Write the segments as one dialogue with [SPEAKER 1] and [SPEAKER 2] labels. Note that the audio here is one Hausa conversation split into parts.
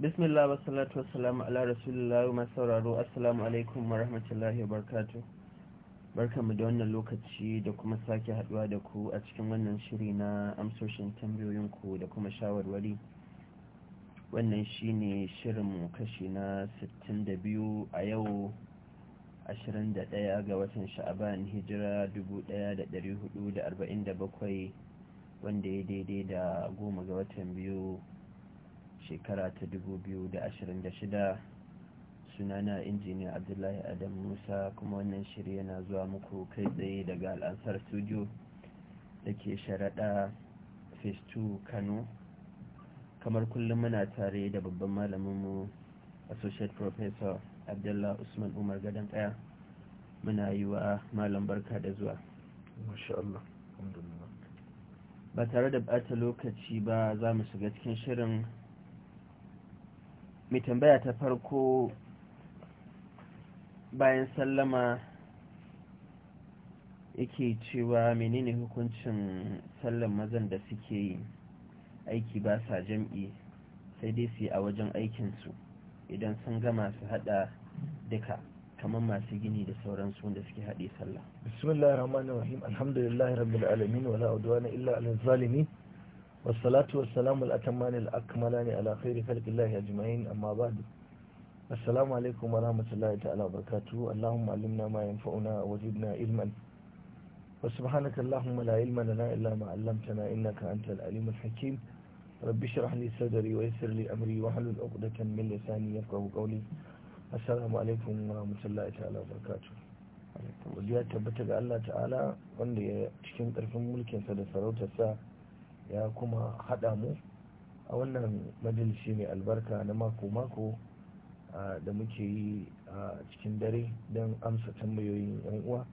[SPEAKER 1] bismillah wa salatu wa salamu ala rasulullah wa sauraro assalamu alaikum wa rahmatullahi wa barkatu mu da wannan lokaci da kuma sake haduwa da ku a cikin wannan shiri na amsoshin tambayoyin ku da kuma shawarwari wannan shine shirinmu kashi na 62 a yau 21 ga watan sha'aban hijira 1447 wanda ya daidai da goma ga watan biyu shekara ta 2026 sunana injiniya abdullahi adam musa kuma wannan shirya yana zuwa muku kai tsaye daga al'ansar studio da ke sharaɗa phase 2 kano kamar kullum muna tare da babban malaminmu associate professor Abdullahi usman umar gadon ɗaya muna yi wa malam barka da zuwa ba tare da bata lokaci ba za mu shiga cikin shirin mai tambaya ta farko bayan sallama yake cewa menene hukuncin sallan mazan da suke yi aiki ba sa jam'i sai dai su yi a wajen aikinsu idan sun gama su hada duka kamar masu gini da sauransu da suke haɗe sallah
[SPEAKER 2] bismillahir rahmanir rahim alhamdulillahi rabbil alamin wala udwana illa alal zalimi والصلاة والسلام الأتمان الأكملان على خير خلق الله أجمعين أما بعد السلام عليكم ورحمة الله تعالى وبركاته اللهم علمنا ما ينفعنا وزدنا علما وسبحانك اللهم لا علم لنا إلا ما علمتنا إنك أنت العليم الحكيم رب اشرح لي صدري ويسر لي أمري واحلل عقدة من لساني يفقه قولي السلام عليكم ورحمة الله تعالى وبركاته ودي tabbata ga Allah ta'ala wanda ya cikin ƙarfin mulkinsa da sarautarsa ya kuma haɗa mu a wannan majalisi mai albarka na mako-mako da muke yi a cikin dare don amsa tambayoyin 'yan uwa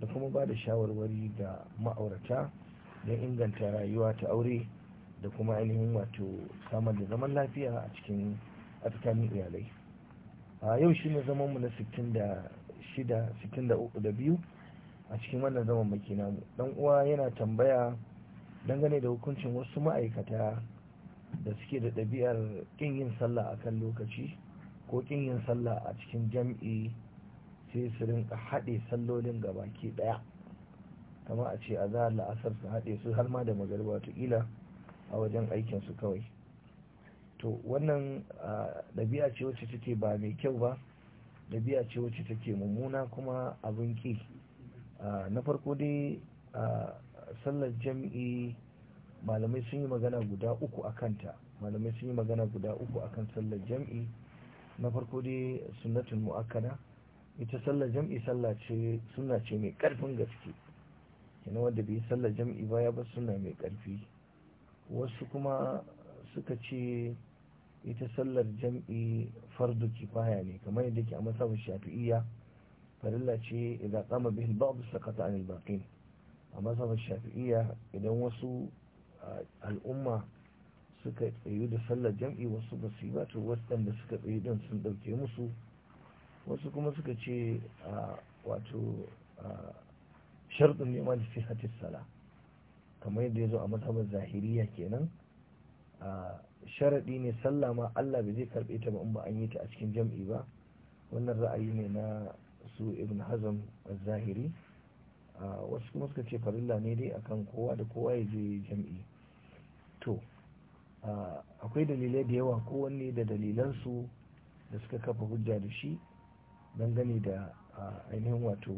[SPEAKER 2] da kuma ba da shawarwari ga ma'aurata don inganta rayuwa ta aure da kuma ainihin wato samar da zaman lafiya a cikin a tsakanin iyalai a yau shi ne zaman mu na 66 biyu a cikin wannan zaman makina namu dan uwa yana tambaya dangane da hukuncin wasu ma'aikata da suke da ɗabi'ar ƙin yin sallah a kan lokaci ko ƙin yin sallah a cikin jam'i sai su rinka haɗe sallolin ke ɗaya kama a ce a zahar la'asar su haɗe su har ma da magarba wataƙila a wajen aikinsu kawai to wannan ɗabi'a ce wacce take ba mai kyau ba ɗabi'a ce wacce take mummuna kuma abin ƙi na farko dai sallar jam'i malamai sun yi magana guda uku a kanta malamai sun yi magana guda uku akan sallar jam'i na farko dai sunnatul mu'akkada ita sallar jam'i sallah ce sunna ce mai karfin gaske yana wanda bai sallar jam'i ba ya ba suna mai karfi wasu kuma suka ce ita sallar jam'i fardu kifaya ne kamar yadda ke a masabin shafi'iyya farilla ce idan kama bihi ba'd sakata anil baqin a mazhabar shafi'iyya idan wasu al'umma suka tsayu da sallar jam'i wasu ba su yi ba to waɗanda suka tsayu din sun ɗauke musu wasu kuma suka ce a wato sharɗin neman da sihatis sala kamar yadda ya zo a mazhabar zahiriya kenan sharaɗi ne sallah ma Allah bai zai karɓe ta ba in ba an yi ta a cikin jam'i ba wannan ra'ayi ne na su ibn hazm az-zahiri wasu kuma suka ce farilla ne dai akan kowa da kowa ya je jam'i to akwai dalilai da yawa kowanne da dalilansu da suka kafa hujja da shi dangane da ainihin wato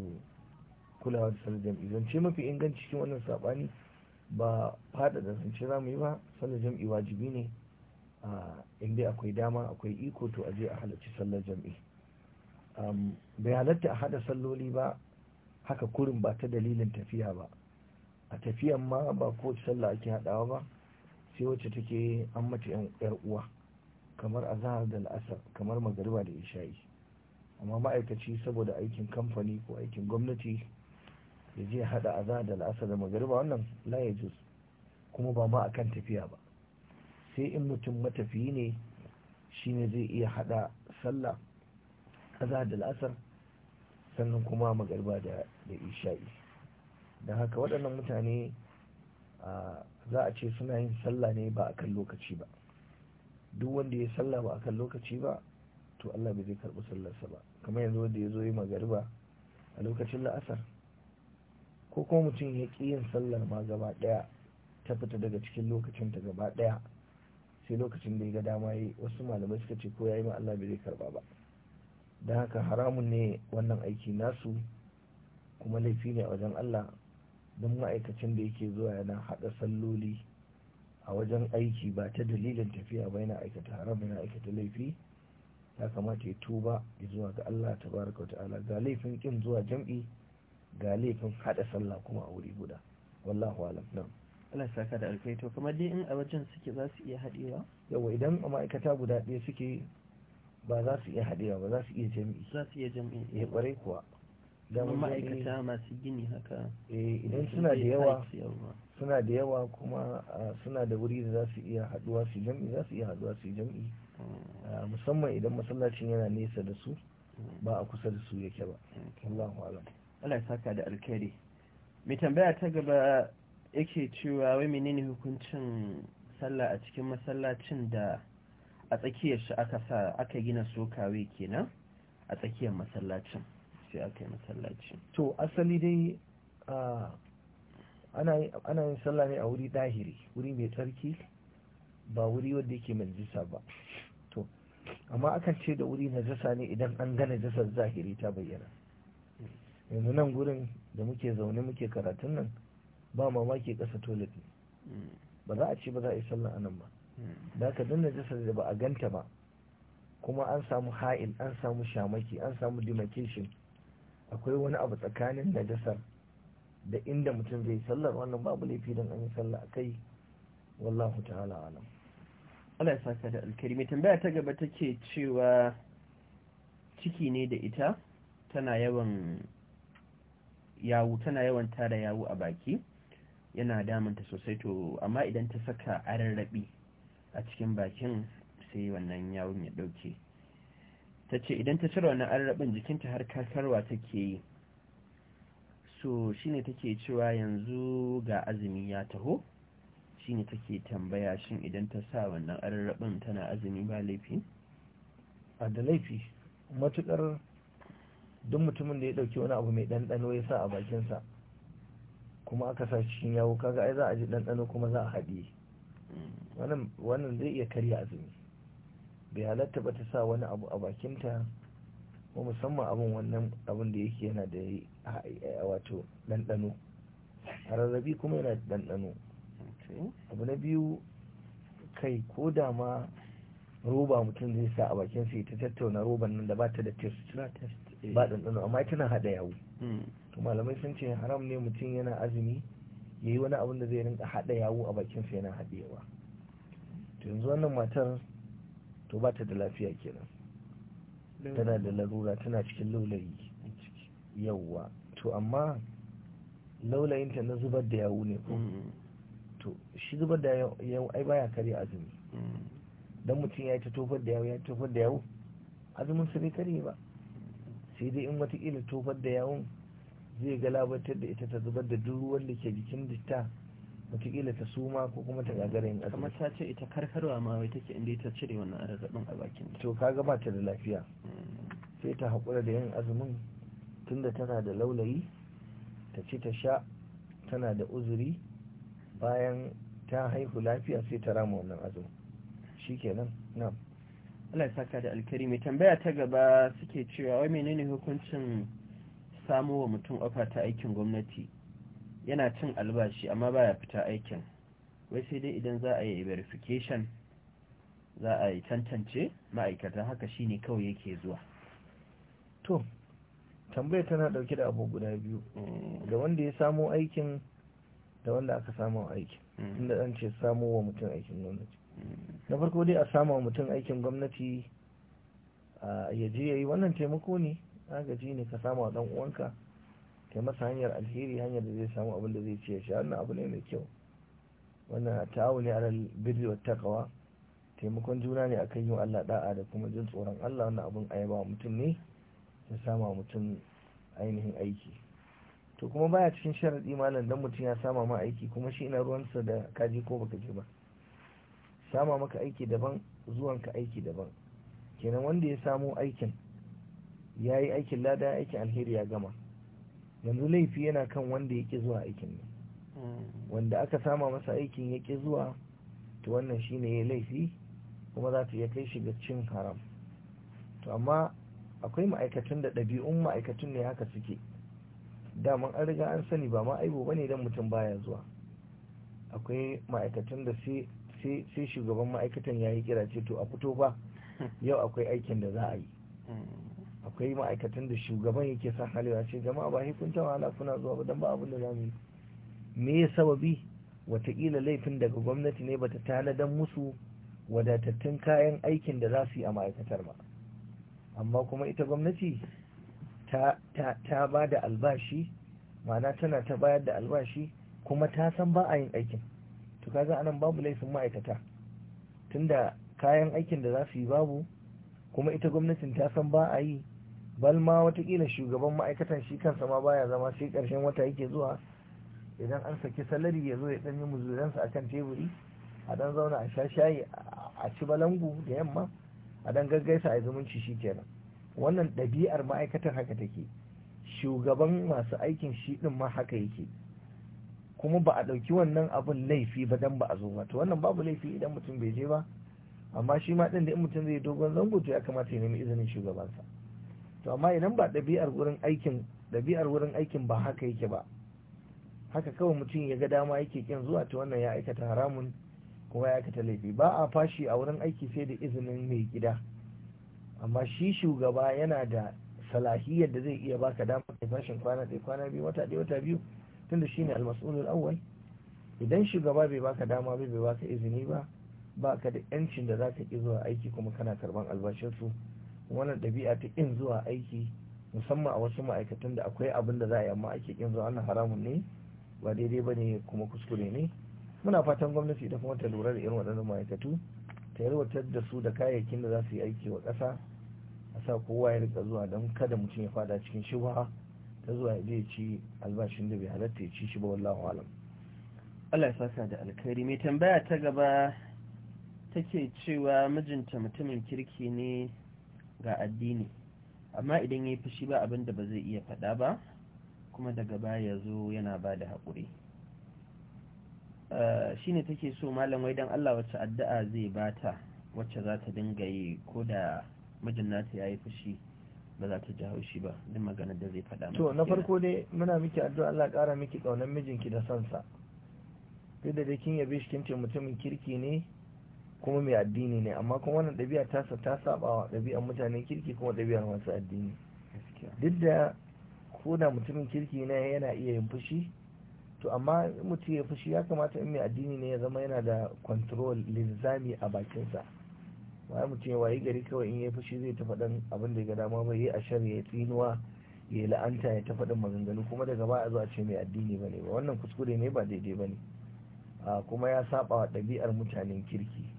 [SPEAKER 2] kulawa da sallar jam'i zance mafi inganci cikin wannan saɓani ba fada da zance za mu yi ba sallar jam'i wajibi ne in dai akwai dama akwai iko to a je a halarci sallar jam'i bai halatta a hada salloli ba haka kurin ba ta dalilin tafiya ba a tafiyan ma ba ko sallah ake haɗawa ba sai wacce take an mata yan uwa kamar a zahar da la'asar kamar magariba da isha'i amma ma'aikaci saboda aikin kamfani ko aikin gwamnati ya je haɗa zahar da la'asar da magariba wannan laye jus kuma ba ma akan tafiya ba sai in mutum matafiyi ne shine zai iya haɗa sallah a zahar da la'asar sannan kuma magarba da isha'i don haka waɗannan mutane za a ce suna yin sallah ne ba a kan lokaci ba duk wanda ya sallah ba a kan lokaci ba to Allah bai zai karɓi sallarsa ba kamar yanzu wanda ya zo yi magariba a lokacin la'asar ko kuma mutum ya ƙi yin sallar ma gaba ɗaya ta fita daga cikin lokacin ta gaba ɗaya sai lokacin da ya ga dama yi wasu malamai suka ce ko ya yi ma Allah bai zai karɓa ba da haka haramun ne wannan aiki nasu kuma laifi ne a wajen Allah don ma'aikacin da yake zuwa yana haɗa salloli a wajen aiki ba ta dalilin tafiya ba yana aikata haram yana aikata laifi ya kamata ya tuba ya zuwa ga Allah tabaraka ta'ala ga laifin kin zuwa jam'i ga laifin haɗa sallah kuma a wuri guda wallahu alam nan
[SPEAKER 1] Allah saka da alkaito kamar dai in a wajen suke za su iya haɗewa
[SPEAKER 2] yawa idan a ma'aikata guda ɗaya suke ba za su iya haɗewa ba za su iya jami'i za su iya jami'i ya eh, kware kuwa don ma'aikata
[SPEAKER 1] masu gini haka eh, idan suna da yawa
[SPEAKER 2] suna da yawa kuma suna da wuri da za su iya haɗuwa su jami'i za su iya haɗuwa su jami'i hmm. musamman idan masallacin yana nesa da su hmm. ba a kusa da su yake ba hmm. Allahu alam
[SPEAKER 1] Allah ya saka da alkhairi mai tambaya ta gaba yake cewa wai menene hukuncin sallah a cikin masallacin da a tsakiyar shi aka sa aka gina sokawe kenan a tsakiyar masallacin sai aka
[SPEAKER 2] yi masallaci to asali dai ana yin sallah ne a wuri dahiri wuri mai tsarki ba wuri wanda yake majalisa ba to amma akan ce da wuri na jasa ne idan an gane jasar zahiri ta bayyana yanzu nan gurin da muke zaune muke karatun nan ba mamaki ƙasa toilet ne mm. ba za a ce ba za a yi sallah anan ba da ka najasar da ba a ganta ba kuma an samu ha'il an samu shamaki an samu demarcation akwai wani abu tsakanin da najasar da inda mutum zai sallar wannan babu laifi don an yi sallah kai wallahu ta'ala alam Allah ya saka da alkarimi tambaya
[SPEAKER 1] ta gaba take cewa ciki ne da ita tana yawan yawu tana yawan tara yawu a baki yana damunta sosai to amma idan ta saka ararrabi a cikin bakin sai wannan yawon ya ɗauke ta ce idan ta cire wannan arrabin jikinta har kasarwa take yi so shi ne take cewa yanzu ga azumi ya taho shine take tambaya shi idan ta sa wannan arrabin tana azumi ba laifi
[SPEAKER 2] a da laifi matukar duk mutumin da ya ɗauki wani abu mai ɗanɗano ya sa a bakinsa kuma aka sa cikin yawo kaga ai za a ji ɗanɗano kuma za a haɗe mm. wannan zai iya karya azumi bai halatta ba ta sa wani abu a bakinta ko musamman abin wannan abin da yake yana da wato ɗanɗano rarrabi kuma yana da ɗanɗano abu na biyu kai ko da ma roba mutum zai sa a bakin sai ta tattauna roban nan da ba ta da test eh. ba ɗanɗano amma tana haɗa yawo hmm. to malamai sun ce haram ne mutum yana azumi ya yi wani abin da zai rinka haɗa yawo a bakinsa yana haɗewa to yanzu wannan matar to ba ta da lafiya kenan tana da larura tana cikin laulayi yauwa to amma laulayinta na zubar da yawu ne ko mm-hmm. to shi zubar da yawu ai baya kare azumi mm-hmm. dan mutum ya ta tofar da yawu ya tofar da yawu azumin su bai kare ba sai dai in ila tofar da yawun zai galabatar da ita ta zubar da duk wanda ke jikin ta wataƙila ta suma ko kuma ta gagara yin azumi kamar
[SPEAKER 1] ta ce ita karkarwa ma wai take inda ta cire wannan arzikin
[SPEAKER 2] a bakin to kaga ba ta da lafiya hmm. sai ta haƙura da yin azumin tunda tana da laulayi ta ci ta sha tana da uzuri bayan ta haihu lafiya sai ta rama wannan azumin shikenan nan Allah ya saka da alkari
[SPEAKER 1] mai tambaya ta gaba suke cewa wai menene hukuncin samo mutum ofa ta aikin gwamnati yana cin albashi amma baya fita aikin wai sai dai idan za a yi verification za a yi tantance
[SPEAKER 2] ma'aikatan haka shine kawai yake zuwa to tambayar tana dauke da abu guda biyu mm. ga wanda ya samo aikin da wanda aka samu aikin mm. inda dan ce samo wa mutum aikin gwamnati mm. na farko dai a samu wa mutum aikin gwamnati a je ya yi wannan taimako ne agaji ne ka samu wa dan uwanka kai masa hanyar alheri hanyar da zai samu abin da zai ce shi wannan abu ne mai kyau wannan ne alal birri wa takawa taimakon juna ne akan yin Allah da'a da kuma jin tsoron Allah wannan abun ayaba mutum ne ya sama mutum ainihin aiki to kuma baya cikin sharadi malam dan mutum ya sama ma aiki kuma shi ina ruwansa da kaji ko baka je ba sama maka aiki daban zuwanka aiki daban kenan wanda ya samo aikin yayi yi aikin lada aikin alheri ya gama yanzu laifi yana kan wanda ya ƙi zuwa aikin ne hmm. wanda aka sama masa aikin ya ƙi zuwa to wannan shi ne ya laifi kuma za ta iya kai shi ga cin haram to amma akwai ma'aikatan da ɗabi'un ma'aikatun ne haka suke daman an riga an sani ba ma aibo bane dan mutum baya zuwa akwai ma'aikatan da sai shugaban ma'aikatan ya yi kira ce to a fito ba yau akwai aikin da za a yi hmm. akwai ma'aikatan da shugaban yake sa halewa ce jama'a ba hikunta ta wahala kuna zuwa ba don ba abin da za mu yi me ya sababi wataƙila laifin daga gwamnati ne bata tanadan musu wadatattun kayan aikin da za su yi a ma'aikatar ba amma kuma ita gwamnati ta ba da albashi ma'ana tana ta bayar da albashi kuma ta san ba a yin aikin to kaga anan babu laifin ma'aikata tunda kayan aikin da za su yi babu kuma ita gwamnatin ta san ba a yi bal ma watakila shugaban ma'aikatan shi kansa ma baya zama sai ƙarshen wata yake zuwa idan an saki salari ya zo ya ɗanyi muzuransa akan teburi a dan zauna a sha shayi a ci balangu da yamma a dan gaggaisa a zumunci shi kenan wannan ɗabi'ar ma'aikatan haka take shugaban masu aikin shi ɗin ma haka yake kuma ba a ɗauki wannan abun laifi ba dan ba a zo ba to wannan babu laifi idan mutum bai je ba amma shi ma ɗin da in mutum zai dogon zango to ya kamata ya nemi izinin shugabansa to amma idan ba ɗabi'ar wurin aikin ɗabi'ar wurin aikin ba haka yake ba haka kawai mutum ya ga dama yake kin zuwa ta wannan ya aikata haramun kuma ya aikata laifi ba a fashi a wurin aiki sai da izinin mai gida amma shi shugaba yana da salahiyar da zai iya baka dama kai fashin kwana ɗaya kwana biyu wata ɗaya wata biyu tunda shine almas'ulul awwal idan shugaba bai baka dama bai baka izini ba baka da yancin da zaka ki zuwa aiki kuma kana karban albashin wannan ɗabi'a ta ƙin zuwa aiki musamman a wasu ma'aikatan da akwai abin da za a yi amma ake ƙin zuwa wannan haramun ne ba daidai ba ne kuma kuskure ne muna fatan gwamnati da kuma ta lura da irin waɗannan ma'aikatu ta yarwatar da su da kayayyakin da za su yi aiki wa ƙasa a sa kowa ya rika zuwa don kada mutum ya fada cikin shuba ta zuwa ya je ci albashin da bai halatta ya ci shi ba wallahu alam Allah ya saka
[SPEAKER 1] da alkhairi mai tambaya ta gaba take cewa mijinta mutumin kirki ne ga addini amma idan ya yi fushi ba abin da ba zai iya faɗa ba kuma daga baya zo yana ba da haƙuri eh, shi ne take so malam wai don allah wacce addu'a zai bata wacce za ta dinga yi ko da mijin ya yi fushi ba za ta ji haushi ba duk maganar da zai faɗa to na farko
[SPEAKER 2] dai muna miki addu'a allah ƙara miki ƙaunar mijinki da sansa duk da kin yabe shi kin ce mutumin kirki ne kuma mai addini ne amma kuma wannan ɗabi'a tasa ta saba wa ɗabi'ar mutanen kirki kuma ɗabi'ar masu addini duk da ko da mutumin kirki ne yana iya yin fushi to amma mutum ya fushi ya kamata in mai addini ne ya zama yana da control linzami a bakinsa wai mutum ya wayi gari kawai in ya fushi zai ta faɗin abin da ga dama bai yi a shan ya tsinuwa ya la'anta ya ta faɗin maganganu kuma daga baya zuwa ce mai addini ba ne ba wannan kuskure ne ba daidai ba ne ah, kuma ya saba wa ɗabi'ar mutanen kirki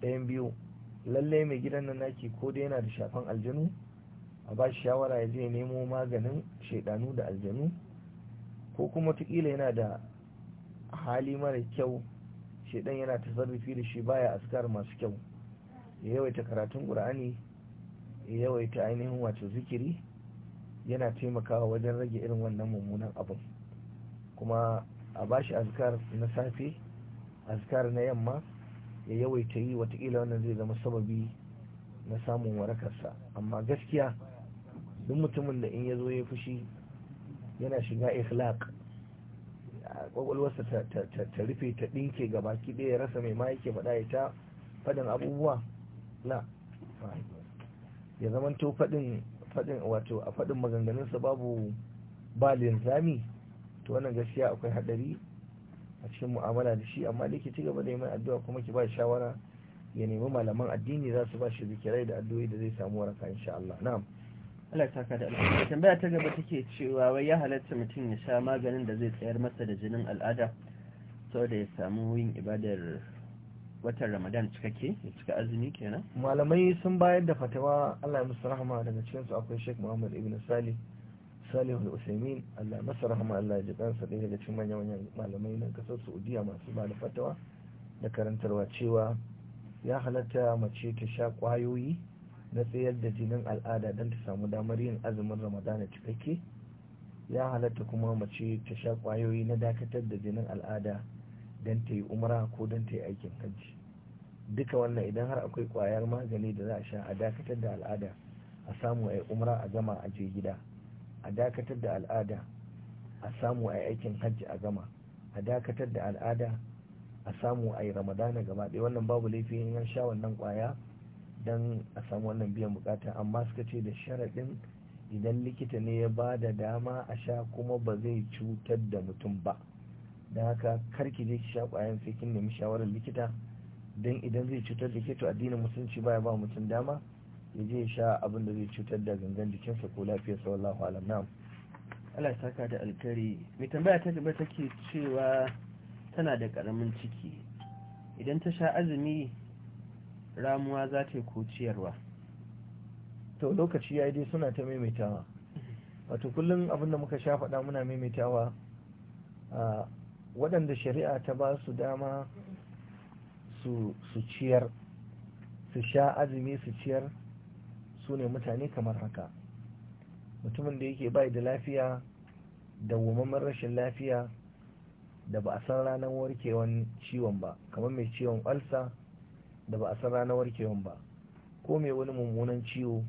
[SPEAKER 2] ɗayan biyu lalle mai gidan nan naki ko dai yana da shafan aljanu a ba shi shawara ya je nemo maganin shaidanu da aljanu ko kuma tukila yana da hali mara kyau shaidan yana ta tasarrufi da shi baya askar masu kyau ya yawaita karatun ƙur'ani ya yawaita ainihin wato zikiri yana taimakawa wajen rage irin wannan mummunan abin kuma a bashi azkar na safe azkar na yamma ya yawaita yi watakila wannan zai zama sababi na samun warakarsa amma gaskiya duk mutumin da in ya zo ya fushi yana shiga ikhlaq kwakwalwarsa ta rufe ta ɗinke ga baki ɗaya rasa mai ma yake faɗa ya ta faɗin abubuwa na ya zamanto faɗin faɗin wato a faɗin maganganunsa babu ba linzami to wannan gaskiya akwai haɗari a cikin mu'amala da shi amma dai ki ci gaba da yi mai addu'a kuma ki ba shawara ya nemi malaman addini za su ba shi zikirai da addu'o'i da zai samu waraka insha Allah na'am Allah ya saka da alheri tambaya ta gaba take
[SPEAKER 1] cewa wai ya halatta mutum ya sha maganin da zai tsayar masa da jinin al'ada saboda ya samu yin ibadar watan Ramadan cikakke ya cika azumi kenan
[SPEAKER 2] malamai sun bayar da fatawa Allah ya musu rahama daga cikin su akwai Sheikh Muhammad Ibn Salih salihul usaimin allah masa rahama allah ya ji kansa ɗaya daga cikin manyan manyan malamai na kasar saudiya masu ba da fatawa da karantarwa cewa ya halatta mace ta sha ƙwayoyi na tsayar da jinin al'ada don ta samu damar yin azumin ramadana cikakke ya halatta kuma mace ta sha ƙwayoyi na dakatar da jinin al'ada don ta yi umra ko don ta yi aikin hajji duka wannan idan har akwai ƙwayar magani da za a sha a dakatar da al'ada a samu a yi umra a gama a je gida a dakatar da al'ada a samu a aikin hajji a gama a dakatar da al'ada a samu a yi ramadana gaba ɗaya wannan babu laifi in an sha wannan kwaya don a samu wannan biyan bukata amma suka ce da sharaɗin idan likita ne ya ba da dama a sha kuma ba zai cutar da mutum ba don haka karki je ki sha kwayan sai kin nemi shawarar likita don idan zai cutar da ke to addinin musulunci baya ba mutum dama ya je sha abin da zai cutar da gangan jikinsa ko lafiyar wallahu alam na'am Allah saka da alkari mai tambaya ta gaba take cewa
[SPEAKER 1] tana da karamin ciki idan ta sha azumi ramuwa za ta ko
[SPEAKER 2] ciyarwa to lokaci ya dai suna ta maimaitawa wato kullum abin da muka sha faɗa muna maimaitawa waɗanda shari'a ta ba su dama su ciyar su sha azumi su ciyar su ne mutane kamar haka mutumin da yake bai da lafiya da wumamman rashin lafiya da ba a san ranar warkewan ciwon ba kamar mai ciwon alsa da ba a san ranar warkewan ba ko mai wani mummunan ciwo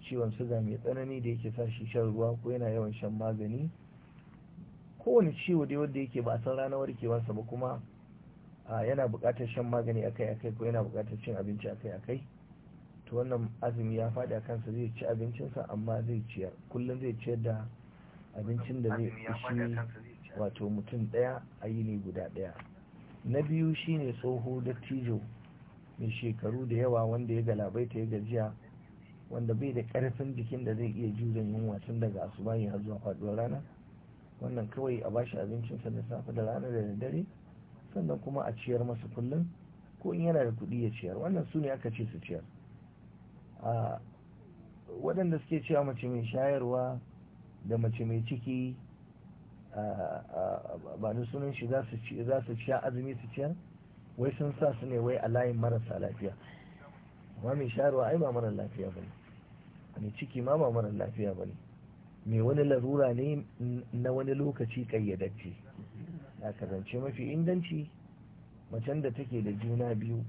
[SPEAKER 2] ciwon suga mai tsanani da yake sa shi shan ruwa ko yana yawan shan magani kowane ciwo dai wanda yake ba a san ranar warkewarsa ba kuma yana bukatar shan magani akai-akai ko yana bukatar cin abinci akai-akai to wannan azumi ya faɗi a kansa zai ci abincinsa amma zai ciyar kullum zai ciyar da abincin da zai ishi wato mutum ɗaya a yini guda ɗaya na biyu shine tsoho dattijo mai shekaru da yawa wanda ya galabai ta ya gajiya wanda bai da ƙarfin jikin da zai iya jure yunwa tun daga asuba ya zuwa faɗuwar rana wannan kawai a bashi abincinsa da safe da rana da dare sannan kuma a ciyar masa kullum ko in yana da kuɗi ya ciyar wannan su ne aka ce su ciyar waɗanda suke cewa mace mai shayarwa da mace mai ciki ba da sunan shi za su sha azumi su ciyar wai sun sa su ne wai a layin marasa lafiya amma mai shayarwa ai ba marar lafiya ba ne mai ciki ma ba marar lafiya ba ne mai wani larura ne na wani lokaci kayyadacce ya kasance mafi inganci macen da take da juna biyu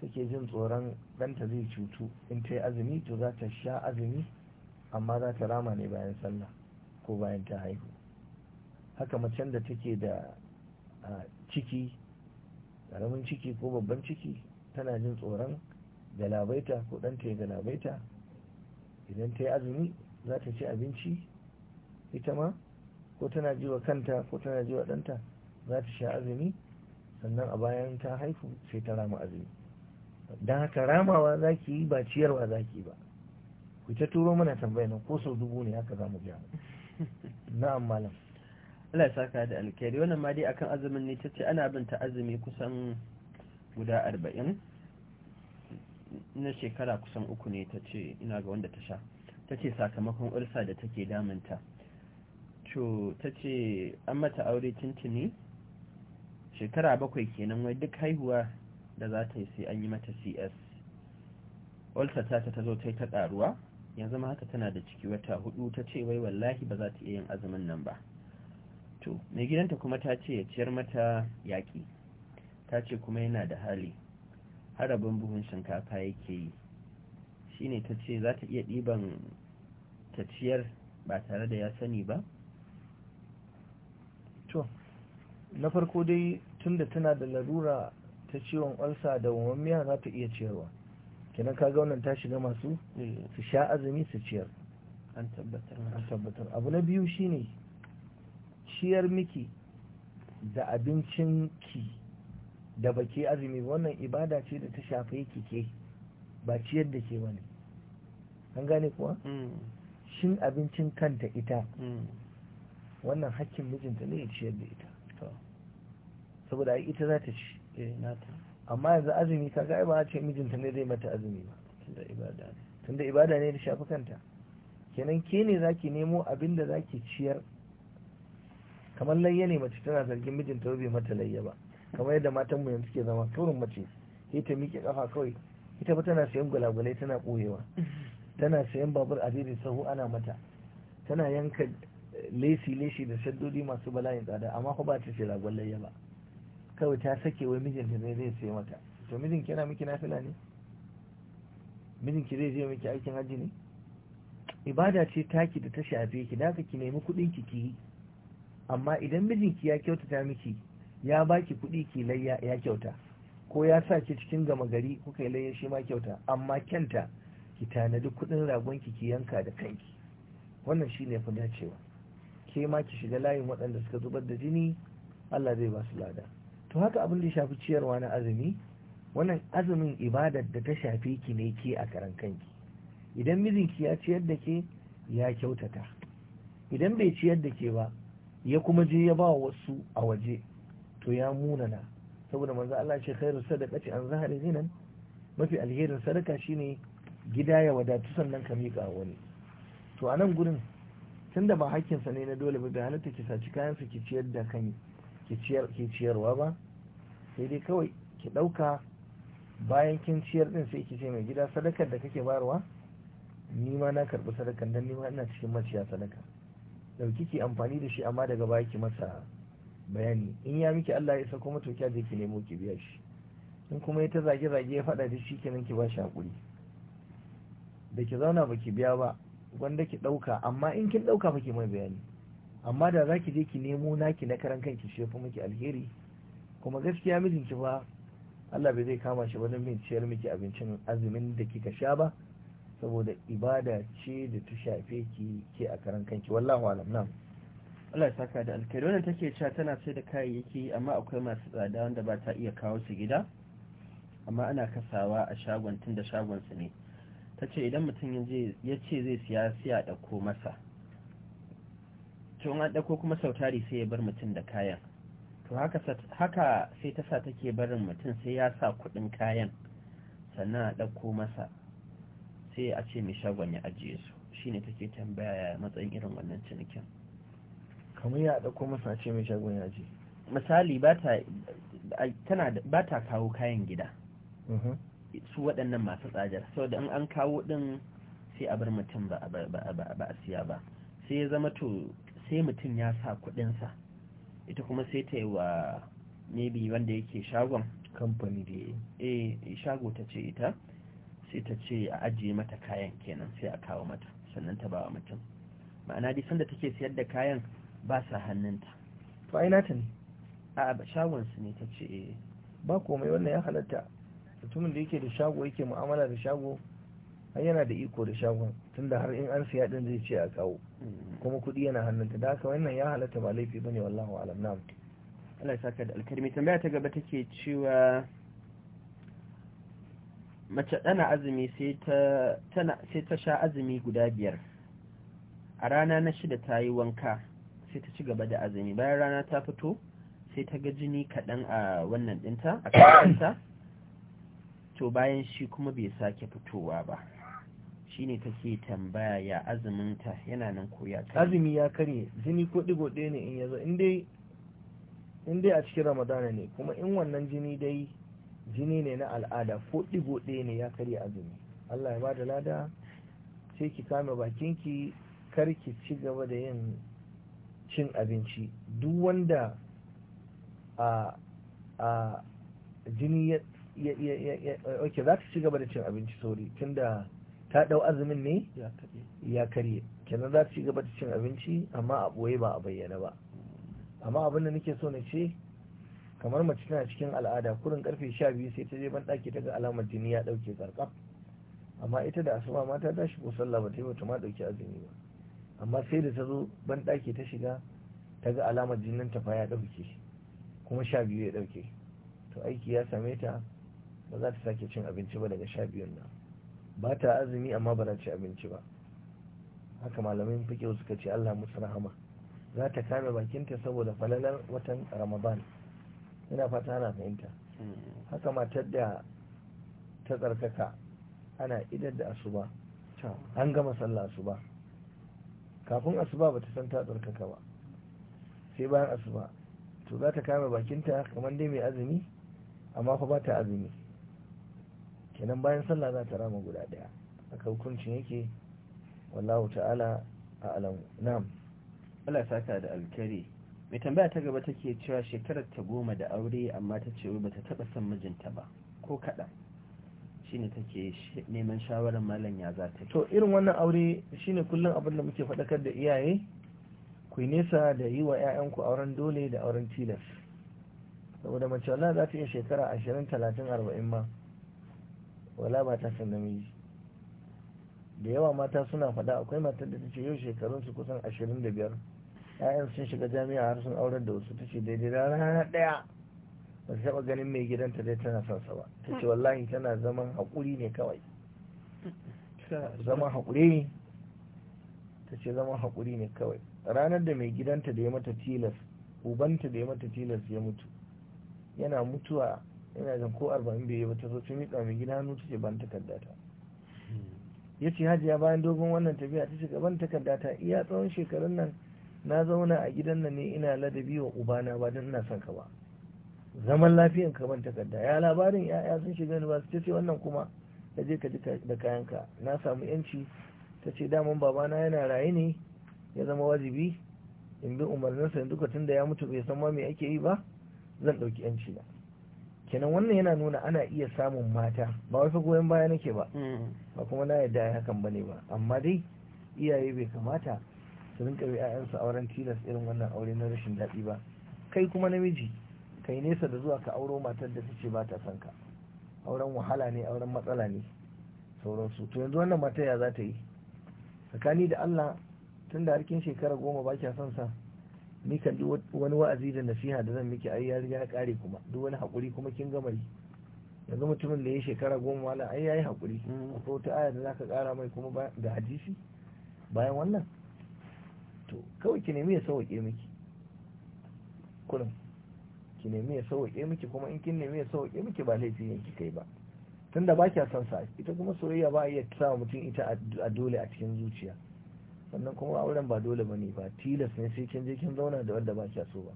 [SPEAKER 2] take jin tsoron ɗanta zai cutu in ta yi azumi to za ta sha azumi amma za ta rama ne bayan sallah ko bayan ta haihu haka macen da take da ciki ƙaramin ciki ko babban ciki tana jin tsoron galabaita ko ɗanta ya galabaita idan ta yi azumi za ta ci abinci ita ma ko tana jiwa kanta ko tana jiwa ɗanta za ta sha azumi sannan a bayan ta haihu sai ta rama azumi don haka ramawa za ki yi ba ciyarwa za ki yi ba ku ta turo mana tambaya nan ko sau dubu ne haka za mu biya na'am malam
[SPEAKER 1] Allah ya saka da alkhairi wannan ma dai akan azumin ne tace ana bin ta azumi kusan guda arba'in na shekara kusan uku ne ta ina ga wanda ta sha tace sakamakon ulsa da take damunta to ta ce an mata aure tuntuni shekara bakwai kenan wai duk haihuwa da za ta yi sai an yi mata cs ulcer tata ta zo ta yi ta karuwa yanzu ma haka tana da ciki wata hudu ta ce wai wallahi ba za ta iya yin azumin nan ba to mai gidanta kuma ta ce ya ciyar mata yaƙi ta ce kuma yana da hali harabin buhun shinkafa yake yi Shi ne ta ce za ta iya ɗiban ta ciyar ba tare da ya sani ba
[SPEAKER 2] to na farko dai tun da tana da larura ta ciwon ulsa da wammiya za ta iya ciyarwa kenan ka ga wannan ta shiga masu eh. su sha azumi su ciyar an tabbatar an tabbatar abu na biyu shine ciyar miki da abincin ki da baki azumi wannan ibada ce da ta shafe ke ba ciyar da ke wani an gane kuwa mm. shin abincin kanta ita mm. wannan hakkin mijinta ne ya ciyar da ita saboda ita za ta ci Eh, amma yanzu azumi kaga ai ba a ce mijinta ne zai mata azumi ba tunda ibada ne tunda ibada ne da shafi kanta kenan ke ne ki nemo abin da zaki ciyar kamar layya ne mace tana zargin mijinta bai mata layya ba kamar yadda matan mu yanzu suke zama turin mace sai ta miƙe kafa kawai ita ba tana sayan gulagulai tana koyewa tana sayan babur a daidai sahu ana mata tana yanka eh, lesi lesi da shaddodi masu bala'in tsada amma ko ba ta ce ragon layya ba kawai ta sake wai mijinta ne zai sai mata to mijin yana miki nafila ne mijin ki zai je miki aikin hajji ne ibada ce taki da ta shafe ki da ki nemi kudin ki ki amma idan mijinki ya kyautata miki ya baki kuɗi ki layya ya kyauta ko ya sa ki cikin gama gari kuka yi layya shi ma kyauta amma kyanta ki tanadi kuɗin ragon ki ki yanka da kanki wannan shine fa cewa, ke ma ki shiga layin waɗanda suka zubar da jini Allah zai ba su lada to haka abin da ya shafi ciyarwa na azumi wannan azumin ibadar da ta shafi ki ne ke a karan kanki idan mijinki ya ciyar da ke ya kyautata idan bai ciyar da ke ba ya kuma je ya ba wasu a waje to ya munana saboda manzo Allah ce khairu sadaqati an zahari zinan mafi alherin sadaka shine gida ya wadatu sannan ka mika wani to a nan gurin tunda ba hakkinsa ne na dole ba da halatta ki saci kayan su ki ciyar da kai ke ciyarwa ba sai dai kawai ki ɗauka bayan kin ciyar din sai ki ce mai gida sadakar da kake bayarwa ni na karɓi sadakar don ni ma ina cikin maciya sadaka ɗauki ki amfani da shi amma daga baya ki masa bayani in ya miki Allah ya sako mata kya je ki nemo ki biya shi in kuma ya ta zage zage ya faɗa da shi kenan ki ba shi hakuri da ki zauna baki biya ba wanda ki ɗauka amma in kin ɗauka fa ki mai bayani amma da za ki je ki nemo naki na karan kanki shi fi miki alheri kuma gaskiya mijinki ba Allah bai zai kama shi wajen bin ciyar miki abincin azumin da kika sha ba saboda ibada ce da ta shafe ki ke a karan kanki wallahu alam nan
[SPEAKER 1] Allah ya saka da alkhairi wannan take cewa tana sai da kayayyaki amma akwai masu tsada wanda ba ta iya kawo su gida amma ana kasawa a shagon tun da shagon su ne ta ce idan mutum ya ce zai siya siya da ko masa tun an ɗauko kuma sautari sai ya bar mutum da kayan to haka sai ta sa take barin mutum sai ya sa kuɗin kayan sannan a ɗauko masa sai a ce mai shagon ya ajiye su ta take tambaya matsayin irin wannan cinikin
[SPEAKER 2] kamar ya ɗauko masa a ce mai shagon ya ajiye
[SPEAKER 1] misali ba ta kawo kayan gida mm-hmm. su waɗannan masu tsajar saboda in an kawo ɗin sai a bar mutum ba a siya ba sai ya zama to sai mutum ya sa kuɗinsa ita kuma sai ta yi wa maybe wanda yake shagon kamfani da eh, eh shago ta ce ita sai ta ce a ajiye mata kayan kenan sai a kawo mata sannan ta bawa mutum ma'ana dai sanda take sayar da kayan ba sa hannunta to ai nata ne a shagon
[SPEAKER 2] su ne ta ce eh. ba komai wannan ya halatta mutumin da yake da shago yake mu'amala da shago har yana da iko da shagon tunda har in an siya din zai ce a kawo kuma kuɗi yana hannunta da haka wannan ya halatta ba laifi ne wallahu alam na'am Allah ya saka da alkarmi tambaya ta gaba take cewa mace ɗana
[SPEAKER 1] azumi sai ta sha azumi guda biyar a rana na shida ta yi wanka sai ta ci gaba da azumi bayan rana ta fito sai ta ga jini kaɗan a wannan ɗinta a kanta to bayan shi kuma bai sake fitowa ba shine kake tambaya ya azumin ta yana nan ko ya kare azumi
[SPEAKER 2] ya kare jini ko digo ɗaya ne in yazo in dai in dai a cikin ramadana ne kuma in wannan jini dai jini ne na al'ada ko digo ɗaya ne ya kare azumi Allah ya ba da lada sai ki kame ki kar ki ci gaba da yin cin abinci duk wanda a a jini ya ya ya ya za ya ci gaba da cin abinci sauri tunda ta ɗau azumin ne ya karye kenan za ta ci gaba da cin abinci amma a ɓoye ba a bayyana ba amma abin da nake so na ce kamar mace tana cikin al'ada kurin karfe sha biyu sai ta je ban ɗaki ta ga alamar jini ya ɗauke karkaf amma ita da asuba mata ta shigo ko sallah ba ta yi ba ta ɗauki azumi ba amma sai da ta zo ban ɗaki ta shiga ta ga alamar jinin ta fa ya ɗauke kuma sha biyu ya ɗauke to aiki ya same ta ba za ta sake cin abinci ba daga sha biyun nan ba ta azumi amma ba ci abinci ba haka malamin fiƙe suka ce Allah musu rahama za ta kame bakinta saboda falalar watan ramadan ina fata ana fahimta hmm. haka matar da ta tsarkaka ana idar da asuba an gama sallah asuba kafin asuba ba ta san ta tsarkaka ba sai bayan asuba to za ta kame bakinta kamar dai mai azumi amma fa ba ta azumi Idan bayan sallah za ta rama guda daya aka hukuncin yake wallahu ta'ala a alam nam
[SPEAKER 1] Allah saka da alkari mai tambaya ta gaba take cewa shekarar ta goma da aure amma ta ce wai bata taba son mijinta ba ko kaɗan shine take
[SPEAKER 2] neman shawarar malam ya za ta to irin wannan aure shine kullum abin da muke faɗakar da iyaye ku nesa da yi wa 'ya'yanku auren dole da auren tilas saboda mace wallahi za ta iya shekara ashirin talatin arba'in ma wala ba ta namiji da yawa mata suna faɗa akwai matar da ta ce yau shekarun su kusan ashirin da biyar ƴaƴan sun shiga jami'a har sun aurar da wasu ta ce daidai rana ɗaya ba su taɓa ganin mai gidanta dai tana son ba ta ce wallahi tana zaman haƙuri ne kawai zaman haƙuri ta ce zaman haƙuri ne kawai ranar da mai gidanta da ya mata tilas ubanta da ya mata tilas ya mutu yana mutuwa ina jin ko arba'in bai yi wata ta zo ta miƙa mai gida hannu ta ban takarda ya ce hajiya bayan dogon wannan tafiya ta ce gaban takarda ta iya tsawon shekarun nan na zauna a gidan nan ne ina ladabi wa ubana ba don ina son ka ba zaman lafiyan ka ban takarda ya labarin ya'ya sun shiga ba su ce wannan kuma ka je ka ji da kayanka na samu yanci ta ce daman babana yana raye ne ya zama wajibi in bi umarninsa duka tun da ya mutu bai san ma me ake yi ba zan ɗauki yanci na kenan wannan yana nuna ana iya samun mata ba wasu goyon baya nake ba hmm. ba kuma na yadda ya hakan ba ne ba amma dai iyaye bai kamata su rinka bi su auren tilas irin wannan aure na rashin daɗi ba kai kuma namiji kai nesa da zuwa ka auro matar da tace ba ta son ka auren wahala ne auren matsala ne sauransu to yanzu wannan mata ya za ta yi tsakani da Allah tun da harkin shekara goma ba kya son sa ni kan duk wani wa'azi da nasiha da zan miki ai ya riga ya kare kuma duk wani hakuri kuma kin gama yi yanzu mutumin da ya shekara goma wala ai yayi hakuri mm. ko ta aya da zaka kara mai kuma ga hadisi bayan wannan to kawai ki nemi ya sauke miki kullum ki nemi ya sauke miki kuma in kin nemi ya sauke miki ba laifi ne ki kai ba tunda ba kya son sa ita kuma soyayya ba iya sa mutum ita a dole a cikin zuciya sannan kuma auren ba dole ba ne ba tilas ne sai kin je kin zauna da wanda ba kya so ba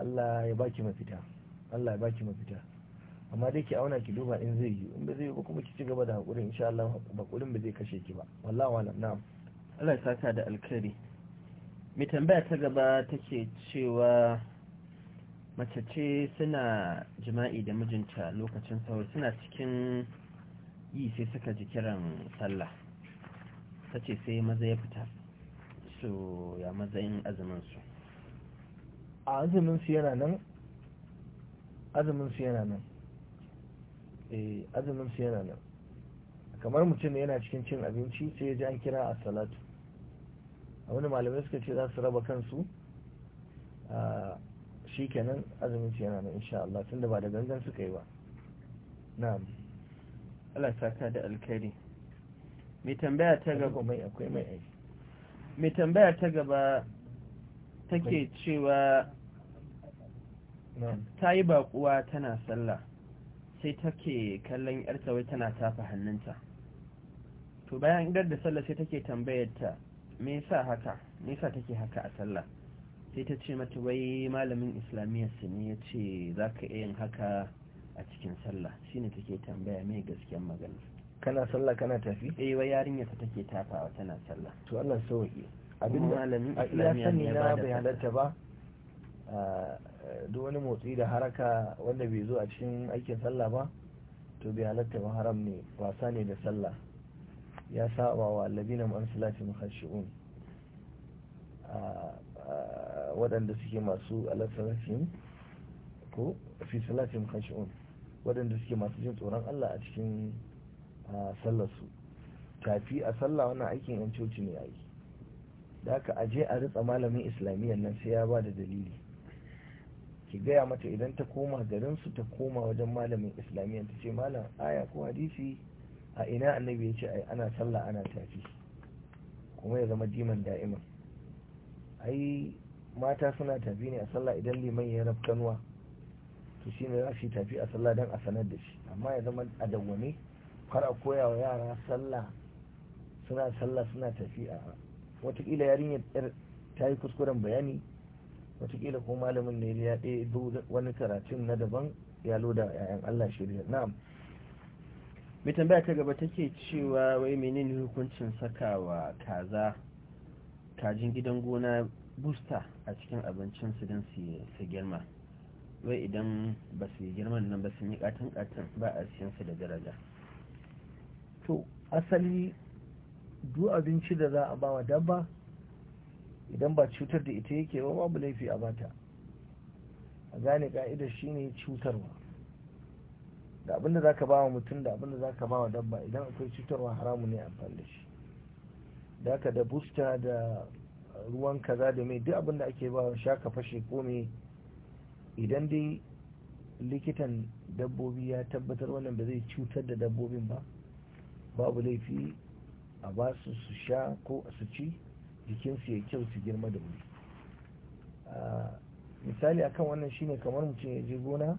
[SPEAKER 2] Allah ya baki mafita Allah ya baki mafita amma dai ki auna ki duba in zai yi in ba zai yi ba kuma ki ci gaba da hakuri insha Allah hakurin ba zai kashe ki ba wallahi walam na'am Allah ya saka da alkhairi
[SPEAKER 1] mai tambaya ta gaba take cewa mace ce suna jima'i da mijinta lokacin sauri suna cikin yi sai suka ji kiran sallah ta ce sai maza ya fita su
[SPEAKER 2] ya yin azuminsu a azuminsu yana nan azuminsu yana nan eh azuminsu yana nan kamar mutum ne yana cikin cin abinci sai ya ji an kira a salatu a wani malamai suka ce za su raba kansu a shi kenan azuminsu yana nan insha Allah tunda ba da gangan suka yi ba na'am Allah saka da
[SPEAKER 1] alkhairi mai tambaya ta gaba mai akwai mai
[SPEAKER 2] aiki mai tambaya ta
[SPEAKER 1] gaba take cewa ta yi bakuwa tana sallah sai take kallon yarta wai tana tafa hannunta to bayan idar da sallah sai take tambayar ta me yasa haka me yasa take haka a sallah sai ta ce mata wai malamin islamiyyar su ne ya ce za ka iya yin haka a cikin sallah shine take tambaya mai gaskiyar magana kana sallah kana tafi eh wai yarinya ta take tafawa tana sallah to Allah sauki abin malamin
[SPEAKER 2] ya ne ba bai halatta ba duk wani motsi da haraka wanda bai zo a cikin aikin sallah ba to bai halatta ba haram ne wasa ne da sallah ya saba wa alladina an salati mukhashi'un wadanda suke masu alasalafin ko fi salati mukhashi'un wadanda suke masu jin tsoron Allah a cikin a sallarsu tafi a sallah wannan aikin yan coci ne a da aka aje a ritsa malamin islamiyyar nan sai ya ba da dalili ki gaya mata idan ta koma garinsu ta koma wajen malamin islamiyyar ta ce malam aya ko hadisi a ina annabi ya ce ana sallah ana tafi kuma ya zama diman da'iman ai mata suna tafi ne a sallah idan liman ya rafkanuwa to shi za su yi tafi a sallah don a sanar da shi amma ya zama a dawwame kar a koya wa yara sallah suna sallah suna tafiya watakila yarinyar yar ta yi kuskuren bayani watakila ko malamin ne ya ɗaya wani karatun na daban ya loda yayan Allah shirya na'am mai tambaya ta gaba
[SPEAKER 1] take cewa wai menene hukuncin sakawa kaza kajin gidan gona busta a cikin abincin su don su girma wai idan ba su yi girman nan ba su yi katon katon ba a siyan su da daraja
[SPEAKER 2] to asali du abinci da za a ba wa dabba idan ba cutar da ita yake ba babu laifi a bata a gane ka'idar shi ne cutarwa da abinda za ka ba wa mutum da abinda za ka ba wa dabba idan akwai cutarwa haramu ne amfani da shi da da busta da ruwan kaza da mai duk abinda ake ba sha ka fashe ko idan dai likitan dabbobi ya tabbatar wannan da zai cutar da dabbobin ba babu laifi a ba su su sha ko su ci jikinsu ya kyau su girma da wuri misali akan wannan shine kamar mutum ya je gona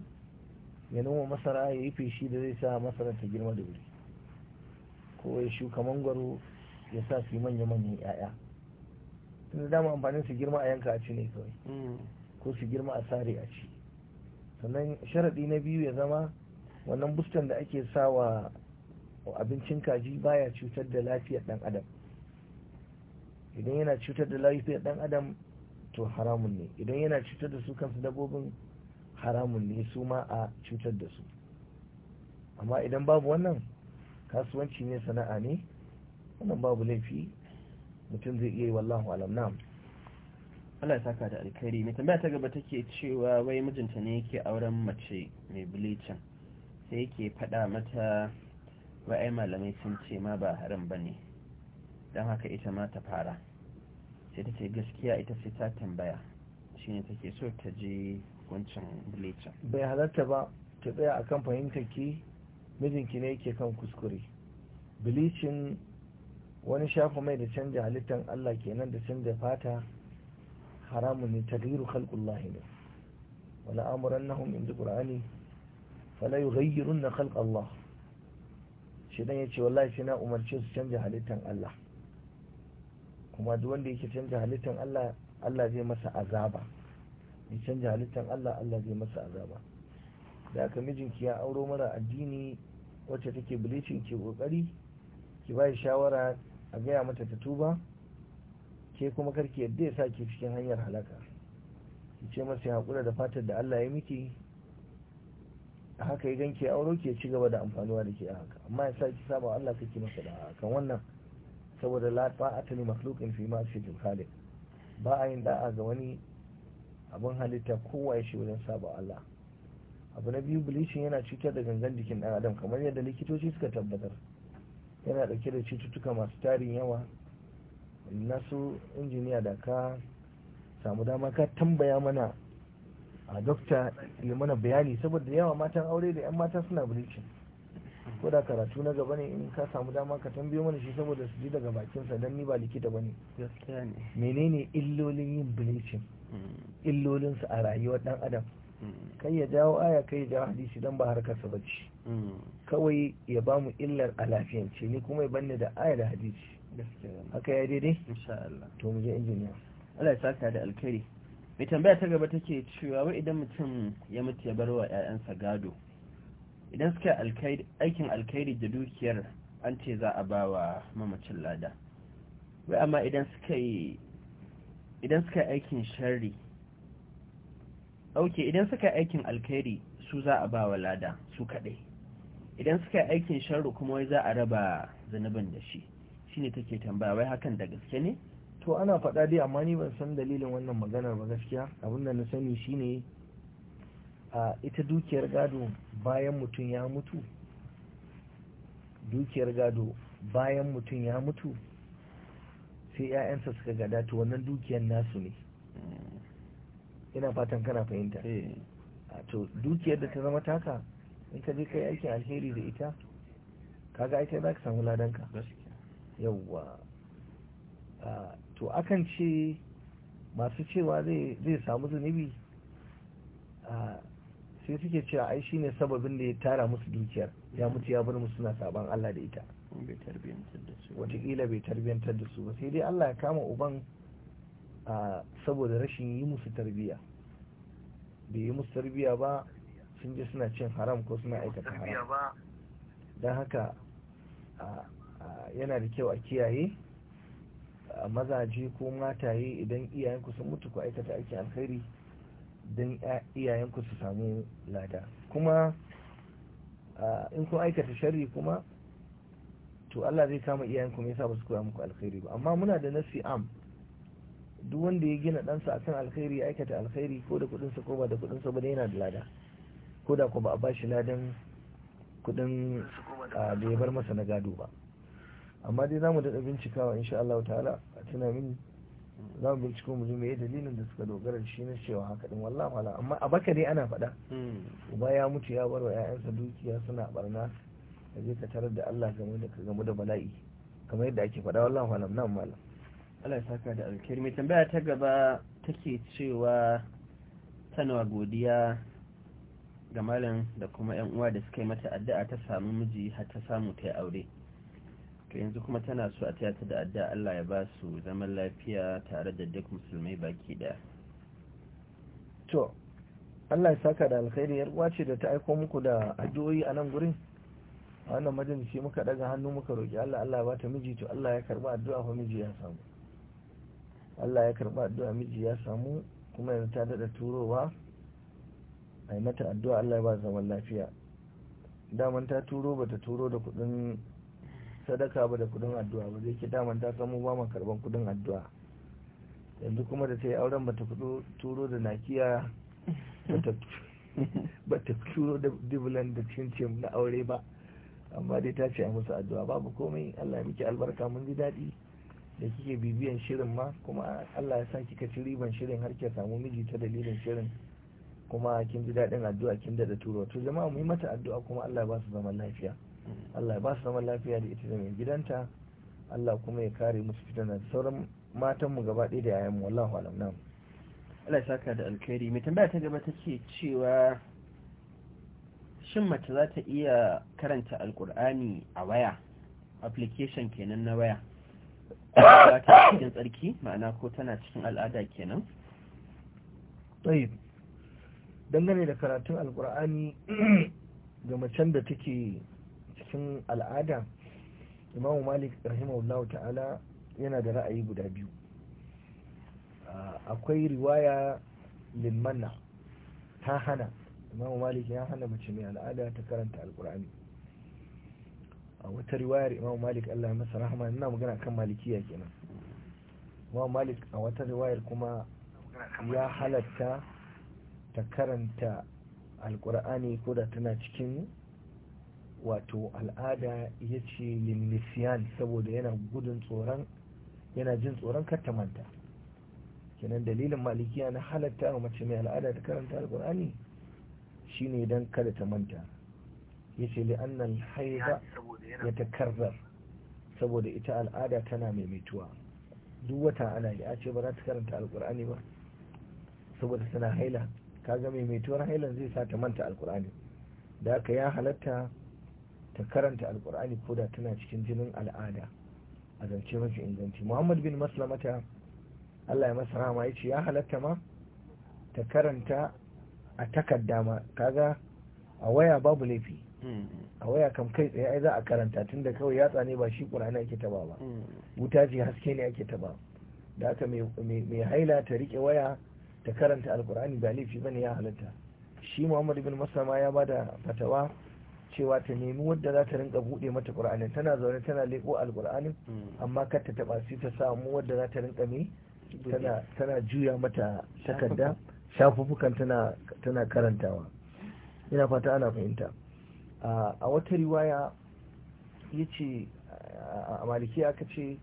[SPEAKER 2] ya noma masara ya yi feshi da zai sa masara ta girma da wuri ko ya shuka mangwaro ya sa su yi manya-manyan 'ya'ya tun da dama amfanin su girma a yanka a ci ne kawai mm. ko su girma a sare a ci sannan sharaɗi na biyu ya zama wannan bustan da ake sawa abincin kaji baya cutar da lafiyar dan adam idan yana cutar da lafiyar dan adam to haramun ne idan yana cutar da su kansu dabbobin haramun ne su ma a cutar da su amma idan babu wannan kasuwanci ne sana'a ne wannan babu laifi mutum zai iya yi wallahu alam Allah ya saka da alkhairi mai tambaya ta gaba take cewa wai mijinta ne yake auren
[SPEAKER 1] mace mai bilicin sai yake faɗa mata wai ai malamai sun ce ma ba haram ba ne don haka ita ma ta fara sai ta ce gaskiya ita sai ta tambaya shi ne take so ta je wancan bleachin
[SPEAKER 2] bai halatta ba ta tsaya a kan fahimtar ki mijinki ne yake kan kuskure bleachin wani shafa mai da canja halittar allah kenan da canja fata haramun ne ta Wani amuran ne wala da inda qur'ani fala na khalq allah shedan ya ce wallahi shi na umarce su canja halittan Allah kuma duk wanda yake canja halittan Allah Allah zai masa azaba ya canja halittan Allah Allah zai masa azaba da aka mijinki ya auro mara addini wacce take bilicin ke kokari ki bai shawara a gaya mata ta tuba ke kuma karki yadda ya sa ke cikin hanyar halaka ki ce masa ya hakura da fatar da Allah ya miki haka ya ganke auro ke ci gaba da amfanuwa da ke a haka amma ya sa ki saba Allah kake masa da kan wannan saboda la ta li makhluqin fi ma'siyatil khaliq ba a yin da'a ga wani abin halitta kowa ya shi wajen saba Allah abu na biyu bilishin yana cutar da gangan jikin dan adam kamar yadda likitoci suka tabbatar yana dauke da cututtuka masu tarin yawa nasu injiniya da ka samu dama ka tambaya mana a dokta ya mana bayani saboda yawa matan aure da 'yan mata suna bleaching ko da karatu na gaba ne in ka samu dama ka tambayo mana shi saboda su ji daga bakinsa don ni ba likita ba ne menene illolin yin bleaching mm. illolinsu a rayuwar dan adam mm. kai ya jawo aya kai ya jawo hadisi dan ba harkarsa sa bace mm. kawai ya ba mu illar a lafiyance ni kuma ya banne da aya da hadisi haka ya daidai to mu je injiniya
[SPEAKER 1] Allah ya saka da alkhairi mai tambaya ta gaba take cewa wai idan mutum ya mutu ya bar wa 'ya'yansa gado idan suka aikin alkhairi da dukiyar an ce za a ba wa mamacin lada wai amma idan suka yi aikin shari ok idan suka aikin alkhairi su za a ba wa lada su kadai idan suka aikin shari kuma wai za a raba zanubin da shi Shi ne take tambaya wai hakan da gaske ne
[SPEAKER 2] to ana faɗa dai amma ni ban san dalilin wannan maganar ba gaskiya abin da na sani shine a ita dukiyar gado bayan mutum ya mutu dukiyar gado bayan mutum ya mutu sai 'ya'yansa suka gada to wannan dukiyar nasu ne ina fatan kana fahimta eh. to dukiyar da ta zama taka in ka je kai aikin alheri da ita kaga ita za ka samu ladanka yauwa to akan ce masu cewa zai samu zunubi sai suke cewa ai shi ne sababin da ya tara musu dukiyar ya mutu ya bar musu suna saban Allah da ita watakila bai tarbiyantar da su ba sai dai Allah ya kama uban saboda rashin yi musu tarbiya bai yi musu tarbiya ba sun je suna cin haram ko suna aikata haram don haka yana da kyau a kiyaye mazaje ko mataye idan iyayenku sun mutu ku aikata aiki alkhairi don iyayenku su samu lada kuma in kun aikata sharri kuma to Allah zai kama iyayenku me yasa ba su koya muku alkhairi ba amma muna da nasi am duk wanda ya gina ɗansa akan alkhairi aikata alkhairi ko da kudinsa ko ba da kudinsa ba yana da lada ko da ko ba a bashi ladan kudin da ya bar masa na gado ba amma dai za mu daɗa bincikawa insha Allah ta'ala a tuna mini za mu binciko mu ji dalilin da suka dogara shi na cewa haka din wallah wala amma a baka dai ana faɗa hmm. uba ya mutu ya bar wa 'ya'yansa dukiya suna barna ka je ka tarar da Allah game da ka gamu da bala'i kamar yadda ake faɗa wallah wala nan malam Allah ya saka da alkhairi mai tambaya
[SPEAKER 1] ta gaba take cewa tana godiya ga malam da kuma 'yan uwa da suka yi mata addu'a ta samu miji har ta samu ta yi aure to yanzu kuma tana so a taya ta da adda Allah ya ba su zaman lafiya tare da duk musulmai baki da
[SPEAKER 2] to Allah ya saka da alkhairi yar wace ce da ta aiko muku da addu'o'i a nan gurin a wannan majalisi muka daga hannu muka roki Allah Allah ya ba ta miji to Allah ya karba addu'a fa miji ya samu Allah ya karba addu'a miji ya samu kuma yanzu ta dada turowa a mata addu'a Allah ya ba zaman lafiya daman ta turo bata turo da kudin sadaka ba da kudin addu'a ba zai ke daman ta samu ba ma karban kudin addu'a yanzu kuma da ta yi auren bata kudo turo da nakiya bata turo da dubulan da cincin na aure ba amma dai ta ce a musu addu'a babu komai Allah ya miki albarka mun ji daɗi da kike bibiyan shirin ma kuma Allah ya sa kika ci riban shirin har ki samu miji ta dalilin shirin kuma kin ji daɗin addu'a kin da turo to jama'a mu yi mata addu'a kuma Allah ya ba su zaman lafiya Allah ya ba su zaman lafiya da ita da mai gidanta Allah kuma ya kare musu fita da sauran matanmu gaba ɗaya da yayanmu wallahu alam nan Allah ya saka da alkhairi mai tambaya ta gaba ta cewa
[SPEAKER 1] shin mace za ta iya karanta alkur'ani a waya application kenan na waya za ta cikin tsarki ma'ana ko tana cikin
[SPEAKER 2] al'ada kenan tsayin dangane da karatun alkur'ani ga macen da take cikin al'ada imamu malik rahimahullahu ta'ala yana da ra'ayi guda biyu akwai riwaya limanna ta hana imamu malik ya hana mace mai al'ada ta karanta alkur'ani a wata riwayar imamu malik allah masa rahama yana magana kan malikiya kenan imamu malik a wata riwayar kuma ya halatta ta karanta alkur'ani ko da tana cikin wato al'ada ya ce lillisiyan saboda yana gudun tsoron yana jin tsoron karta manta kenan dalilin malikiya na halatta a mace mai al'ada da karanta alkur'ani shine don kada ta manta ya ce li'annan haiba ya ta karzar saboda ita al'ada tana maimaituwa duk wata ana ya ce ba za ta karanta alkur'ani ba saboda tana haila kaga maimaituwar hailan zai sa ta manta alkur'ani da aka ya halatta ta karanta alkur'ani ko da tana cikin jinin al'ada a zance mafi inganci muhammad bin maslamata allah ya masa rama ya ce ya halatta ma ta karanta a takarda ma kaga a waya babu laifi
[SPEAKER 1] mm-hmm.
[SPEAKER 2] a waya kam kai tsaye ai za a karanta tun da kawai yatsa ne ba shi ƙur'ani ake taba ba mm-hmm. wuta ce haske ne ake taba da aka mai haila ta rike waya ta karanta alkur'ani ba laifi bane ya halatta shi muhammad bin maslama ya bada fatawa cewa ta nemi wadda za ta rinka buɗe mata ƙur'anin tana zaune tana leƙo alƙur'anin mm. amma kar ta taɓa sai ta samu wadda za ta rinka mai tana juya mata takarda shafuffukan tana karantawa ina fata ana fahimta a wata riwaya ya a maliki aka ce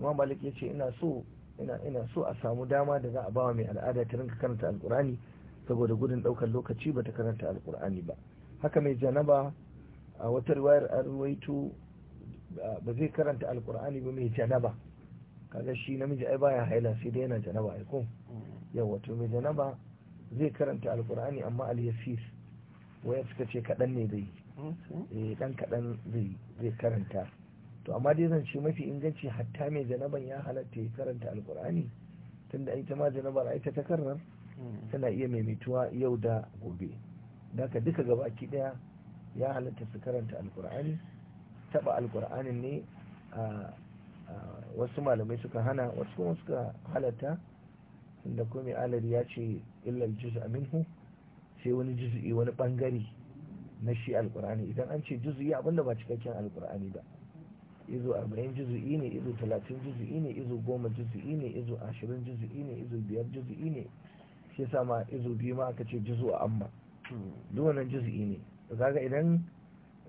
[SPEAKER 2] ma maliki ya ce ina so a samu dama da za a bawa mai al'ada ta rinka karanta alkur'ani saboda gudun daukar lokaci bata karanta alkur'ani ba haka mai janaba a wata riwayar an ruwaito ba zai karanta alkur'ani ba mai janaba kaga shi namiji ai baya haila sai dai yana janaba ai ko yawa to mai janaba zai karanta alkur'ani amma al-yasir waya suka ce kaɗan ne zai eh dan kaɗan zai zai karanta to amma dai zan ce mafi inganci hatta mai janaban ya halatta ya karanta alkur'ani tunda ita ma janabar ai ta takarrar hmm. tana iya maimaituwa yau da gobe daka duka gaba ki daya ya halatta su karanta alkur'ani taba alkur'anin ne a wasu malamai suka hana wasu kuma suka halatta inda kuma alar ya ce illal juzu minhu sai wani juz'i wani bangare na shi alkur'ani idan an ce juz'i abinda ba cikakken alkur'ani ba izo 40 juz'i ne izo 30 juz'i ne izo 10 juz'i ne izo 20 juz'i ne izo 5 juz'i ne shi sama izo biyu ma aka ce juzu amma duk wannan juz'i ne to kaga idan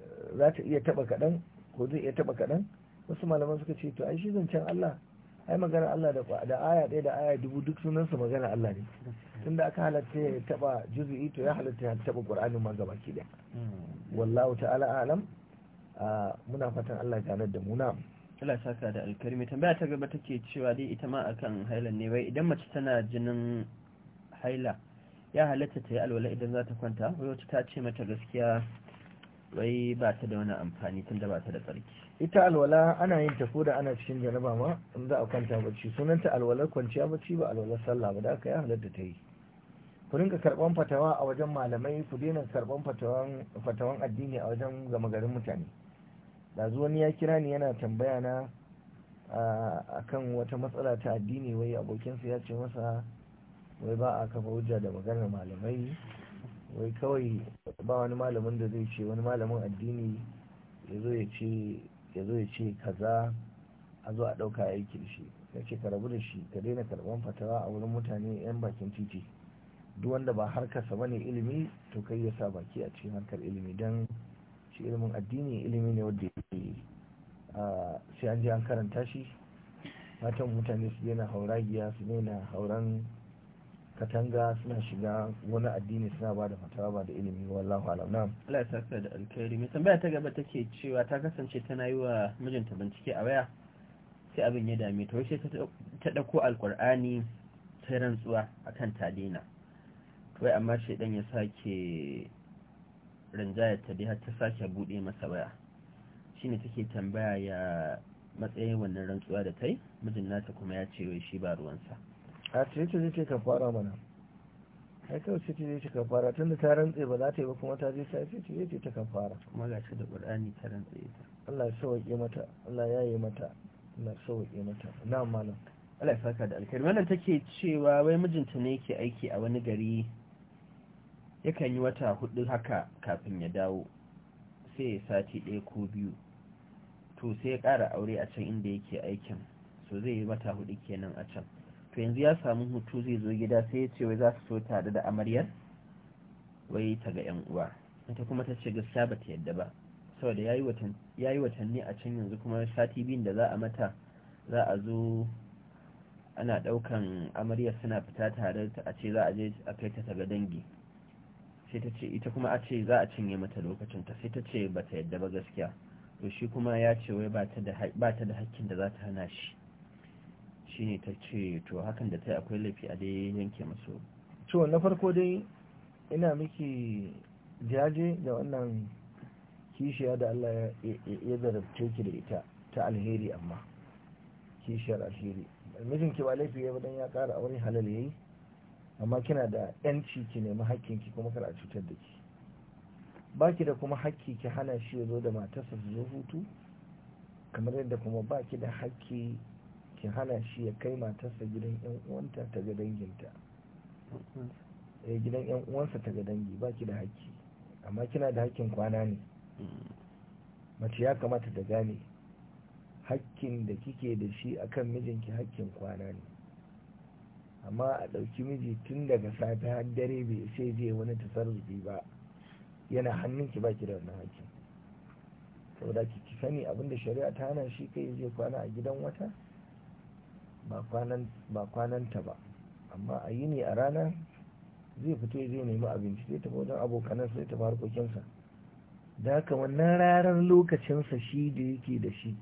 [SPEAKER 2] eh, za ta iya taba kaɗan ko zai iya taba kaɗan wasu malaman suka ce to ai shi zancen Allah ai magana Allah da da aya ɗaya da aya dubu duk sunan su magana Allah ne tunda aka halatta ya taba juzu'i to ya halatta ya taba Qur'anin ma gaba ki da
[SPEAKER 1] hmm.
[SPEAKER 2] wallahu ta'ala alam ah, muna fatan Allah ya da mu
[SPEAKER 1] na Allah saka da alkarmi tambaya ta gaba take cewa dai ita ma akan hailan ne bai idan mace tana jinin haila ya halatta ta yi alwala idan za ta kwanta wata ta ce mata gaskiya
[SPEAKER 2] wai ba ta
[SPEAKER 1] da wani amfani tun da ba ta da tsarki
[SPEAKER 2] ita alwala ana yin tafi da ana cikin janaba ma in za a kwanta bacci ta alwalar kwanciya bacci ba alwalar sallah ba da aka ya halatta ta yi ku rinka karban fatawa a wajen malamai ku daina karban fatawan addini a wajen gama garin mutane da wani ya kira ni yana tambaya na akan wata matsala ta addini wai abokinsa ya ce masa wai ba a kafa hujja da maganar malamai wai kawai ba wani malamin da zai ce wani malamin addini ya zo ya ce kaza a zo a ɗauka aiki shi ya ce ka rabu da shi ka daina karban fatawa a wurin mutane 'yan bakin titi duk wanda ba harkarsa ba ne ilimi to kai ya sa baki a cikin harkar ilimi don shi ilimin addini ilimi ne wanda sai an je an karanta shi matan mutane su daina hauragiya su daina hauran katanga suna shiga wani addini suna ba da fatawa ba da ilimi wallahu alam na
[SPEAKER 1] Allah ya saka da alkhairi mai tambaya ta gaba take cewa ta kasance tana yi wa mijinta bincike a waya sai abin ya dame ta wace ta dauko alkur'ani ta rantsuwa akan ta daina wai amma shi dan ya sake rinjayar ta dai har ta sake bude masa waya shine take tambaya ya matsayin wannan rantsuwa da ta mijin nata kuma ya ce wai shi ba ruwansa
[SPEAKER 2] a cikin zai ce ka fara mana ai kawai ce ta zai ce ka fara tunda ta rantse ba za ta yi ba kuma ta je ta ce ta zai ce ta ka fara kuma ga shi da qur'ani ta rantse ta Allah ya sauke mata Allah ya yi mata Allah ya sauke mata na mana Allah ya saka da alkhairi wannan
[SPEAKER 1] take cewa wai mijinta ne yake aiki a wani gari yakan yi wata hudu haka kafin ya dawo sai ya sati ɗaya ko biyu to sai ya ƙara aure a can inda yake aikin so zai yi wata hudu kenan a can to yanzu ya samu hutu zai zo gida sai ya ce wai za su so tare da amaryar wai ta ga yan uwa ita kuma ta ce gaskiya ba ta yadda ba saboda ya yi watanni a can yanzu kuma sati biyun da za a mata za a zo ana daukan amaryar suna fita tare a ce za a je a kai ta ga dangi sai ta ce ita kuma a ce za a cinye mata lokacin ta sai ta ce ba ta yadda ba gaskiya to shi kuma ya ce wai ba ta da hakkin da za ta hana shi ne ta ce to hakan da ta akwai laifi a dai yanke masu
[SPEAKER 2] to na farko dai ina miki jaje da wannan kishiya da Allah ya zarabce ki da ita ta alheri amma kishiyar alheri mijin ki ba laifi ya dan ya kara aure halal yayi amma kina da yanci ki nemi hakkin ki kuma kara cutar da ki baki da kuma hakki ki hana shi ya zo da matarsa su zo hutu kamar yadda kuma baki da hakki ki hana shi ya kai matarsa gidan yan uwanta ta ga danginta eh gidan yan uwansa ta ga dangi baki da haƙƙi amma kina da haƙƙin kwana ne mace ya kamata ta gane haƙƙin da kike da shi akan mijinki haƙƙin kwana ne amma a ɗauki miji tun daga safe har dare bai sai je wani tasarrufi ba yana hannun ki baki da wannan haƙƙin saboda ki sani abinda shari'a ta hana shi kai zai kwana a gidan wata ba kwananta ba amma a yi ne a rana zai fito zai nemi abinci zai tafi wajen abokanansa zai tafi harkokinsa da haka wannan ranar lokacinsa shi da yake da shi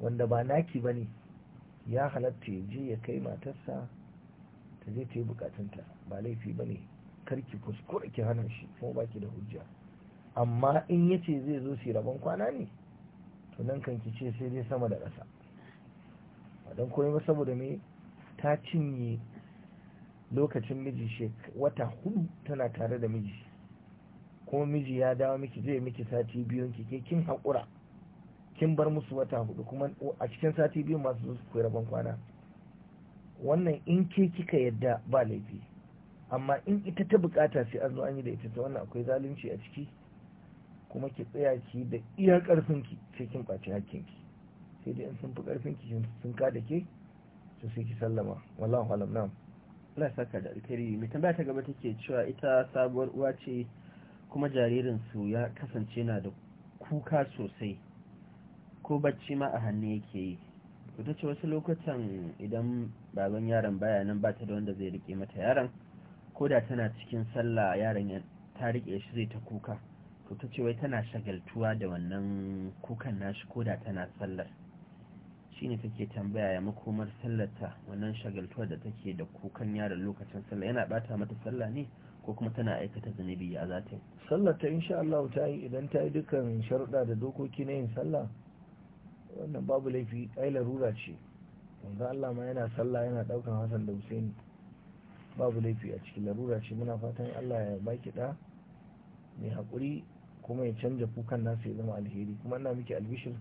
[SPEAKER 2] wanda ba naki ba ne ya halatta ya je ya kai matarsa ta je ta yi bukatunta ba laifi ba ne karki kuskura ki hana shi kuma baki da hujja amma in yace zai zo shi rabon kwana ne to nan kan ki ce sai dai sama da ƙasa don komai ba saboda me ta cinye lokacin miji wata hudu tana tare da miji kuma miji ya dawo miki zai miki sati biyun ki ke kin haƙura kin bar musu wata hudu kuma a cikin sati biyu masu zo su koyi rabon kwana wannan in ke kika yadda ba laifi amma in ita ta bukata sai an zo an yi da ita ta wannan akwai zalunci a ciki kuma ki tsaya ki da iya karfin ki sai kin kwaci hakkin sai dai sun fi karfin ki sun ka da ke su sai ki sallama wallahu alam na'am Allah ya saka da alkhairi mai tambaya ta gaba take cewa ita sabuwar uwa ce
[SPEAKER 1] kuma jaririn su ya kasance na da kuka sosai ko bacci ma a hannu yake yi ta ce wasu lokutan idan baban yaron baya nan ba ta da wanda zai rike mata yaron ko da tana cikin sallah yaron ta rike shi zai ta kuka ko ta ce wai tana shagaltuwa da wannan kukan nashi ko da tana sallar shine kake tambaya ya makomar sallarta wannan shagaltuwar da take da kukan yaron lokacin sallah yana bata mata sallah ne ko kuma tana aikata zunubi a zata. ta yi
[SPEAKER 2] sallarta insha Allah ta yi idan ta yi dukkan sharuɗa da dokoki na yin sallah wannan babu laifi ai larura ce yanzu Allah ma yana sallah yana ɗaukan Hassan da Husaini babu laifi a cikin larura ce muna fatan Allah ya baki da mai haƙuri kuma ya canja kukan nasu ya zama alheri kuma ina miki albishin.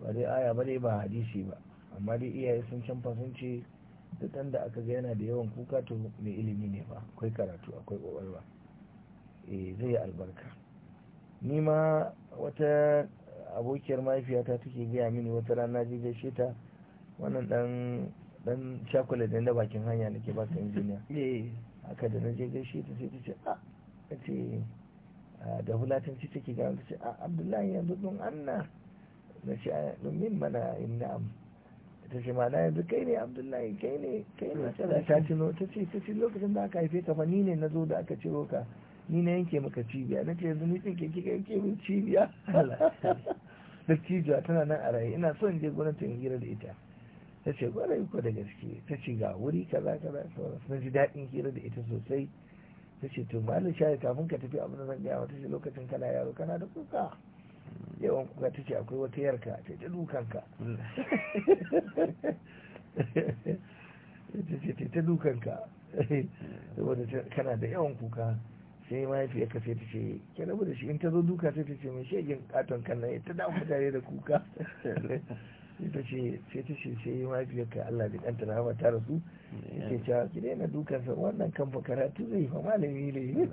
[SPEAKER 2] ba dai aya ba dai ba hadisi ba amma dai iyaye sun canfa sun ce duk da aka ga yana da yawan kuka to mai ilimi ne ba akwai karatu akwai ƙwaƙwalwa e zai albarka ni ma wata abokiyar mahaifiyata take gaya mini wata rana je gaishe ta wannan dan dan chocolate na bakin hanya nake baka injiniya eh haka da na je gaishe ta sai ta ce a ah, ta ce ah, da hulatanci take gaya ta ce a ah, abdullahi yanzu don anna na shi a domin mana in na'am ta ce ma na yanzu kai ne abdullahi kai ne kai ne ta tuno ta ce ta ce lokacin da aka haife ka fa ni ne na zo da aka ciro ka ni na yanke maka cibiya na ce yanzu ni ɗin kika yanke min cibiya da cibiya tana nan a raye ina son je gwamnati in hira da ita ta ce kwarai yi da gaske ta ce ga wuri kaza kaza sauransu na ji daɗin hira da ita sosai ta ce to malam shayi kafin ka tafi abin da zan gaya wata ce lokacin kana yaro kana da kuka yawan kuka ta ce akwai wata yarka ta ta dukanka ta ce ta dukanka saboda kana da yawan kuka sai mahaifiyar ka sai ta ce ke da shi in ta zo duka sai ta ce mai shegin katon kanna ya ta damu tare da kuka sai ta ce sai ta ce sai mafiyar ka Allah da ɗanta na hama ta rasu ke cewa ki daina sa wannan kan tun zai fa malami ne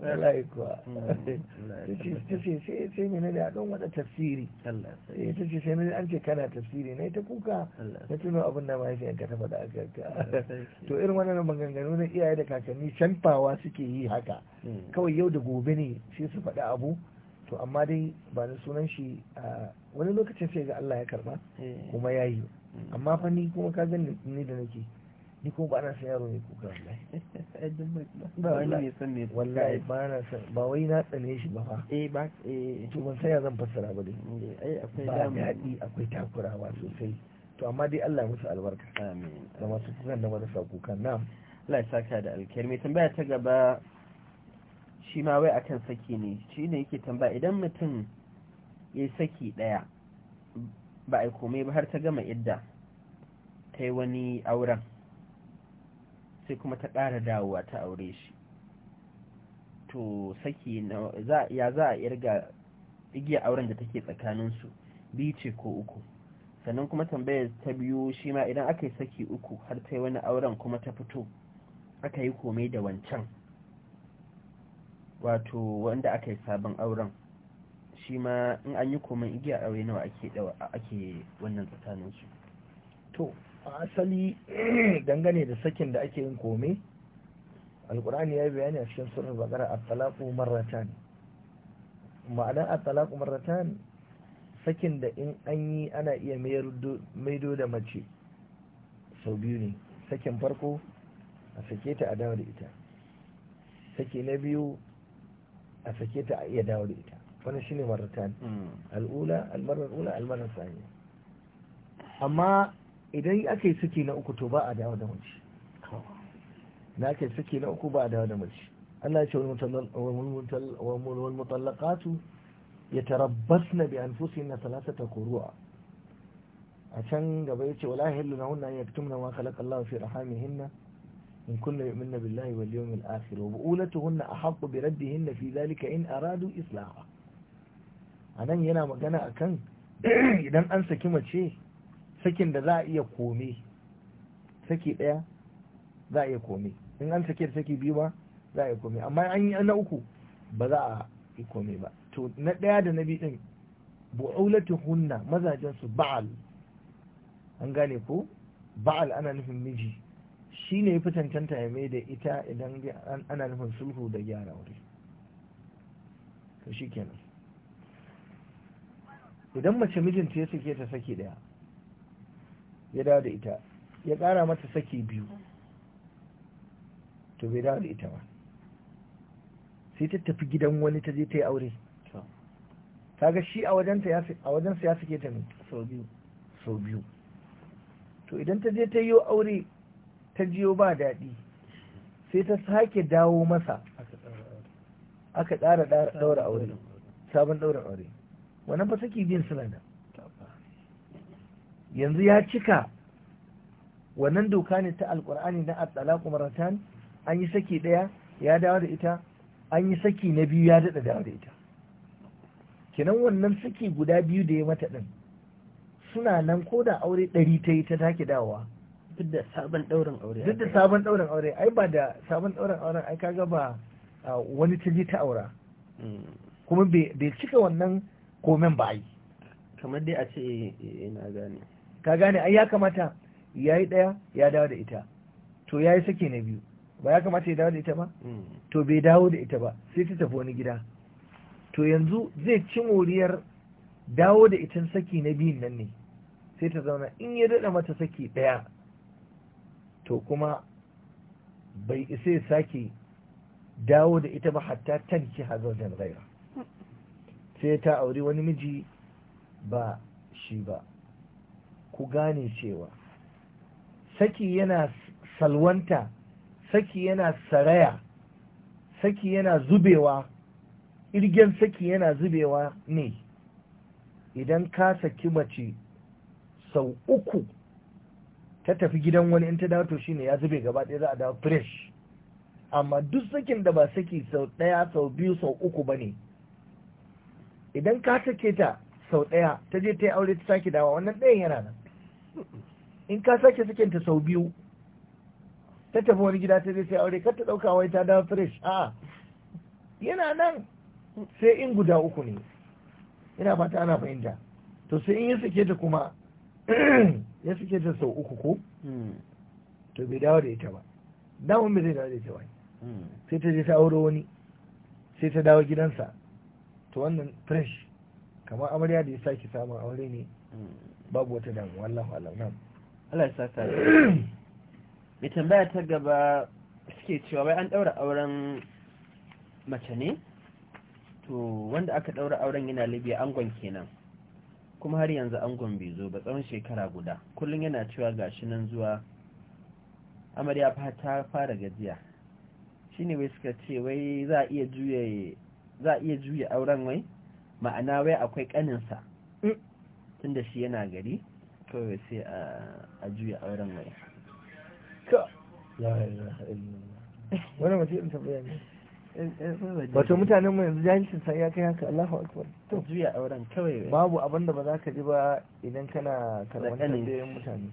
[SPEAKER 2] wallahi kuwa mm, ta ce sai sai mene da don wata tafsiri ta ce sai mene an ce kana tafsiri na ita kuka na tuno abin da mahaifiyar ka ta faɗa aka to irin wannan maganganu na iyaye da kakanni canfawa suke yi haka mm. kawai yau da gobe ne sai su faɗi abu to amma dai ba da sunan shi a ah, wani lokacin sai ga Allah ya karba eh. kuma ya yi hmm. amma fa ni kuma ka gani ni da nake ni kuma ba na san yaro ne kuka wallahi wallahi ba na san ba wai na tsane shi ba fa eh ba eh to ban sai zan fassara ba dai eh akwai hadi akwai takurawa sosai to amma dai Allah musu albarka amin da masu kukan da
[SPEAKER 1] marasa kukan na Allah ya saka da alkhairi mai tambaya ta gaba shi ma wai akan saki ne shi ne yake tambaya idan mutum ya saki ɗaya ba a komai ba har ta gama idda ta yi wani auren sai kuma ta ƙara dawowa ta aure shi to saki ya za a irga igiyar auren da take tsakaninsu biyu ce ko uku sannan kuma tambayar ta biyu shi ma idan aka yi saki uku har ta yi wani auren kuma ta fito aka yi komai da wancan wato wanda aka yi sabon auren shi ma in an yi komai igiya aure nawa ake
[SPEAKER 2] ake wannan tsakanin su to a asali dangane da sakin da ake yin komai alkur'ani ya yi bayani a cikin surar bakara at ne. marratan a at-talaqu ne sakin da in an yi ana iya maido da mace sau biyu ne sakin farko a sake ta a dawo da ita sake na biyu a sake ta a iya dawo da ita wani shine marratan mm. al'ula almarar ula almarar sani amma idan ake yi suke na uku to ba a dawo da mace na ake yi suke na uku ba a dawo da mace Allah ya ce wal mutallaqatu yatarabbasna bi anfusihinna thalathata qurua a can gaba yace wala yahillu lahunna an yaktumna ma khalaqa Allah fi rahamihinna إن كن يؤمن بالله واليوم الآخر وبؤولتهن أحق بردهن في ذلك إن aradu إصلاحه a nan yana magana a kan idan an saki mace sakin da za a iya kome saki ɗaya za a iya kome in an saki da saki biyu ba za a iya kome amma an yi na uku ba za a yi kome ba to na ɗaya da na biyu ɗin hunna mazajen su ba'al an gane ko ba'al ana nufin miji shi ne ya fi cancanta ya mai da ita idan ana nufin sulhu da gyara wuri to shi kenan Idan mace mijinta ya sake ta saki daya ya dawo da ita ya kara mata saki biyu to bai dawo da ita ba sai ta tafi gidan wani ta je ta yi aure ga shi a wajenta a wajensa ya sake ta ne sau biyu sau biyu to idan ta je ta yi aure ta jiyo ba daɗi sai ta sake dawo masa aka tsara daura aure sabon daura aure wannan ba saki bin suna yanzu ya cika wannan doka ne ta alkur'ani na atsalaku maratan an yi saki daya ya dawo da ita an yi saki na biyu ya daɗa dawo da ita Kinan wannan saki guda biyu da ya mata din suna nan ko da aure ɗari ta yi ta take dawowa duk da sabon ɗaurin aure duk da sabon ɗaurin aure ai ba da sabon ɗaurin auren ai kaga ba ah, wani ta je ta aura hmm. kuma bai cika wannan komen ba yi kamar dai a ce ina eh, eh, eh, gane ka gane ai ya kamata ya yi ɗaya ya dawo da ita to ya yi sake na biyu ba ya kamata ya dawo da ita ba hmm. to bai dawo da ita ba sai ta tafi wani gida to yanzu zai ci moriyar dawo da itan saki na biyun nan ne sai ta zauna in ya daɗa mata saki ɗaya to kuma bai isa ya sake dawo da ita ba hatta tanki da gaira sai ta auri wani miji ba shi ba ku gane cewa saki yana salwanta saki yana saraya saki yana zubewa irgen saki yana zubewa ne idan ka saki mace sau uku ta tafi gidan wani in ta dawo to shine ya zube gaba ɗaya za a dawo fresh amma duk sakin da ba saki sau ɗaya sau biyu sau uku ba ne idan ka sake ta sau ɗaya ta je ta yi aure ta sake dawa wannan ɗayan yana nan in ka sake sakin ta sau biyu ta tafi wani gida ta je ta yi aure kar ta ɗauka wai ta dawo fresh a'a yana nan sai in guda uku ne ina fata ana fahimta to sai in ya sake ta kuma ya sake ta sau uku ko hmm. to bai dawo da ita ba dawon bai zai dawo da ita ba hmm. sai ta je ta aure wani sai ta dawo gidansa to wannan fresh kamar amarya da ya sake samun aure ne mm. babu wata damuwa Allahu nan Allah ya saka mai
[SPEAKER 1] tambaya ta gaba suke cewa bai an daura auren mace ne to wanda aka daura auren yana libya angon kenan kuma har yanzu angon bai zo ba tsawon shekara guda kullum yana cewa gashi nan zuwa amarya ta fara gajiya shine wai suka ce wai za a iya juya za a iya juya auren wai ma'ana wai akwai kaninsa mm. tun da shi yana gari kawai sai a juya auren wai
[SPEAKER 2] wani mace irin tambaya ne wato mutanen mu yanzu jahilcin sai ya kai haka Allahu akbar to juya auren kawai babu abin da ba za ka ji ba idan kana karɓar tambayoyin mutane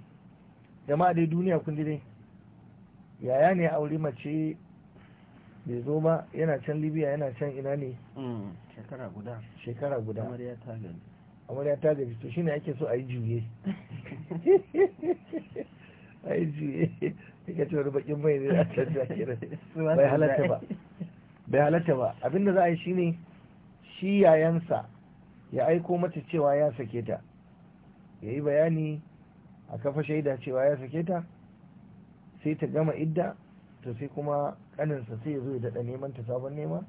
[SPEAKER 2] jama'a dai duniya kun dai yaya ne aure mace bai zo ba yana can libya yana can ina ne
[SPEAKER 1] mm, shekara guda
[SPEAKER 2] shekara guda amarya ta gaji amarya ta gaji to shine ake so a yi juye a yi juye daga cewar bakin mai ne a can jakirar bai halatta ba bai halatta ba abinda za a yi shine shi yayansa ya aiko mata cewa ya sake ta ya yi bayani a kafa shaida cewa ya sake ta sai ta gama idda to sai kuma kaninsa sai ya zo ya daɗa neman ta sabon nema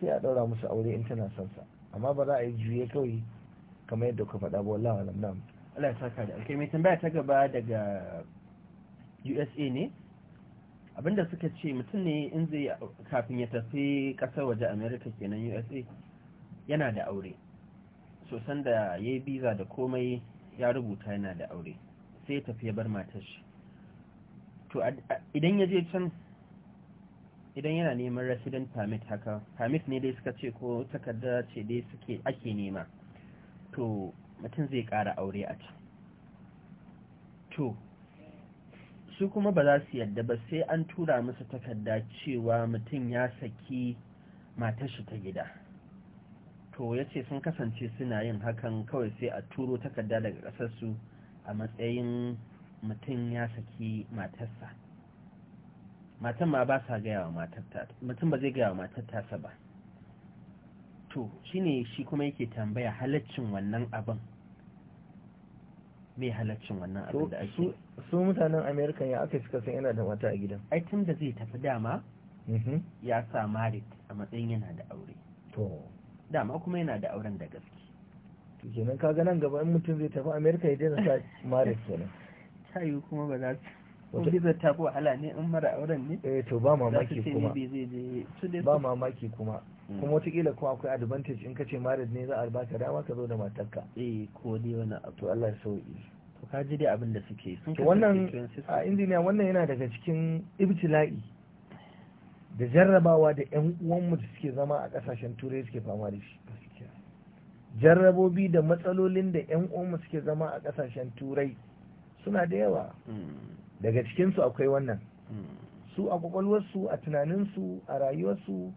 [SPEAKER 2] sai a ɗaura musu aure in tana son sa amma ba za a yi juye kawai kamar yadda ka faɗa ba wallahi alam nam
[SPEAKER 1] Allah ya saka da alkai
[SPEAKER 2] mai tambaya ta gaba daga
[SPEAKER 1] USA ne abinda suka ce mutum ne in zai kafin ya tafi kasar waje America kenan USA yana da aure so da ya yi biza da komai ya rubuta yana da aure sai ya tafi ya bar matar shi to idan ya je can idan yana neman resident permit haka permit ne dai suka ce ko takarda ce dai suke ake nema to mutum zai ƙara aure a can to su kuma ba za su yadda ba sai an tura musu takarda cewa mutum ya saki matashi ta gida to ya ce sun kasance suna yin hakan kawai sai a turo takarda daga ƙasarsu a matsayin mutum ya saki matarsa matan ma ba sa gaya wa matarta ta mutum ba zai gaya wa matarta tasa ba to shine shi kuma yake tambaya halaccin wannan abin mai halaccin wannan abin da ake
[SPEAKER 2] su mutanen amerika ya aka suka san yana
[SPEAKER 1] da mata a gidan ai tun da zai tafi dama mm-hmm. ya sa marit a matsayin yana da aure to dama kuma yana da auren da gaske
[SPEAKER 2] to kenan kaga nan gaba in mutum zai tafi amerika ya daina sa marit kenan yi kuma ba za su wata ta tafi wahala ne in mara auren ne eh to ba mamaki kuma ba mamaki kuma mm. kuma watakila kuma akwai advantage in kace married ne za a baka dama ka zo da matarka eh ko dai wani abu to Allah ya sauki to ka ji dai abin da suke sun to wannan a injiniya wannan yana daga cikin ibtila'i da jarrabawa da yan uwanmu da suke zama a ƙasashen turai suke fama da shi jarrabobi da matsalolin da yan uwanmu suke zama a ƙasashen turai suna da yawa mm. daga cikinsu akwai wannan hmm. su a kwakwalwarsu a tunaninsu a rayuwarsu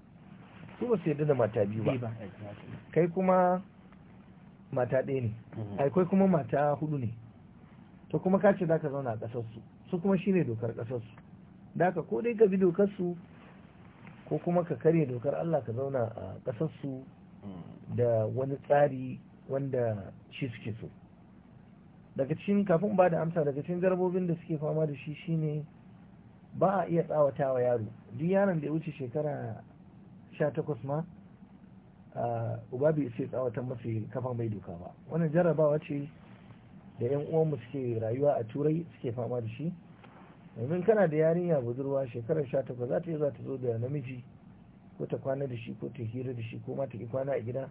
[SPEAKER 2] su ba su yadda da mata biyu ba kai kuma mata ɗaya ne hmm. kai kuma mata hudu ne to kuma ka ce za zauna a ƙasarsu su kuma shine dokar ƙasarsu da ka ko dai ka bi dokarsu ko kuma ka karya dokar Allah ka zauna a ƙasarsu hmm. da wani tsari wanda shi suke so daga cikin kafin ba da amsa daga cikin jarabobin da suke fama da shi shine ba a iya tsawatawa yaro duk yaron da ya wuce shekara sha takwas ma uba bai sai tsawatan masa kafa mai doka ba wannan jarabawa ce da yan uwanmu suke rayuwa a turai suke fama da shi domin kana da yarinya budurwa shekarar sha takwas za ta yi za ta zo da namiji ko ta kwana da shi ko ta hira da shi ko ma ta ki kwana a gida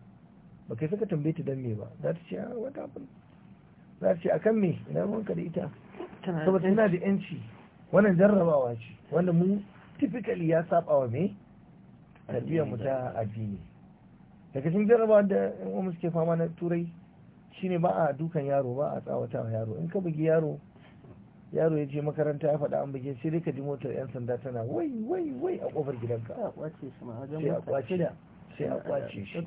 [SPEAKER 2] ba kai saka tambaye ta dan me ba za ta ce ah, wata abin za ce a kan me ina ruwanka da ita saboda tana da yanci wannan jarrabawa ce wanda mu typically ya saba wa me tarbiyyar mu ta addini daga cikin jarrabawa da yan uwa suke fama na turai shine ba a dukan yaro ba a tsawata wa yaro in ka bugi yaro yaro ya je makaranta ya faɗa an bugi sai dai ka ji motar yan sanda tana wai wai wai a kofar gidanka
[SPEAKER 1] sai a kwace shi sai a kwace
[SPEAKER 2] shi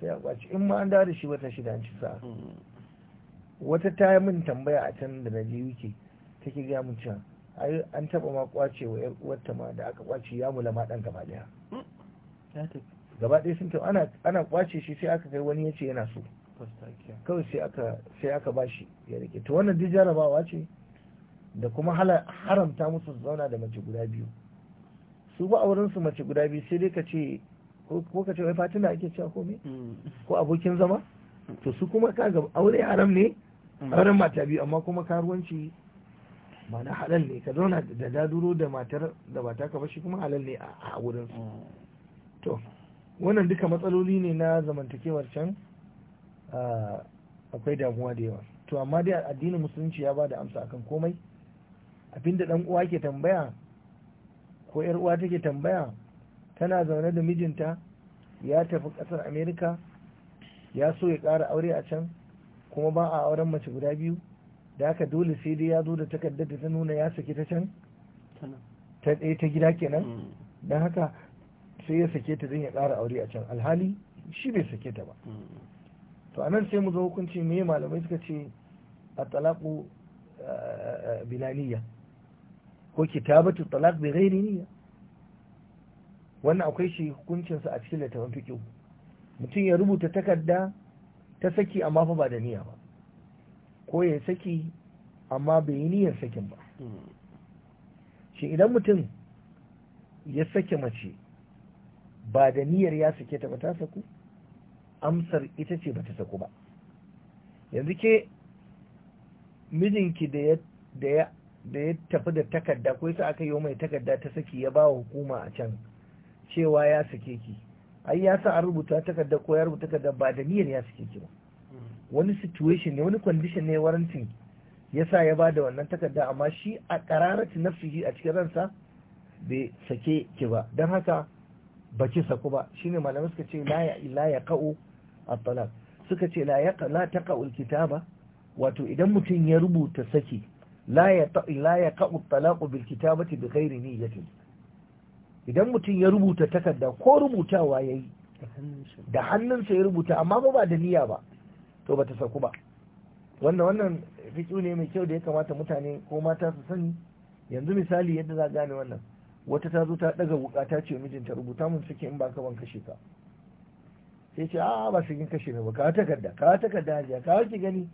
[SPEAKER 2] sai a kwace in ma an dawo da shi wata shida an ci sa'a mm. wata ta yi min tambaya a can da na je ta take gaya min cewa ai an taba ma kwace wa yar uwarta ma da aka kwace ya mula ma dan gaba daya gaba daya sun tafi ana ana kwace shi sai aka kai wani yace yana so kawai sai aka sai aka bashi ya rike to wannan duk jarabawa ce da kuma haramta musu zauna da mace guda biyu su ba auren su mace guda biyu sai dai ka ce ko ka ce wai fatina ake cewa ko me mm. ko abokin zama to su kuma kaga aure haram ne Mm. auren mata biyu amma kuma karuwanci ba na halal ne ka zauna da daduro da matar da ba ta kafa shi kuma halal ne a wurin mm. to wannan duka matsaloli ne na zamantakewar can ah, akwai damuwa da yawa to amma dai addinin musulunci ya ba da amsa akan komai abinda dan uwa ke tambaya ko yar uwa take tambaya tana zaune da mijinta ya tafi kasar america ya so ya kara aure a can kuma ba a auren mace guda biyu da haka dole sai dai ya zo da takardar da ta nuna ya sake ta can ta ɗaya ta gida kenan mm. don haka sai ya sake ta zai ya ƙara aure a can alhali shi bai sake ta ba mm. to a nan sai mu zo hukunci me malamai suka ce a talaku eh, eh, bilaniya ko kitabatu talaq bai gairi niyya wannan akwai shi hukuncinsa a cikin littafin fiqh mutum ya rubuta takarda ta saki amma fa ba da niyya ba ko ya saki amma bai yi niyyar sakin ba shi idan mutum ya saki mace ba da niyyar ya sake ta ba ta saku amsar ita ce ba ta saku ba yanzu ke mijinki da ya tafi da takarda ko yasa aka yi wa mai takarda ta saki ya ba wa hukuma a can cewa ya sake ki ai ya sa a rubuta takarda ko ya rubuta takarda ba da niyyar ya suke kira wani situation ne wani condition ne warantin ya sa ya ba da wannan takarda amma shi a kararati nafsihi a cikin ransa bai sake ki ba don haka ba ki saku ba shine malamai suka ce la ya ya ka'u a talak suka ce la ya ta ka'u kitaba wato idan mutum ya rubuta saki la ya ka'u talaku bil kitabati bi ghairi idan mutum ya rubuta takarda ko rubutawa ya yi da hannunsa ya rubuta amma ba ba da niyya ba to ba ta saku ba wannan wannan fiƙi ne mai kyau da ya kamata mutane ko mata su sani yanzu misali yadda za gane wannan wata ta zo ta daga bukata ce mijinta rubuta mun suke in ba ka ban kashe ka sai ce a ba su yin kashe ne ba ka takarda ka takarda hajiya ka ki gani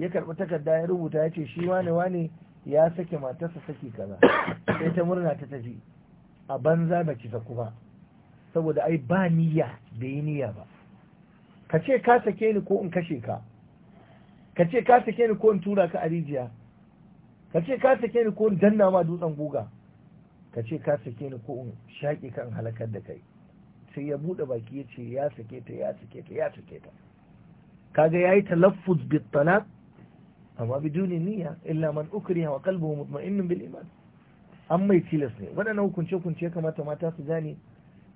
[SPEAKER 2] ya karɓi takarda ya rubuta ya ce shi wane wane ya sake matarsa saki kaza sai ta murna ta tafi a banza ba kisa kuma ba saboda ai ba niyya bai yi niyya ba ka ce ka sake ni ko in kashe ka ka ce ka sake ni ko in tura ka a rijiya ka ce ka sake ni ko in danna ma dutsen guga ka ce ka sake ni ko in shaƙi kan halakar da kai sai ya buɗe baki ya ce ya sake ta ya sake ta ya sake ta kaga yayi talaffuz bit talaq amma biduni niyya illa man ukriha wa qalbuhu mutma'innun bil iman an mai tilas ne waɗannan hukunce-hukunce ya kamata mata su gane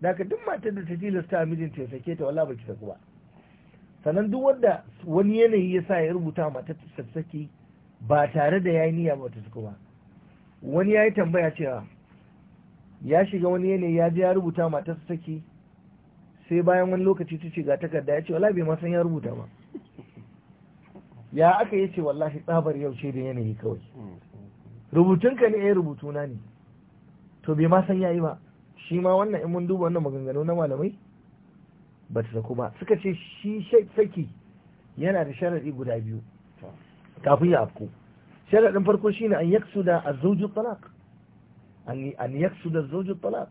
[SPEAKER 2] daga duk matar da ta tilasta a mijinta ya sake ta wala baki saku ba sannan duk wanda wani yanayi ya sa ya rubuta mata ta saki ba tare da ya yi niyya ba ta saku ba wani ya yi tambaya cewa ya shiga wani yanayi ya je ya rubuta mata ta saki sai bayan wani lokaci ta ce ga takarda ya ce wala bai ma san ya rubuta ba ya aka yi ce wallahi tsabar yau ce da yanayi kawai hmm. rubutunka ne eh na ne to bai ma san yayi ba shi ma wannan in mun duba wannan maganganu na malamai ba ta saku ba suka ce shi saki yana da sharaɗi guda biyu kafin ya afku sharaɗin farko shine an yaksu da azzawju talaq an yaksu da azzawju talaq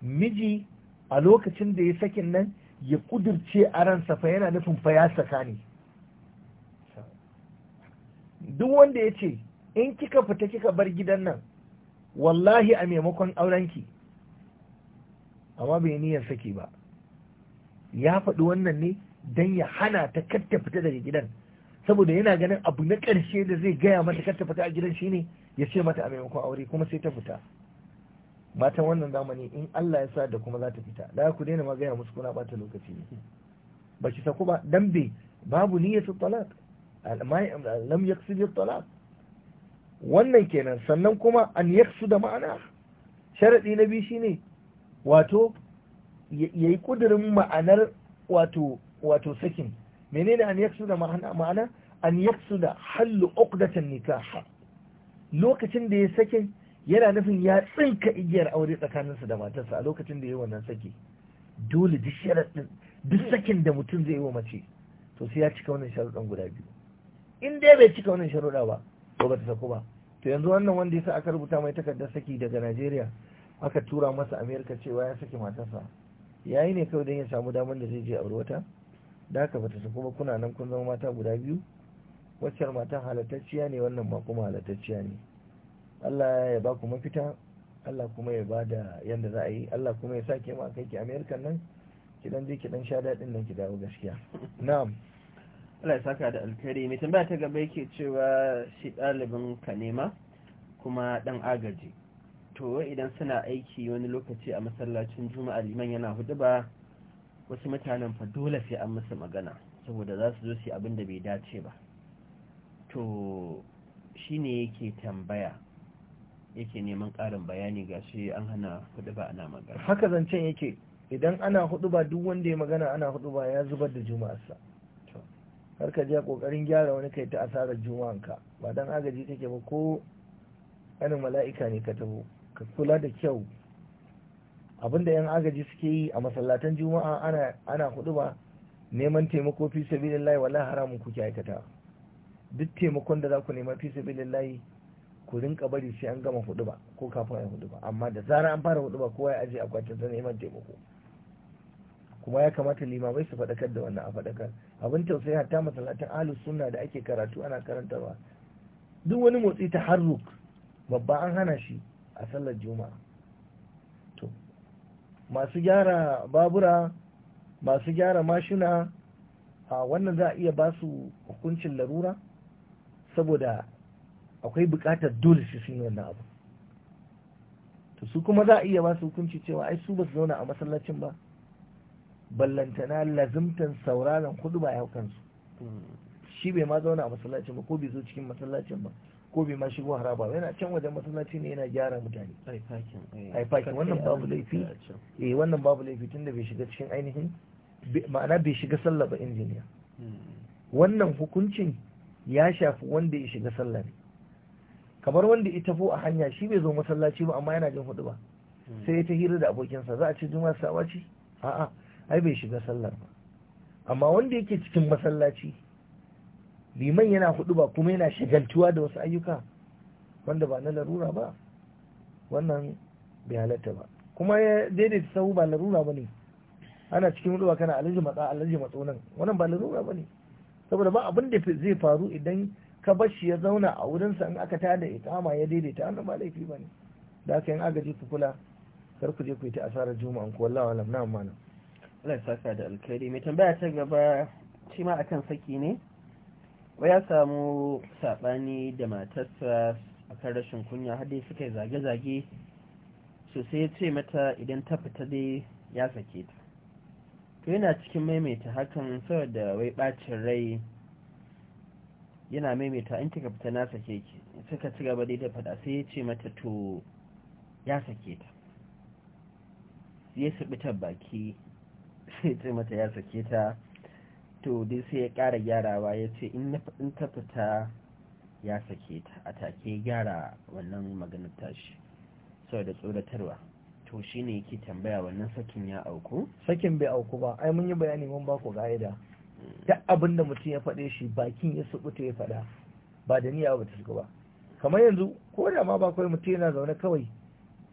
[SPEAKER 2] miji a lokacin da ya sakin nan ya kudurce a ransa fa yana nufin fa ya saka ne duk wanda ya ce in kika fita kika bar gidan nan wallahi a maimakon aurenki amma bai niyyar saki ba ya faɗi wannan ne don ya hana ta katta fita daga gidan saboda yana ganin abu na ƙarshe da zai gaya mata katta fita a gidan shine ya ce mata a maimakon aure kuma sai ta fita matan wannan zamani in Allah ya sa da kuma za ta fita da ku daina ma gaya musu kuna bata lokaci ne ba ki sako ba dan bai babu niyyatul talaq lam yaqsid talaq wannan kenan sannan kuma an yaksu da ma'ana sharaɗi na biyu shine wato ya yi ƙudurin ma'anar wato sakin menene an yaksu da ma'ana an yaksu da hallu uqdatan nikah lokacin da ya sakin yana nufin ya tsinka igiyar aure tsakaninsa da matarsa a lokacin da ya yi wannan saki dole duk sharaɗin duk sakin da mutum zai yi wa mace to sai ya cika wannan sharuɗan guda biyu in dai bai cika wannan sharuɗa ba to ba ta saku ba to yanzu wannan wanda ya sa aka rubuta mai takardar saki daga Najeriya aka tura masa Amerika cewa ya saki matarsa yayi ne kawai don ya samu damar da zai je aure wata da haka bata su kuma kuna nan kun zama mata guda biyu waccar mata halattacciya ne wannan ba kuma halattacciya ne Allah ya ba ku mafita Allah kuma ya bada yanda za a yi Allah kuma ya sake a kai ki Amerika nan kidan je ki dan sha daɗin nan ki dawo gaskiya na'am
[SPEAKER 1] Allah ya saka da alkari mai tambaya ta gaba yake cewa shi ɗalibin ka nema kuma ɗan agaji to idan suna aiki wani lokaci a masallacin juma'a liman yana hudu ba wasu mutanen fa dole sai an musu magana saboda za su zo su abin da bai dace ba to shi ne yake tambaya yake neman ƙarin bayani ga shi an hana hudu ba ana magana haka
[SPEAKER 2] zancen yake idan ana hudu ba duk wanda ya magana ana hudu ba ya zubar da juma'arsa har ka je kokarin gyara wani kai ta asarar ka ba dan agaji take ba ko ɗanin mala'ika ne ka tabo ka kula da kyau abinda yan agaji suke yi a masallatan juma'a ana ana hudu ba neman taimako fi sabilillahi wallahi haramun kuke aikata duk taimakon da za ku nema fi sabilillahi ku rinka bari sai an gama hudu ba ko kafin a hudu ba amma da zarar an fara hudu ba kowa ya aje akwatin sa neman taimako kuma ya kamata limamai su faɗakar da wannan a faɗakar abin tausayi hatta masalatin alu sunna da ake karatu ana karantarwa duk wani motsi ta harruk babba an hana shi a sallar juma'a to masu gyara babura masu gyara mashina a wannan za a iya ba su hukuncin larura saboda akwai bukatar dole su sun wannan abu to su kuma za a iya ba su hukunci cewa ai su ba su zauna a masallacin ba ballantana lazimtan sauraron hudu ba ya kansu shi bai ma zauna a masallacin ba ko bai zo cikin masallacin ba ko bai ma shigo haraba yana can wajen masallaci ne yana gyara mutane ai
[SPEAKER 1] fakin eh. wannan babu laifi
[SPEAKER 2] eh wannan babu laifi tunda bai shiga cikin ainihin ma'ana bai shiga sallah ba injiniya hmm. wannan hukuncin ya shafi wanda ya shiga sallah ne kamar wanda ya tafo a hanya shi bai zo masallaci ba amma yana jin hudu ba hmm. sai ya ta hira da abokinsa za a ce juma'a sawa ce a'a ai bai shiga sallar ba amma wanda yake cikin masallaci liman yana hudu ba kuma yana shagaltuwa da wasu ayyuka wanda ba na larura ba wannan bai halatta ba kuma ya daidaita sahu ba larura ba ne ana cikin hudu ba kana alaji matsa alaji matso nan wannan ba larura ba ne saboda ba abin da zai faru idan ka bar shi ya zauna a wurinsa in aka tada ikama ya daidaita wannan ba laifi ba ne da aka yin agaji ku kula kar ku je ku yi ta asarar juma'an ku wallahi alam na amana Allah saka da alkhairi mai tambaya ta gaba shi ma akan saki ne wa ya
[SPEAKER 1] samu sabani da matarsa akan rashin kunya har dai suka zage-zage so sai ce mata idan ta fita dai ya sake ta to yana cikin maimaita hakan saboda wai bacin rai yana maimaita in kika fita na sake ki suka ci gaba dai da fada sai ya ce mata to ya sake ta ya sabitar baki sai ce mata ya sake ta to dai sai ya ƙara gyarawa ya ce in ta fita ya sake ta a take gyara wannan maganar tashi saboda tsoratarwa to shine yake tambaya wannan sakin ya auku sakin bai
[SPEAKER 2] auku ba ai mun yi bayani mun ba ku ga'ida duk abin da mutum ya faɗe shi bakin ya subuta ya faɗa ba da niyya ba ta shiga ba kamar yanzu ko da ma ba kawai mutum yana zaune kawai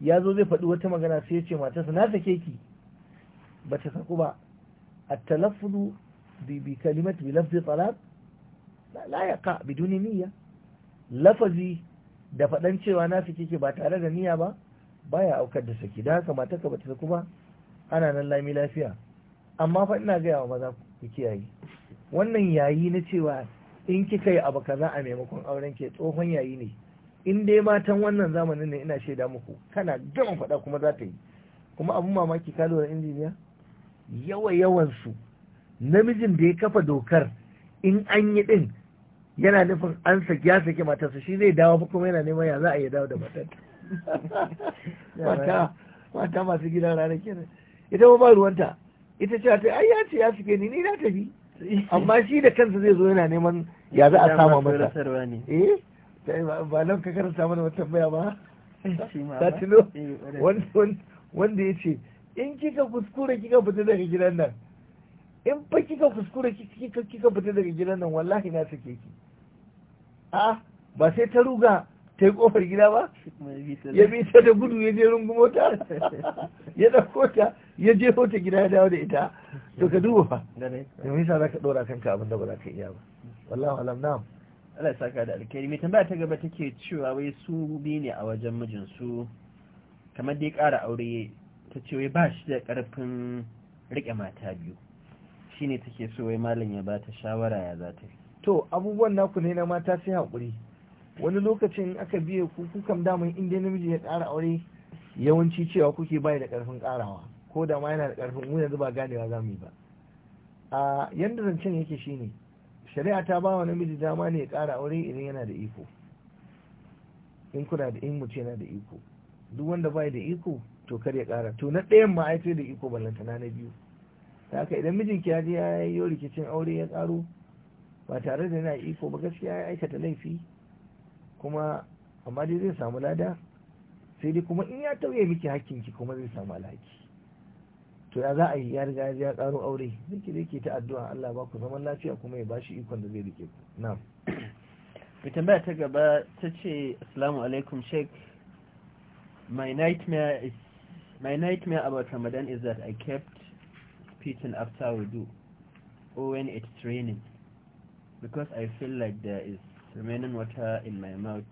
[SPEAKER 2] ya zo zai faɗi wata magana sai ya ce matarsa na sake ki ba ta saku bi التلفظ bi بلفظ طلاق لا, لا يقع بدون نية Lafazi da faɗan cewa na fice ke ba tare da niyya ba baya aukar da saki da haka mata ka bata saku ba ana nan lami lafiya amma fa ina gaya wa maza ku kiyaye wannan yayi na cewa in kika yi abu kaza a maimakon auren ke tsohon yayi ne in dai matan wannan zamanin ne ina shaida muku kana gama faɗa kuma za ta yi kuma abun mamaki ka lura injiniya yawa yawansu namijin da ya kafa dokar in an yi din yana nufin an saki ya saki matarsa shi zai dawo kuma yana neman ya za a yi dawo da matarsa mata mata masu gidan ranar kenan ita ba ruwanta ita ce ta ai ya ce ya suke ni ni na tafi amma shi da kansa zai zo yana neman ya za a sama masa eh ba nan ka karanta mana wata tambaya ba ta tuno eh, wanda ya ce in kika kuskura kika fita daga gidan nan in fa kika kuskura kika kika fita daga gidan nan wallahi na sake ki a ba sai ta ruga ta yi kofar gida ba ya bi ta da gudu ya je rungu mota ya dauko ta ya je hoto gida ya dawo da ita
[SPEAKER 1] to ka duba fa
[SPEAKER 2] da me yasa ka dora kanka abin da ba za ka iya ba wallahi alam na'am
[SPEAKER 1] Allah ya saka da alkhairi mai tambaya ta gaba take cewa wai su bi ne a wajen mijin su kamar dai ƙara aure ta ce wai ba shi da ƙarfin riƙe
[SPEAKER 2] mata biyu shi ne take so wai malam ya ba ta shawara ya za ta yi to abubuwan naku ne na mata sai haƙuri wani lokacin aka biye ku kukan daman inda namiji ya ƙara aure yawanci cewa kuke bai da ƙarfin ƙarawa ko da ma yana da ƙarfin mu yanzu ba ganewa za mu yi ba a yanda zancen yake shine shari'a ta ba wa namiji dama ne ya ƙara aure idan yana da iko in kuna da in mutum yana da iko duk wanda bai da iko to kar ya ƙara to na ɗayan ma ai da iko ballanta na biyu da haka idan mijinki ya je ya yi rikicin aure ya ƙaro ba tare da yana iko ba gaskiya ya aikata laifi kuma amma dai zai samu lada sai dai kuma in ya tauye miki hakkinki kuma zai samu alhaki to ya za a yi ya riga ya karo aure zai ke ta addu'a Allah ba ku zaman lafiya kuma ya bashi ikon da zai rike ku na'am mai tambaya ta gaba ta ce assalamu alaikum sheik
[SPEAKER 1] my nightmare is My nightmare about Ramadan is that I kept speaking after wudu or when it's raining because I feel like there is remaining water in my mouth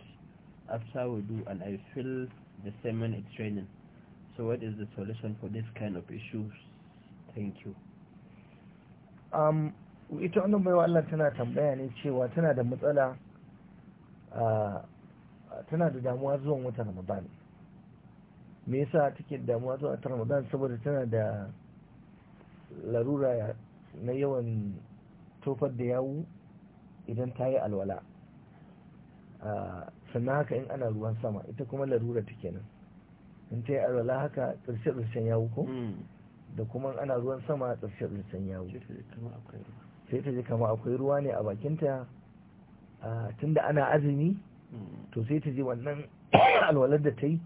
[SPEAKER 1] after wudu and I feel the
[SPEAKER 2] same when it's raining. So what is the solution for this kind of issues? Thank you. Um, ita wannan baiwa Allah tana tambaya ne cewa tana da matsala uh, tana da damuwa zuwan me yasa take damuwa zuwa ta ramadan saboda tana da larura na yawan tofar da yawu idan ta yi alwala sannan haka in ana ruwan sama ita kuma larura ta kenan in ta yi alwala haka tsarshe-tsarshen yawu ko hmm. da kuma ana ruwan sama tsarshe-tsarshen yawu sai ta ji kama akwai ruwa ne a bakinta tunda ana azumi hmm. to sai ta ji wannan alwalar da ta yi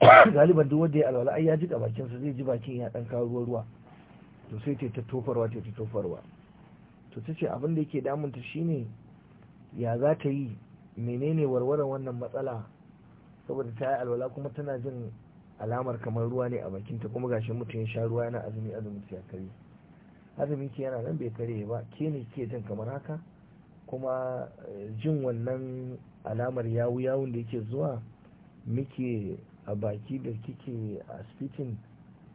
[SPEAKER 2] galiban duk wanda ya alwala ai ya ji ga bakin sa zai ji bakin ya dan kawo ruwa ruwa to sai ta tofarwa ta tofarwa to ta abin da yake damun ta shine ya za ta yi menene warware wannan matsala saboda ta yi alwala kuma tana jin alamar kamar ruwa ne a bakinta kuma gashin mutum ya sha ruwa yana azumi azumi ya kare azumi ke yana nan bai kare ba ke ne ke jin kamar haka kuma eh, jin wannan alamar yawu yawun da yake zuwa muke a baki da kike a speaking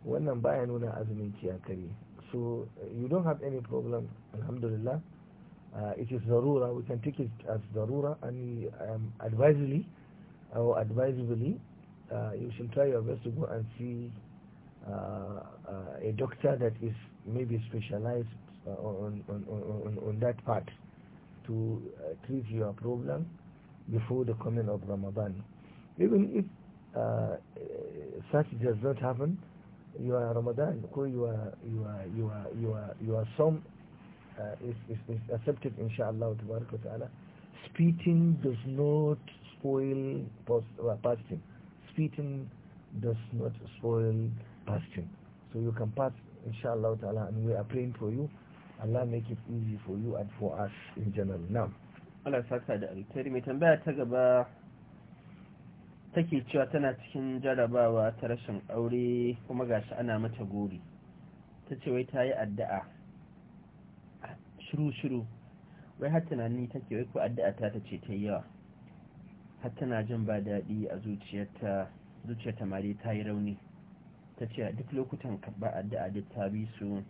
[SPEAKER 2] wannan baya nuna azumin ki a kare so you don't have any problem alhamdulillah uh, it is zarura we can take it as zarura and um, advisedly or advisably uh, you should try your best to go and see uh, uh a doctor that is maybe specialized uh, on, on, on, on, that part to uh, treat your problem before the coming of Ramadan even if uh, such does not happen You are Ramadan You are are you are you are psalm uh, is, is, is accepted inshallah Allah. spitting does not spoil post, uh, fasting spitting does not spoil fasting so you can pass inshallah Allah. and we are praying for you Allah make it easy for you and for us in general now
[SPEAKER 1] Allah saka da alkhairi mai tambaya ta gaba take cewa tana cikin jarabawa ta rashin aure kuma gashi ana mata gori ta ce wai ta yi addu'a
[SPEAKER 2] shiru-shiru
[SPEAKER 1] wai har tunani take wai ko addu'a ta ta ce ta yi yawa har tana jin ba daɗi a zuciyarta zuciyarta ma ta yi rauni ta ce a duk lokutan karɓa addu'a duk ta bi su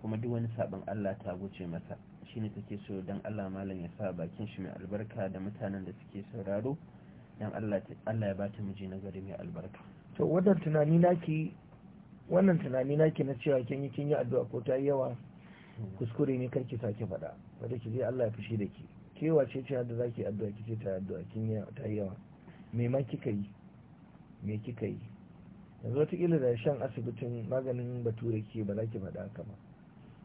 [SPEAKER 1] kuma duk wani sabon Allah ta guce masa shine take so don Allah malam ya sa bakin shi mai albarka da mutanen da suke sauraro dan Allah ya ba ta miji nagari mai albarka
[SPEAKER 2] to wannan tunani naki wannan tunani naki na cewa kin yi kin yi addu'a ko ta yi yawa kuskure ne karki sake faɗa wanda ki je Allah ya fushi da ki kewa ce ce da zaki addu'a kice ta addu'a kin yi ta yawa me ma kika yi me kika yi yanzu kila da shan asibitin maganin bature ke ba za ki faɗa haka ba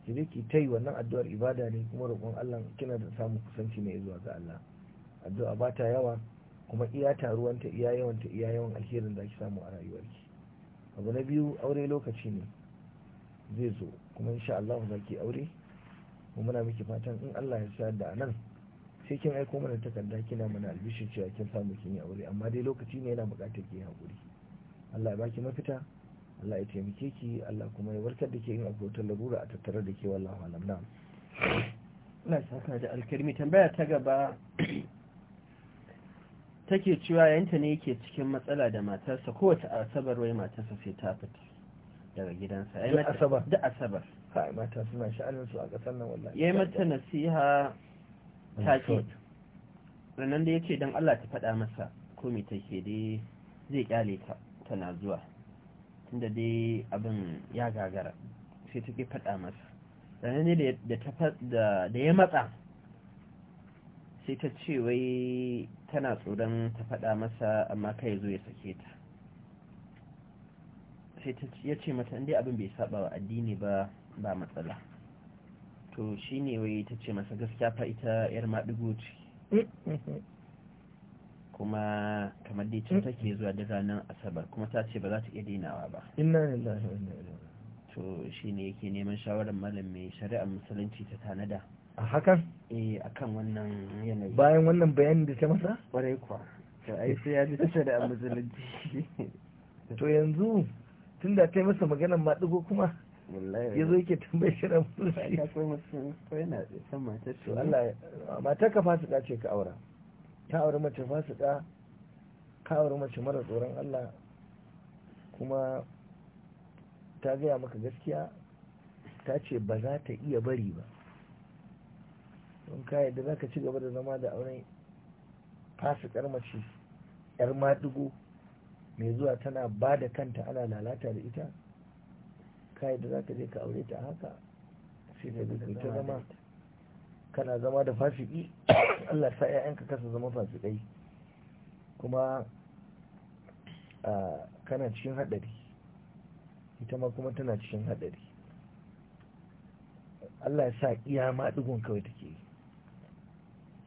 [SPEAKER 2] ki je ki ta wannan addu'ar ibada ne kuma roƙon Allah kina da samun kusanci mai zuwa ga Allah addu'a ba ta yawa kuma iya taruwanta iya yawanta iya yawan alherin da ake samu a rayuwarki abu na biyu aure lokaci ne zai zo kuma insha Allah za ki aure kuma muna miki fatan in Allah ya sa da anan sai kin aiko mana takarda kina mana albishin cewa kin samu kin yi aure amma dai lokaci ne yana buƙatar ki hakuri Allah ya baki mafita Allah ya taimake ki Allah kuma ya warkar da ke in akwai wata larura a tattare da ke wallahu alam na ina saka
[SPEAKER 1] da alkarmi tambaya ta gaba take cewa yayinta ne yake cikin matsala da matarsa kowace asabar wai matarsa sai ta fita daga gidansa duk asabar da
[SPEAKER 2] asabar kai mata suna sha'anin su a kasan nan wallahi yayi mata
[SPEAKER 1] nasiha ce ranan da yace dan Allah ta faɗa masa ko me take dai zai kyale ta tana zuwa tunda dai abin ya gagara sai ta ke faɗa masa ranan ne da ta da ya matsa sai ta ce wai tana tsoron ta faɗa masa amma kai zo ya sake ta sai ya ce mata inda abin bai saba wa addini ba ba matsala to shi ne wai ta ce masa gaskiya fa ita yar
[SPEAKER 2] maɗigo ce
[SPEAKER 1] kuma kamar dai can take zuwa da ranar asabar kuma ta ce ba za ta iya dinawa ba
[SPEAKER 2] inna lillahi wa inna ilaihi
[SPEAKER 1] to shine yake neman shawarar malamin mai shari'ar musulunci ta tanada a hakan eh akan wannan
[SPEAKER 2] yanayi bayan wannan bayanin da ta masa kwarai kuwa to ai sai ya ji tasha da musulunci to yanzu tunda kai masa maganar ma dugo kuma
[SPEAKER 1] ya zo yake tambayar shi ran musulunci ya
[SPEAKER 2] koyi musu ko yana san matar to Allah matar ka fasika ce ka aura ta aure mace fasika ka aure mace mara tsoron Allah kuma ta gaya maka gaskiya ta ce ba za ta iya bari ba don ka yadda za ka ci gaba da zama da auren fasikar mace yar maɗigo mai zuwa tana ba da kanta ana lalata da ita ka yadda za ka je ka aure ta haka sai ka ga ta zama kana zama da fasiki Allah sa 'ya'yanka kasa zama fasikai kuma kana cikin haɗari ita ma kuma tana cikin haɗari Allah ya sa iya ma kawai take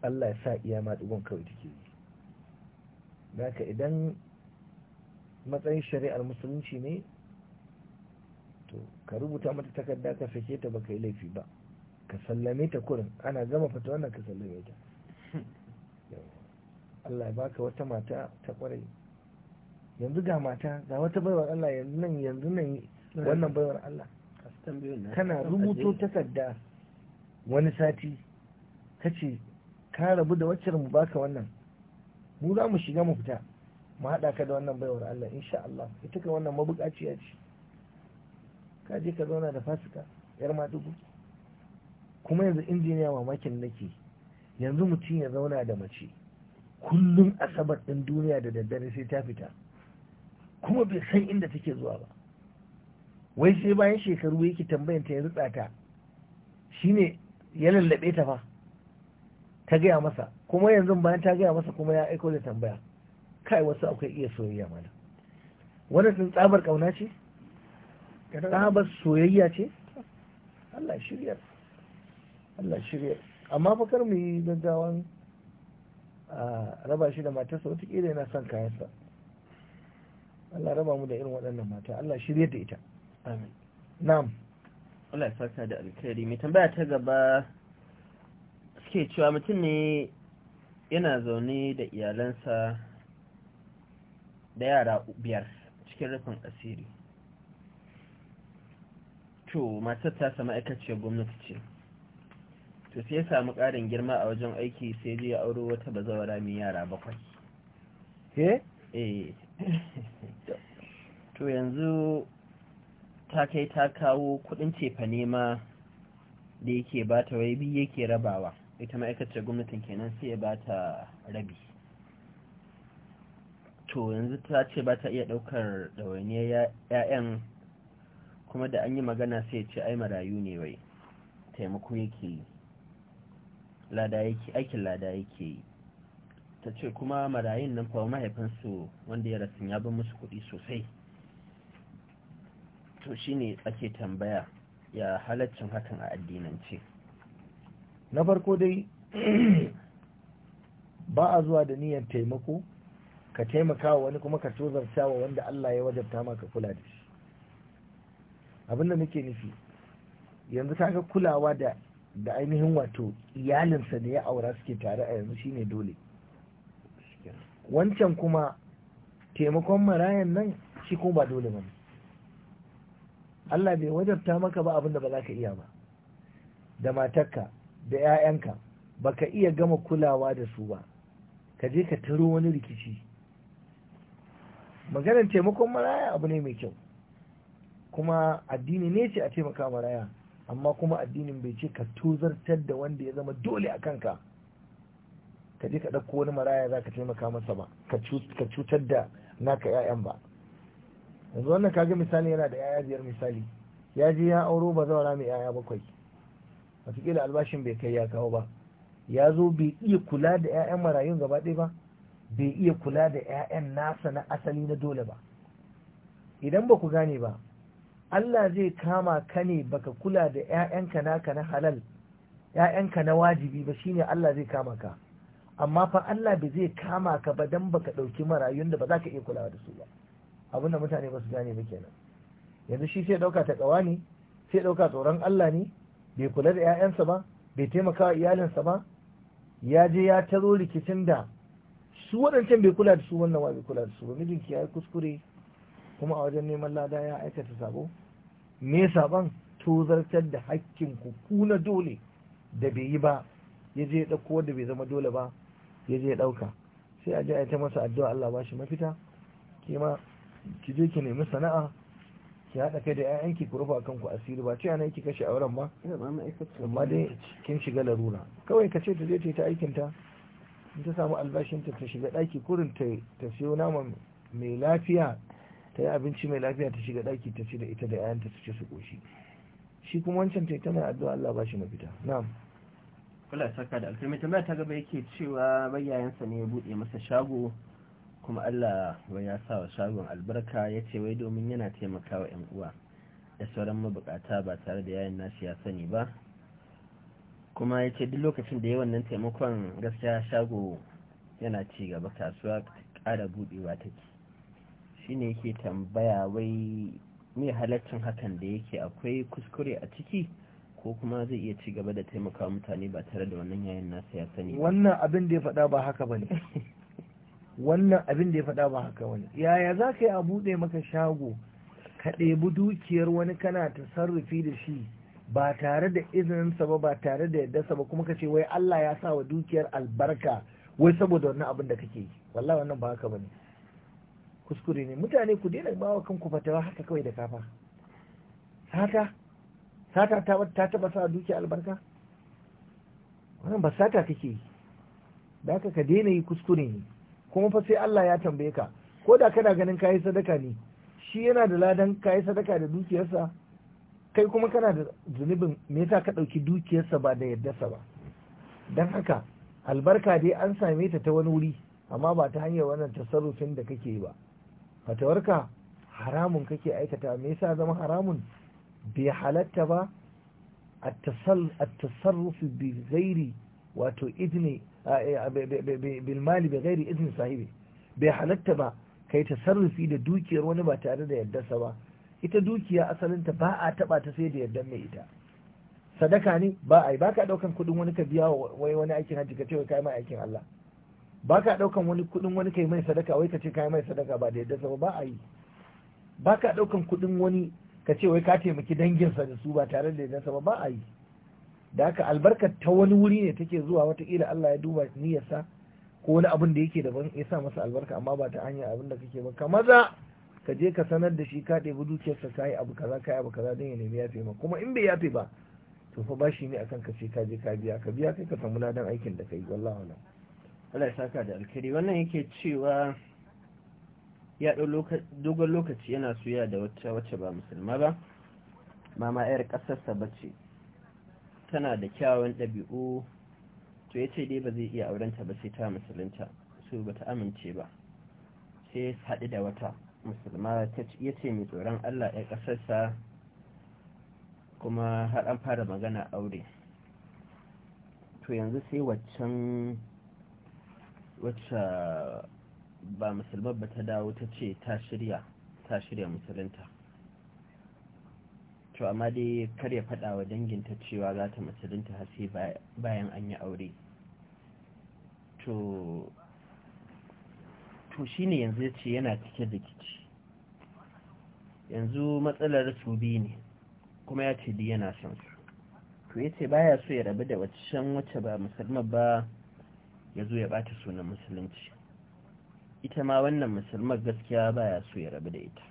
[SPEAKER 2] Allah ya sa iya ma dugun kawai take yi haka idan matsayin shari'ar musulunci ne to ka rubuta mata takarda ka sake ta baka yi laifi ba ka sallame ta kurin ana gama fata wannan ka sallame ta Allah ya baka wata mata ta kwarai yanzu ga mata ga wata baiwar Allah yanzu nan yanzu nan wannan baiwar Allah kana rubuto takarda wani sati kace ka rabu da waccan mu baka wannan mu za mu shiga mu fita mu haɗa ka da wannan baiwar Allah insha Allah ita ka wannan mabukaciya ce ka je ka zauna da fasika yar dubu kuma yanzu injiniya mamakin nake yanzu mutum ya zauna da mace kullum asabar ɗin duniya da daddare sai ta fita kuma bai san inda take zuwa ba wai sai bayan shekaru yake tambayan ta ya rutsa ta shine ya lallabe ta fa ta gaya masa kuma yanzu bayan ta gaya masa kuma ya aiko da tambaya kai wasu akwai iya soyayya mana wannan sun tsabar kauna ce tsabar soyayya ce Allah shirya Allah shirya amma fa kar mu yi gaggawan raba shi da matarsa wataƙila yana son kayansa Allah raba mu da irin waɗannan mata Allah shirya da ita amin na'am
[SPEAKER 1] Allah ya saka da alkhairi mai tambaya ta gaba
[SPEAKER 2] ce cewa mutum
[SPEAKER 1] ne yana zaune da iyalansa da yara biyar cikin rufin asiri to matar ta sama aikaciyar gwamnati ce to sai ya samu ƙarin girma a wajen aiki sai zai ya auro wata bazawara mai yara bakwai eh to yanzu ta kai ta kawo kudin cefa nema da yake ba ta wai biyu yake rabawa ita ma'aikatar gwamnatin kenan sai ya bata rabi to yanzu ta ce ba ta iya daukar ɗawainiyar ya'yan kuma da an yi magana sai ce ai marayu ne wai taimako yake yi lada yake aikin lada yake yi ta ce kuma marayun nan fa mahaifinsu wanda ya rasu ya bin musu kuɗi sosai to shine ake tambaya ya
[SPEAKER 2] halaccin hakan a addinance na farko dai ba a zuwa da niyyar taimako ka taimaka wa wani kuma ka tozarta wa wanda Allah ya wajabta maka kula da shi abinda nake nufi yanzu kaga kulawa da da ainihin wato iyalinsa da ya aura suke tare a yanzu shine dole wancan kuma taimakon marayan nan shi kuma ba dole bane Allah bai wajabta maka ba abinda ba za ka iya ba da matarka da 'ya'yanka ka iya gama kulawa da su ba ka je ka taro wani rikici maganar taimakon maraya abu ne mai kyau kuma addini ne ce a taimaka maraya amma kuma addinin bai ce ka tozartar da wanda ya zama dole a kanka ka je ka ɗauko wani maraya za ka taimaka masa ba ka cutar da naka ƴaƴan ba yanzu wannan kaga misali yana da ƴaƴa biyar misali ya je ya auro ba zaura mai ƴaƴa bakwai wataƙila albashin bai kai ya kawo ba ya zo bai iya kula da 'ya'yan marayun gaba ɗaya ba bai iya kula da 'ya'yan nasa na asali na dole ba idan ba ku gane ba Allah zai kama ka ne baka kula da 'ya'yanka naka na halal 'ya'yanka na wajibi ba shine Allah zai kama ka amma fa Allah bai zai kama ka ba dan baka ɗauki marayun da ba za ka iya kula da su ba abin da mutane ba su gane ba kenan yanzu shi sai ɗauka ta ƙawa sai ɗauka tsoron Allah ne bai kula da 'ya'yansa ba bai taimaka wa iyalinsa ba ya je ya taro rikicin da su waɗancan bai kula da su wannan wa bai kula da su ba mijinki ya yi kuskure kuma a wajen neman lada ya aikata sabo me saban tozartar da hakkin ku na dole da bai yi ba ya je ya ɗauko wanda bai zama dole ba ya je ya ɗauka sai a je a yi ta masa addu'a Allah ba shi mafita ki ma ki je ki nemi sana'a ki haɗa kai da ƴaƴanki ku rufa kanku asiri ba ce anan ki kashe auren ba amma dai kin shiga larura kawai ka ce ta je ta yi ta aikin ta in ta samu albashin ta shiga daki kurin ta siyo nama mai lafiya ta yi abinci mai lafiya ta shiga daki ta ci da ita da 'ya'yanta su ce su ƙoshi shi kuma wancan ta yi tana addu'a Allah ba shi mafita na'am
[SPEAKER 1] kula saka da alkalmi tambaya ta gaba yake cewa bayyayansa ne ya buɗe masa shago kuma allah ya sa wa shagon albarka ya ce wai domin yana taimakawa 'yan uwa da sauran mabukata ba tare da yayin nashi ya sani ba kuma ya ce duk lokacin da yawan nan taimakon gaskiya shago yana ci gaba kasuwa ƙara buɗewa take shi ne yake tambaya wai mai halaccin hakan da yake akwai kuskure a ciki ko kuma zai iya ci gaba da taimaka mutane ba tare da wannan yayin nasa ya sani
[SPEAKER 2] wannan abin da ya faɗa ba haka ba ne wannan abin da ya faɗa ba haka wani yaya za ka yi a buɗe maka shago ka ɗebi dukiyar wani kana ta sarrafi da shi ba tare da izininsa ba ba tare da yadda ba kuma ka ce wai Allah ya sa wa dukiyar albarka wai saboda wannan abin da kake yi wallahi wannan ba haka bane kuskure ne mutane ku daina bawa kanku fatawa haka kawai da kafa sata sata ta taba sa dukiyar albarka wannan ba sata kake yi da haka ka daina yi kuskure ne kuma fa sai Allah ya tambaye ka ko da kana ganin kayi sadaka ne shi yana da ladan kayi sadaka da dukiyarsa kai kuma kana da zunubin me yasa ka ɗauki dukiyarsa ba da yardarsa ba dan haka albarka dai an same ta ta wani wuri amma ba ta hanyar wannan tasarrufin da kake yi ba fatawarka haramun kake aikata me yasa zama haramun bai halatta ba at-tasarruf bi ghairi wato idni bil mali bi ghairi iznin sahibi bai halatta ba kai tasarrufi da dukiyar wani ba tare da yardarsa ba ita dukiya asalinta ba a taba ta sai da yardar mai ita sadaka ne ba a yi ba ka daukan kudin wani ka biya wai wani aikin hajji ka ce kai mai aikin Allah ba ka daukan wani kudin wani kai mai sadaka wai ka ce kai mai sadaka ba da yardarsa ba ba a yi ba ka daukan kudin wani ka ce wai ka taimaki danginsa da su ba tare da yardarsa ba ba a yi da haka albarkar ta wani wuri ne take zuwa wataƙila Allah ya duba sa ko wani abin da yake daban ya sa masa albarka amma ba ta hanyar abin da kake ba ka maza ka je ka sanar da shi ka ɗebi dukiyarsa ka yi abu kaza ka yi abu kaza don ya nemi yafe ma kuma in bai yafe ba to fa bashi ne akan ka ce ka je ka biya ka biya kai ka samu ladan aikin da kai wallahi wannan Allah ya saka da alkhairi wannan yake cewa ya
[SPEAKER 1] dogon lokaci yana suya da wacce wacce ba musulma ba mama yar kasarsa bace tana da kyawun ɗabi'u to ya ce dai ba zai iya aurenta ba sai ta musulunta su ba ta amince ba sai haɗu da wata musulma ya ce mai tsoron allah ya ƙasarsa kuma har an fara magana aure to yanzu sai waccan wacce ba musulman ba ta dawo ta ce ta shirya ta shirya musulunta to amma dai kar ya faɗa wa danginta cewa za ta musulunta har sai bayan an yi aure to to shine yanzu ya ce yana cike da kici yanzu matsalar su biyu ne kuma ya ce biyu yana son su to ya ce baya so ya rabu da waccan wacce ba musulma ba ya zo ya bata sunan musulunci ita ma wannan musulmar gaskiya baya so ya rabu da ita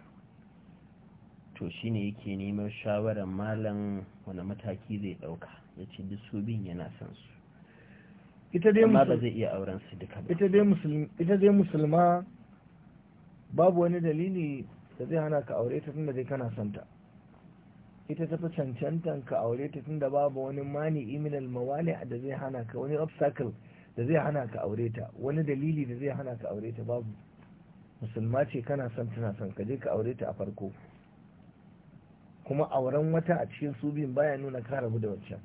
[SPEAKER 1] to shi ne yake neman shawarar malam wani mataki zai dauka ya ce su bin yana son
[SPEAKER 2] su amma ba zai
[SPEAKER 1] iya auren su duka ba
[SPEAKER 2] ita dai musulma babu wani dalili da zai hana ka aure ta tunda zai kana son ta ita ta fi cancantan ka aure ta tunda babu wani mani iminal mawali da zai hana ka wani obstacle da zai hana ka aure ta wani dalili da zai hana ka aure ta babu musulma ce kana son tana son ka je ka aure ta a farko kuma auren wata a cikin su biyun baya nuna ka rabu da wancan.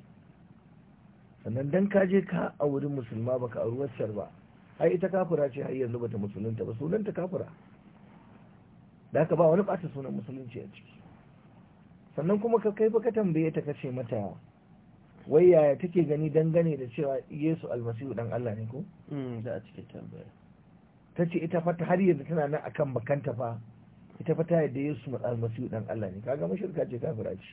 [SPEAKER 2] sannan dan ka je ka auri musulma baka auri waccan ba ai ita kafura ce har yanzu bata musulunta ba sunanta kafura da ka ba wani bata sunan musulunci a ciki sannan kuma ka kai baka tambaye ta kace mata wai yaya take gani dangane da cewa Yesu almasihu dan Allah ne ko
[SPEAKER 1] da mm, a cikin tambaya
[SPEAKER 2] ta ce ita fa har yanzu tana nan akan bakanta fa ita fata yadda yesu almasihu dan Allah ne kaga mashirka ce kafira ce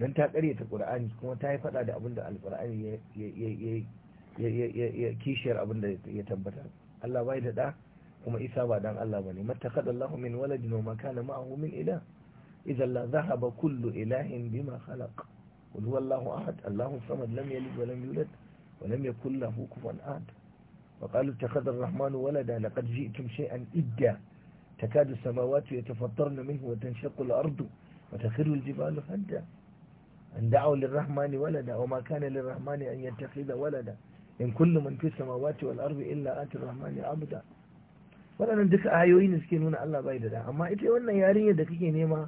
[SPEAKER 2] dan ta karyata qur'ani kuma ta yi fada da abinda alqur'ani ya kishiyar abinda ya tabbata Allah bai da da kuma isa ba dan Allah bane mattaqad min waladin wa ma kana ma'ahu min ilah idan la zahaba kullu ilahin bima khalaq qul huwallahu ahad Allahu samad lam yalid wa lam yulad wa lam yakul lahu kufuwan ahad وقالوا اتخذ الرحمن ولدا لقد جئتم شيئا idda. تكاد السماوات يتفطرن منه وتنشق الأرض وتخر الجبال هدا أن دعوا للرحمن ولدا وما كان للرحمن أن يتخذ ولدا إن كل من في السماوات والأرض إلا آتي الرحمن عبدا waɗannan duka ayoyi ne suke nuna Allah bai da da amma ita wannan yarinyar da kake nema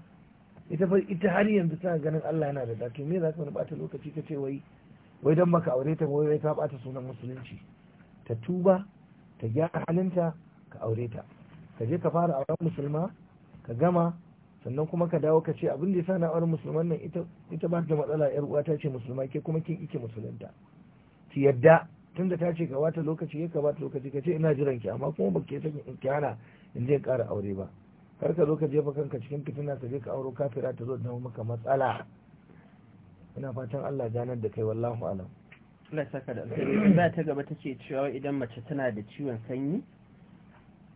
[SPEAKER 2] ita fa ita har yanzu tana ganin Allah yana da da to me za ka bata lokaci ka ce wai wai dan baka aure ta wai ka bata sunan musulunci ta tuba ta gyara halinta ka aure ta ka je ka fara auren musulma ka gama sannan kuma ka dawo ka ce abin da ya sani auren musulman nan ita ba ta matsala yar uwa ta ce musulma ke kuma kin ike musulunta ki yadda tunda ta ce ka wata lokaci ya ka wata lokaci ka ce ina jiran ki amma kuma baki san in ki hana in je ƙara aure ba kar ka zo ka jefa kanka cikin fitina ka je ka auro kafira ta zo da maka matsala ina fatan Allah ganar da kai wallahu alam Allah saka da alheri Ba ta
[SPEAKER 1] gaba tace cewa idan mace tana da ciwon sanyi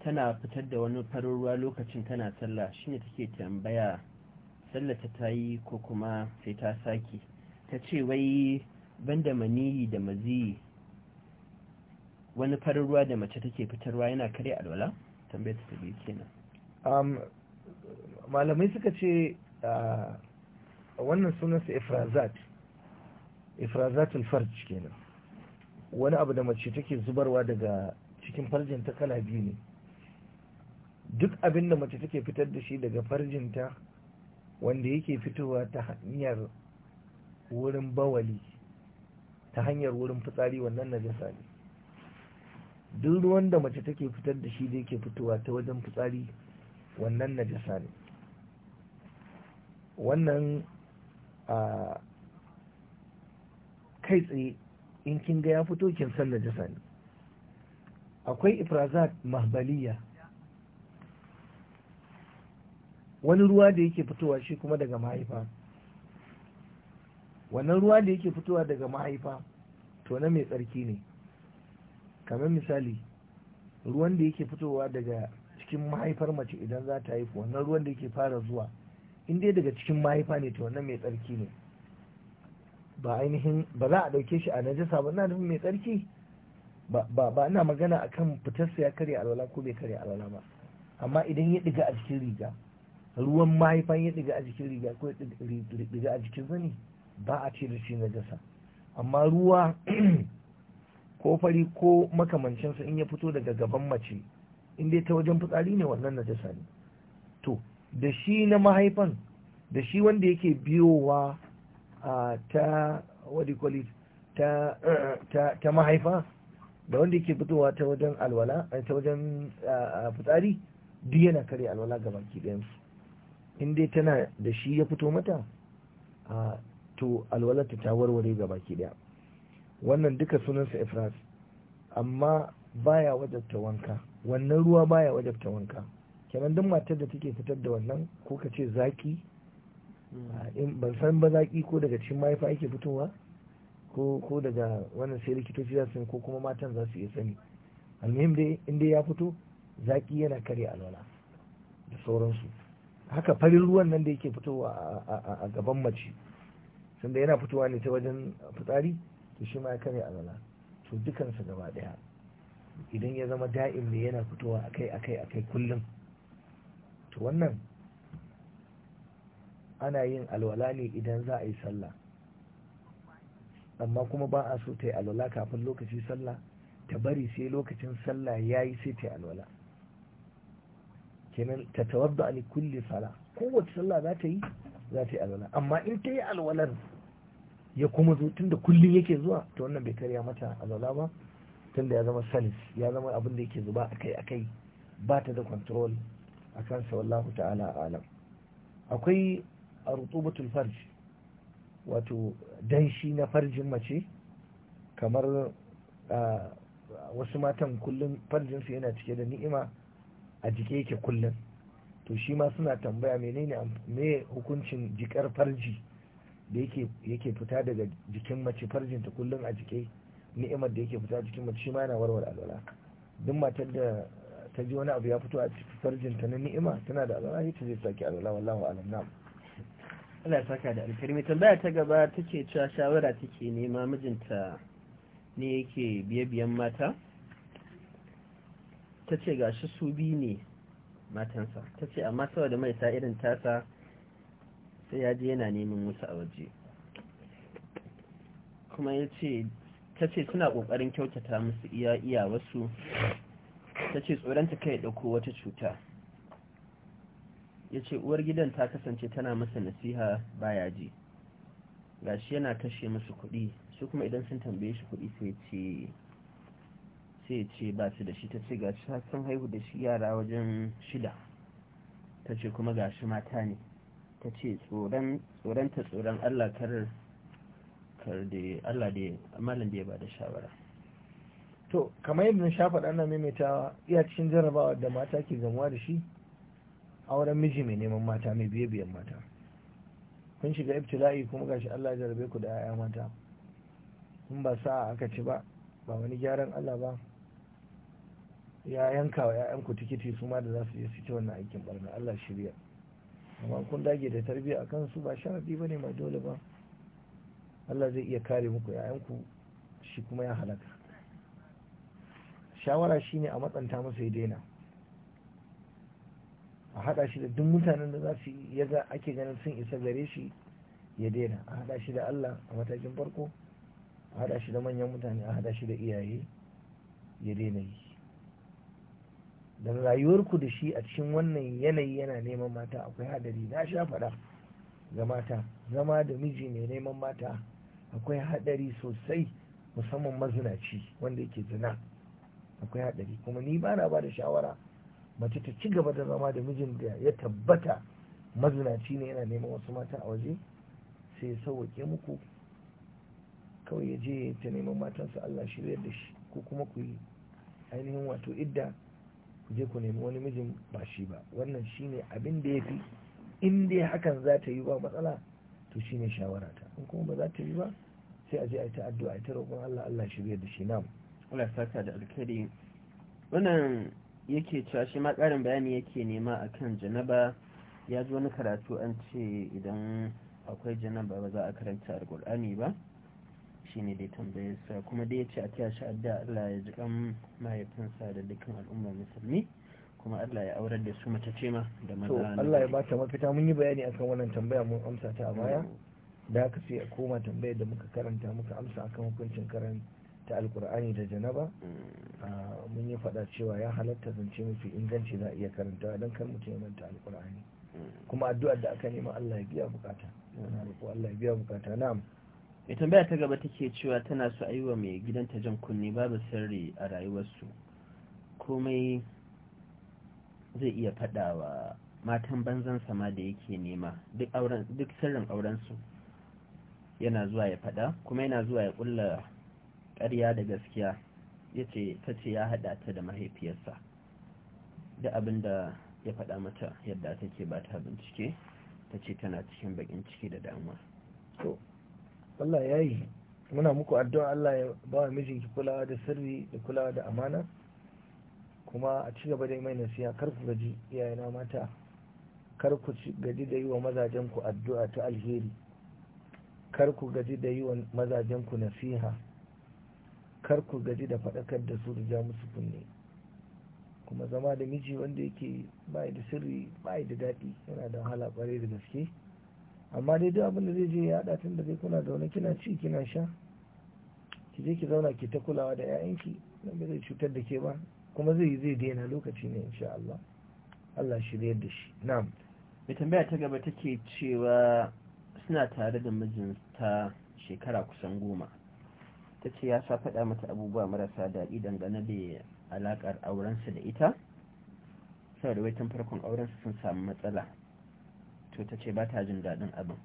[SPEAKER 1] tana fitar da wani farin ruwa lokacin tana sallah shine take tambaya sallata ta yi ko kuma sai ta sake ta ce wai banda maniyi da maziyi wani farin ruwa da mace take fitarwa yana kare alwala tambayar ta biyu kenan
[SPEAKER 2] malamai suka ce wannan sunansa ifrazat ifrazat alfarj kenan wani abu da mace take zubarwa daga cikin ta kala biyu ne duk abin da mace take fitar da shi daga farjinta wanda yake fitowa ta hanyar wurin bawali ta hanyar wurin fitsari wannan najasa ne duk ruwan da mace take fitar da shi da yake fitowa ta wajen fitsari wannan najasa ne wannan a kai tsaye in kin ga ya fito kin san najasa ne akwai ifrazat mahbaliya wani ruwa da yake fitowa shi kuma daga mahaifa wannan ruwa da yake fitowa daga mahaifa to na mai tsarki ne kamar misali ruwan da yake fitowa daga cikin mahaifar mace idan za ta haifu wannan ruwan da yake fara zuwa in dai daga cikin mahaifa ne to wannan mai tsarki ne ba ainihin ba za a ɗauke shi a najasa ba na nufin mai tsarki ba ina magana akan fitarsa ya karya alwala ko bai karya alwala ba amma idan ya ɗiga a cikin riga ruwan mahaifa ya diga a jikin riga ko ya diga a jikin zani ba a ce da shi na najasa amma ruwa ko fari ko makamancinsa in ya fito daga gaban mace in dai ta wajen fitsari ne wannan na jasa ne to da shi na mahaifan da shi wanda yake biyowa ta wadikwali ta mahaifa da wanda yake fitowa ta wajen alwala ta wajen fitsari duk yana kare alwala ga baki ɗayansu in dai tana da shi ya fito mata a to alwalarta ta warware ga baki daya wannan duka sunansa ifras amma baya wajabta wanka wannan ruwa baya wajabta wanka kenan duk matar da take fitar da wannan ko ka ce zaki hmm. ban san ba zaki ko daga cikin mahaifa yake fitowa ko daga wannan sai likitoci za su ko kuma matan za su iya sani in dai inda ya fito zaki yana kare alwala da sauransu haka farin ruwan nan da yake fitowa a gaban mace sanda yana fitowa ne ta wajen fitsari to shi ma ya kare alwala to dukansa gaba daya idan ya zama da'im ne yana fitowa akai akai akai kullum to wannan ana yin alwala ne idan za a yi sallah amma kuma ba a so ta yi alwala kafin lokaci sallah ta bari sai lokacin sallah ya yi sai ta yi alwala kenan ta tawadda a kulli sala kowace sallah za ta yi za ta yi alwala amma in ta yi alwalar ya kuma zo tunda kullum yake zuwa to wannan bai karya mata alwala ba tunda ya zama salis ya zama abin da yake zuba akai akai ba ta da control akan sa wallahu ta'ala alam akwai arutubatul farj wato danshi na farjin mace kamar ah, wasu matan kullum farjinsu yana cike da ni'ima a jike yake kullum to shi ma suna tambaya menene ne hukuncin jikar farji da yake fita daga jikin mace farjin ta kullum a jike ni'imar da yake fita jikin mace shi ma yana warware alwala duk matar da ta ji wani abu ya fito a cikin farjin ta na ni'ima tana da alwala ita zai saki alwala wallahu alam na Allah saka da alkarmi
[SPEAKER 1] tambaya ta gaba take cewa shawara take nema mijinta
[SPEAKER 2] ne yake biye
[SPEAKER 1] biyan mata ta ce ga shi su bi ne matansa ta ce amma saboda mai ta irin tasa sai ya ji yana neman wasu a waje kuma ya ce ta ce suna ƙoƙarin kyautata musu iya iya wasu ta ce tsoronta kai ɗauko wata cuta ya ce uwar gidan ta kasance tana masa nasiha baya ji Ga shi yana kashe musu kuɗi su kuma idan sun tambaye shi kuɗi sai ce sai ce ba su da shi ta ce shi sun haihu da shi yara wajen shida ta ce kuma ga shi mata ne ta ce tsoron ta tsoron allah kar da allah da malam da ya ba da shawara
[SPEAKER 2] to kamar yadda na shafa ɗan na maimaitawa iya cikin jarabawa da mata ke gamuwa da shi auren miji mai neman mata mai biye biyan mata kun shiga ibtila'i kuma gashi allah jarabe ku da 'ya'ya mata in ba sa aka ci ba ba wani gyaran allah ba ya yanka wa ku tikiti su ma da za su je su ci wannan aikin barna Allah shirya amma kun dage da tarbiyya a kansu ba sharadi bane mai dole ba Allah zai iya kare muku ku shi kuma ya halaka shawara shine a matsanta masa ya daina a haɗa shi da duk mutanen da za su ya ga ake ganin sun isa gare shi ya daina a haɗa shi da Allah a matakin farko a haɗa shi da manyan mutane a haɗa shi da iyaye ya daina yi rayuwar rayuwarku da shi a cikin wannan yanayi yana neman mata akwai hadari na sha faɗa ga mata zama da miji ne neman mata akwai hadari sosai musamman mazinaci wanda yake zina akwai hadari kuma ni ba na ba da shawara mace ta ci gaba da zama da mijin da ya tabbata mazinaci ne yana neman wasu mata a waje sai ya sauwake muku kawai ya je ta neman matansa Allah shirya da shi ko kuma ku yi ainihin wato idda je ku nemi wani mijin ba shi ba wannan shine abin da ya fi in dai hakan za ta yi ba matsala to shine shawara ta in kuma ba za ta yi ba sai a je a yi ta addu'a ta roƙon Allah Allah biyar da shi nam
[SPEAKER 1] Allah ya saka da alkhairi wannan yake cewa shi ma ƙarin bayani yake nema akan janaba ya ji wani karatu an ce idan akwai janaba ba za a karanta alkur'ani ba ne dai tambayarsa kuma dai ya a ta shi adda Allah ya ji kan mahaifinsa da dukkan al'umma musulmi kuma Allah ya aurar da su mace ce ma da maza Allah ya
[SPEAKER 2] bata mafita mun yi bayani akan wannan tambaya mun amsa ta a baya da haka sai a koma tambayar da muka karanta muka amsa akan hukuncin karanta alkur'ani da janaba mm. ah, mun yi faɗa cewa ya halatta zance mafi inganci za a iya karantawa don kar mutum ya manta alkur'ani mm. kuma addu'ar da aka nema Allah ya biya bukata Allah ya biya bukata na'am
[SPEAKER 1] mai tambaya ta gaba take cewa tana su a mai gidanta jan kunne babu sirri a rayuwarsu komai zai iya faɗawa matan banzan sama da yake nema duk sirrin aurensu yana zuwa ya faɗa kuma yana zuwa ya kulla ƙarya da gaskiya ya ce ta ce ya haɗa ta da mahaifiyarsa da abin da ya faɗa mata yadda take ba ta bincike ta ce tana cikin baƙin ciki da damuwa
[SPEAKER 2] Allah ya yi muna muku addu'a Allah ya ba wa mijinki kulawa da sirri da kulawa da amana kuma a ci gaba da mai nasiha kar ku gaji iyayena mata kar ku gaji da yi wa mazajen ku addu'a ta alheri kar ku gaji da yi wa mazajen ku nasiha kar ku gaji da faɗakar da su da ja musu kunne kuma zama da miji wanda yake bai da sirri bai da daɗi yana da wahala ƙwarai da gaske amma dai duk abin da zai je ya haɗa tun da zai kuna da wani kina ci kina sha ki je ki zauna ki ta kulawa da 'ya'yanki nan ba zai cutar da ke ba kuma zai zai daina lokaci ne insha Allah Allah
[SPEAKER 1] shiryar da shi na'am mai tambaya ta gaba take cewa suna tare da mijinta shekara kusan goma ta ce ya sa faɗa mata abubuwa marasa daɗi dangane da alaƙar aurensu da ita sau da waitan farkon aurensu sun samu matsala to ta ce ba ta jin daɗin abin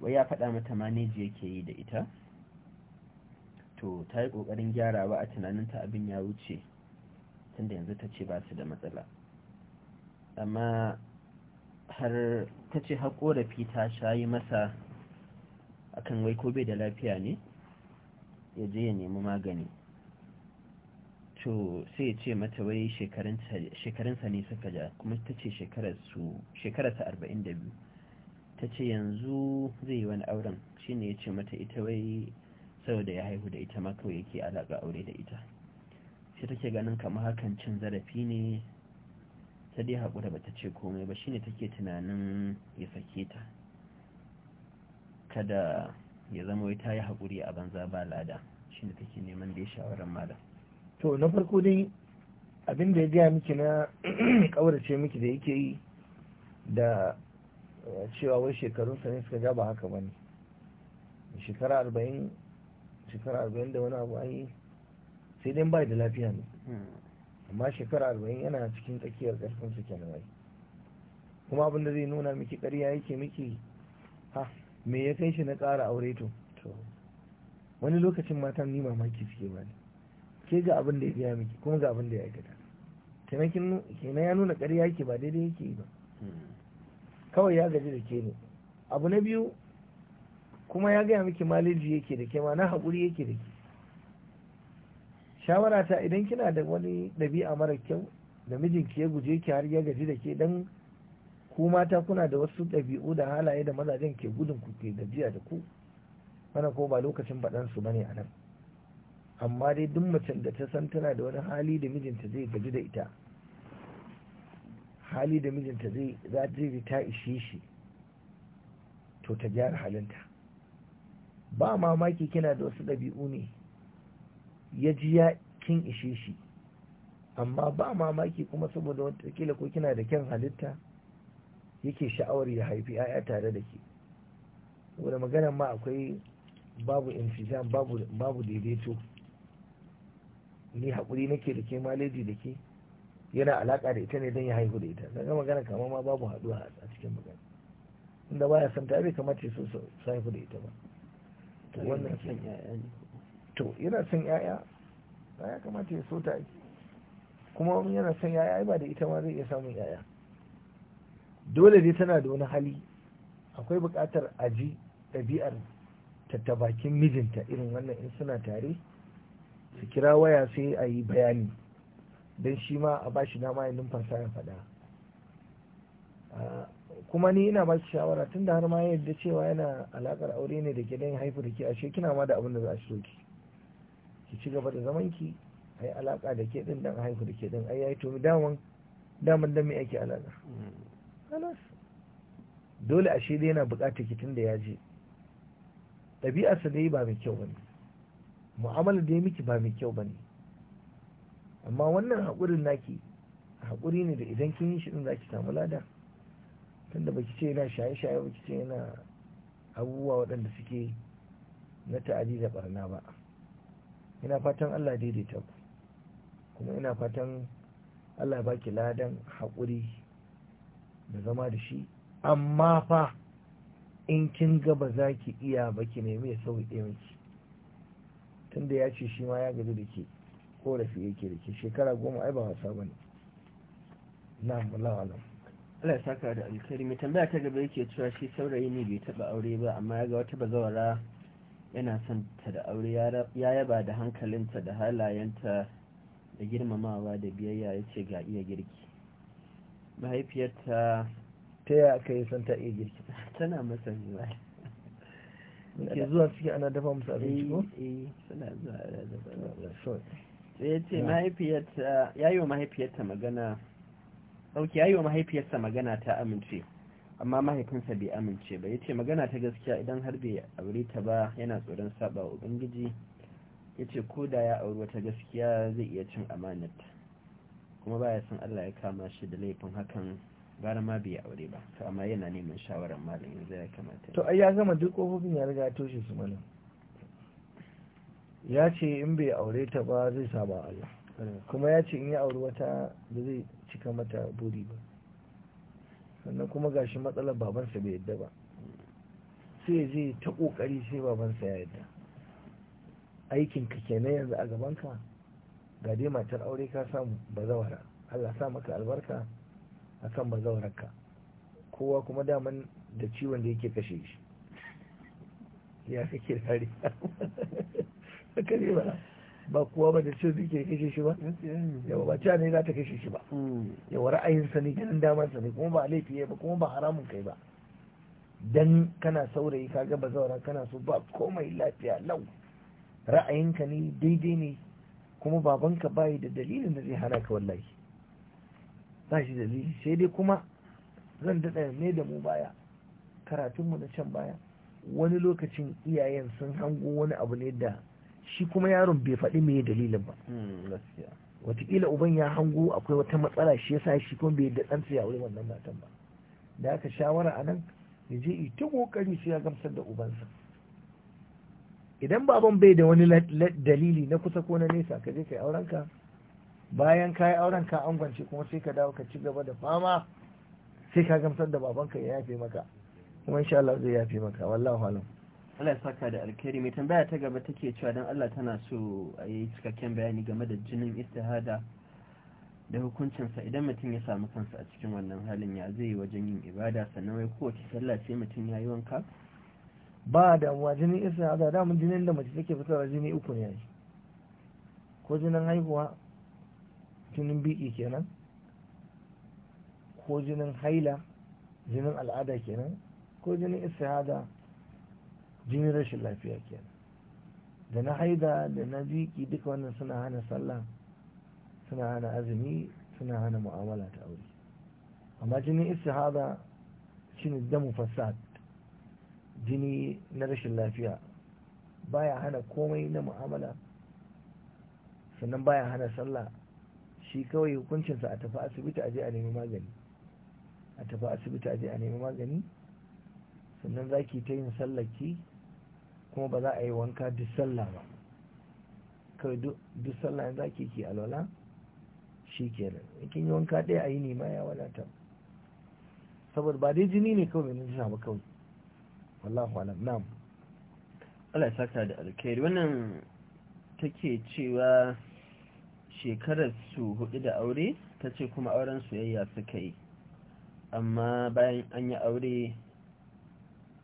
[SPEAKER 1] wai ya faɗa mata maneji yake yi da ita to ta yi ƙoƙarin gyarawa a tunanin ta abin ya wuce tunda yanzu ta ce ba su da matsala amma har ta ce har ƙorafi ta shayi masa akan wai ko bai da lafiya ne ya je ya nemi magani to sai ya ce mata wai shekarunsa ne suka ja kuma ta ce shekararsa arba'in da biyu ta ce yanzu zai yi wani auren shi ne ya ce mata ita wai saboda ya haihu da ita ma kawai yake alaƙa aure da ita sai take ganin kamar hakan cin zarafi ne ta dai haƙura bata ce komai ba Shi shine take tunanin ya sake ta kada ya zama wai ta yi haƙuri a banza ba lada shi ne take neman da ya shawarar malam
[SPEAKER 2] to na farko dai abin da ya gaya miki na kaurace miki da yake yi da eh, cewa wai shekarunsa ne suka ja ba haka ba shekara arba'in shekara arba'in da wani abu an yi sai dai bai da lafiya ne hmm. amma shekara arba'in yana cikin tsakiyar su kenan wai kuma abin da zai nuna miki ƙarya yake miki ha me ya kai shi na ƙara aure to wani lokacin matan ni mamaki suke bani ke ga abin da ya gaya miki kuma ga abin da ya aikata kenan ya nuna ƙarya yake ba daidai yake yi ba kawai ya gaji da ke ne abu na biyu kuma ya gaya miki maliji yake da ke ma na haƙuri yake da ke shawara ta idan kina da wani ɗabi'a mara kyau da mijinki ya guje ki har ya gaji da ke dan ku mata kuna da wasu ɗabi'u da halaye da mazajen ke gudun ku ke gajiya da ku mana ko ba lokacin baɗansu ba ne a nan amma dai duk macen da ta san tana da wani hali da mijinta zai gaji da ita hali da mijinta zai za ta ta ishe shi to ta gyara halinta ba mamaki kina da wasu ɗabi'u ne ya ji ya kin ishe shi amma ba mamaki kuma saboda watakila ko kina da kyan halitta yake sha'awar ya haifi 'ya'ya tare da ke wani magana ma akwai babu infijan babu daidaito ni haƙuri nake da ke maleji da ke yana alaƙa da ita ne don ya haihu da ita ga magana kama ma babu haɗuwa a cikin magana inda baya son ta bai kamata su su haihu da ita ba to wannan son yaya ne to yana son yaya. ba ya kamata ya so ta kuma wani yana son yaya ba da ita ma zai iya samun yaya. dole dai tana da wani hali akwai buƙatar aji ɗabi'ar ta bakin mijinta irin wannan in suna tare su kira waya sai a yi bayani don shi ma a bashi dama yin numfasa ya faɗa kuma ni ina ba shi shawara tun da har ma yadda cewa yana alakar aure ne da gidan haifu da ke ashe kina ma da abin da za a shiro ki ki ci gaba da zaman ki a yi alaka da ke din dan haifu da ke din ai yayi to daman daman dan me ake alaka halas dole ashe dai yana bukatar ki tun da ya je ɗabi'arsa dai ba mai kyau bane mu'amala da ya miki ba mai kyau ba ne, amma wannan haƙurin naki haƙuri ne da idan kin yi shi din zaki samu lada tunda baki ce yana shaye-shaye baki ce yana abubuwa waɗanda suke na ta'adi da ɓarna ba ina fatan Allah daidaita ku kuma ina fatan Allah baki ladan haƙuri da zama da shi amma fa in kin ga ba za ki iya baki ki nemi ya sauƙi miki tunda ya ce shi ma ya gaji da ke korafi yake da ke shekara goma ai ba wasa ba ne na nan.
[SPEAKER 1] ala ya saka da alkari mai tambaya ta gaba yake cewa shi saurayi ne bai taba aure ba amma ya ga wata bazawara yana son ta da aure ya yaba da hankalinta da halayenta da girmamawa da biyayya ya ce ga iya girki mahaifiyarta
[SPEAKER 2] ta ya aka yi son ta iya girki tana masa zuwa ke zuwa suke ana dafa musu abinci ko? Eh, eh, suna zuwa ana dafa musu
[SPEAKER 1] ya ce mahaifiyarta ya yi wa mahaifiyarta magana ɗauki ya yi wa mahaifiyarsa magana ta amince amma mahaifinsa bai amince ba ya ce magana ta gaskiya idan har bai aure ta ba yana tsoron saba wa ubangiji ya ce ko da ya auri wata gaskiya zai iya cin amanata kuma baya son allah ya kama shi da laifin hakan gara ma bai aure ba to amma yana neman shawarar malam yanzu ya kamata to
[SPEAKER 2] ai ya gama duk kofofin ya riga toshe su mana ya ce in bai aure ta ba zai saba Allah kuma ya ce in ya aure wata da zai cika mata buri ba sannan kuma gashi matsalar babansa bai yadda ba sai zai ta kokari sai babansa ya yadda aikin ka kenan yanzu a gabanka ga dai matar aure ka samu bazawara Allah sa maka albarka akan bazawararka kowa kuma daman da ciwon da yake kashe shi ya kake dare haka ba ba kowa ba da ciwon da yake kashe shi ba yawa ba cewa ne za ta kashe shi ba yawa ra'ayinsa ne ganin damarsa ne kuma ba laifi ba kuma ba haramun kai ba dan kana saurayi kaga bazawara kana so ba komai lafiya lau ra'ayinka ne daidai ne kuma babanka bayi da dalilin da zai hana ka wallahi ba shi dalili sai dai kuma zan daɗa ne da mu baya karatunmu na can baya wani lokacin iyayen sun hango wani abu ne da shi kuma yaron bai faɗi mai dalilin ba hmm, watakila uban ya hango akwai wata matsala shi yasa shi kuma bai da ɗansa ya wuri wannan matan ba da aka shawara a nan ya je yi ta kokari sai ya gamsar da ubansa idan baban bai da wani dalili na kusa ko na nesa ka je ka kai aurenka bayan ka yi auren ka angwance kuma sai ka dawo ka ci gaba da fama sai ka gamsar da babanka ya yafe maka kuma insha Allah zai yafe maka wallahi alam
[SPEAKER 1] Allah ya saka da alkhairi mai tambaya ta gaba take cewa dan Allah tana so a yi cikakken bayani game da jinin istihada da hukuncinsa idan mutum ya samu kansa a cikin wannan halin ya zai wajen yin ibada sannan wai kowace sallah sai mutum ya yi wanka
[SPEAKER 2] ba damuwa jinin istihada mun jinin da mace take fitarwa jini uku ne ko jinin haihuwa jinin biƙi kenan ko jinin haila jinin al'ada kenan ko jinin istihada jinin rashin lafiya kenan da na haida da na biƙi duka wannan suna hana sallah suna hana azumi suna hana mu'amala ta aure amma jinin istihada shine damu fasad jini na rashin lafiya baya hana komai na mu'amala sannan baya hana sallah shi kawai hukuncinsa a tafi asibiti aje a nemi magani a tafi asibiti aje a nemi magani sannan za ki ta yin sallaki kuma ba za a yi wanka duk sallah ba kawai duk sallah za ki ki alwala shi kenan kin yi wanka ɗaya a yi nema ya wadata saboda ba dai jini ne kawai na jisa ba kawai wallahu alam na'am Allah ya saka da alkhairi wannan take cewa
[SPEAKER 1] shekarar su hudu da aure ta ce kuma auren soyayya suka yi amma bayan an yi aure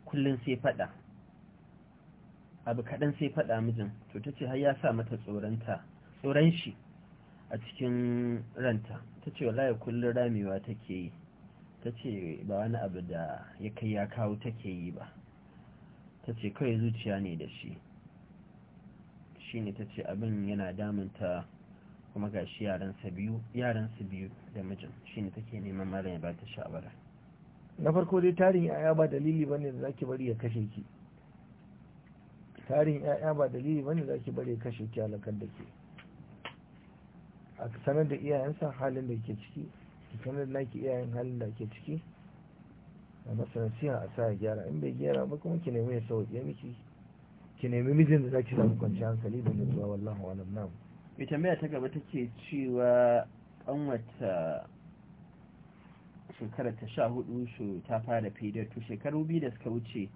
[SPEAKER 1] kullum sai fada abu kaɗan sai fada mijin to ta ce har ya sa mata tsoranta tsoron shi a cikin ranta ta ce wallahi kullum ramewa take yi ta ce ba wani abu da ya kai ya kawo take yi ba ta ce kawai zuciya ne da shi shi ne ta ce abin yana damunta kuma ga shi yaransa biyu biyu da mijin shi ne take neman malam ya ba
[SPEAKER 2] ta shawara na farko dai tarin yaya ba dalili bane da zaki bari ya kashe ki tarin yaya ba dalili bane da zaki bari ya kashe ki alakar da ke a sanar da iyayensa halin da ke ciki ki sanar da ki iyayen halin da ke ciki a masana siya a sa ya gyara in bai gyara ba kuma ki nemi ya sauke miki ki nemi mijin da zaki samu kwanciyar hankali da nutsuwa wallahu alam namu mai
[SPEAKER 1] tambaya ta gaba take cewa wata shekarar ta sha hudu su ta fara to shekaru biyu da suka wuce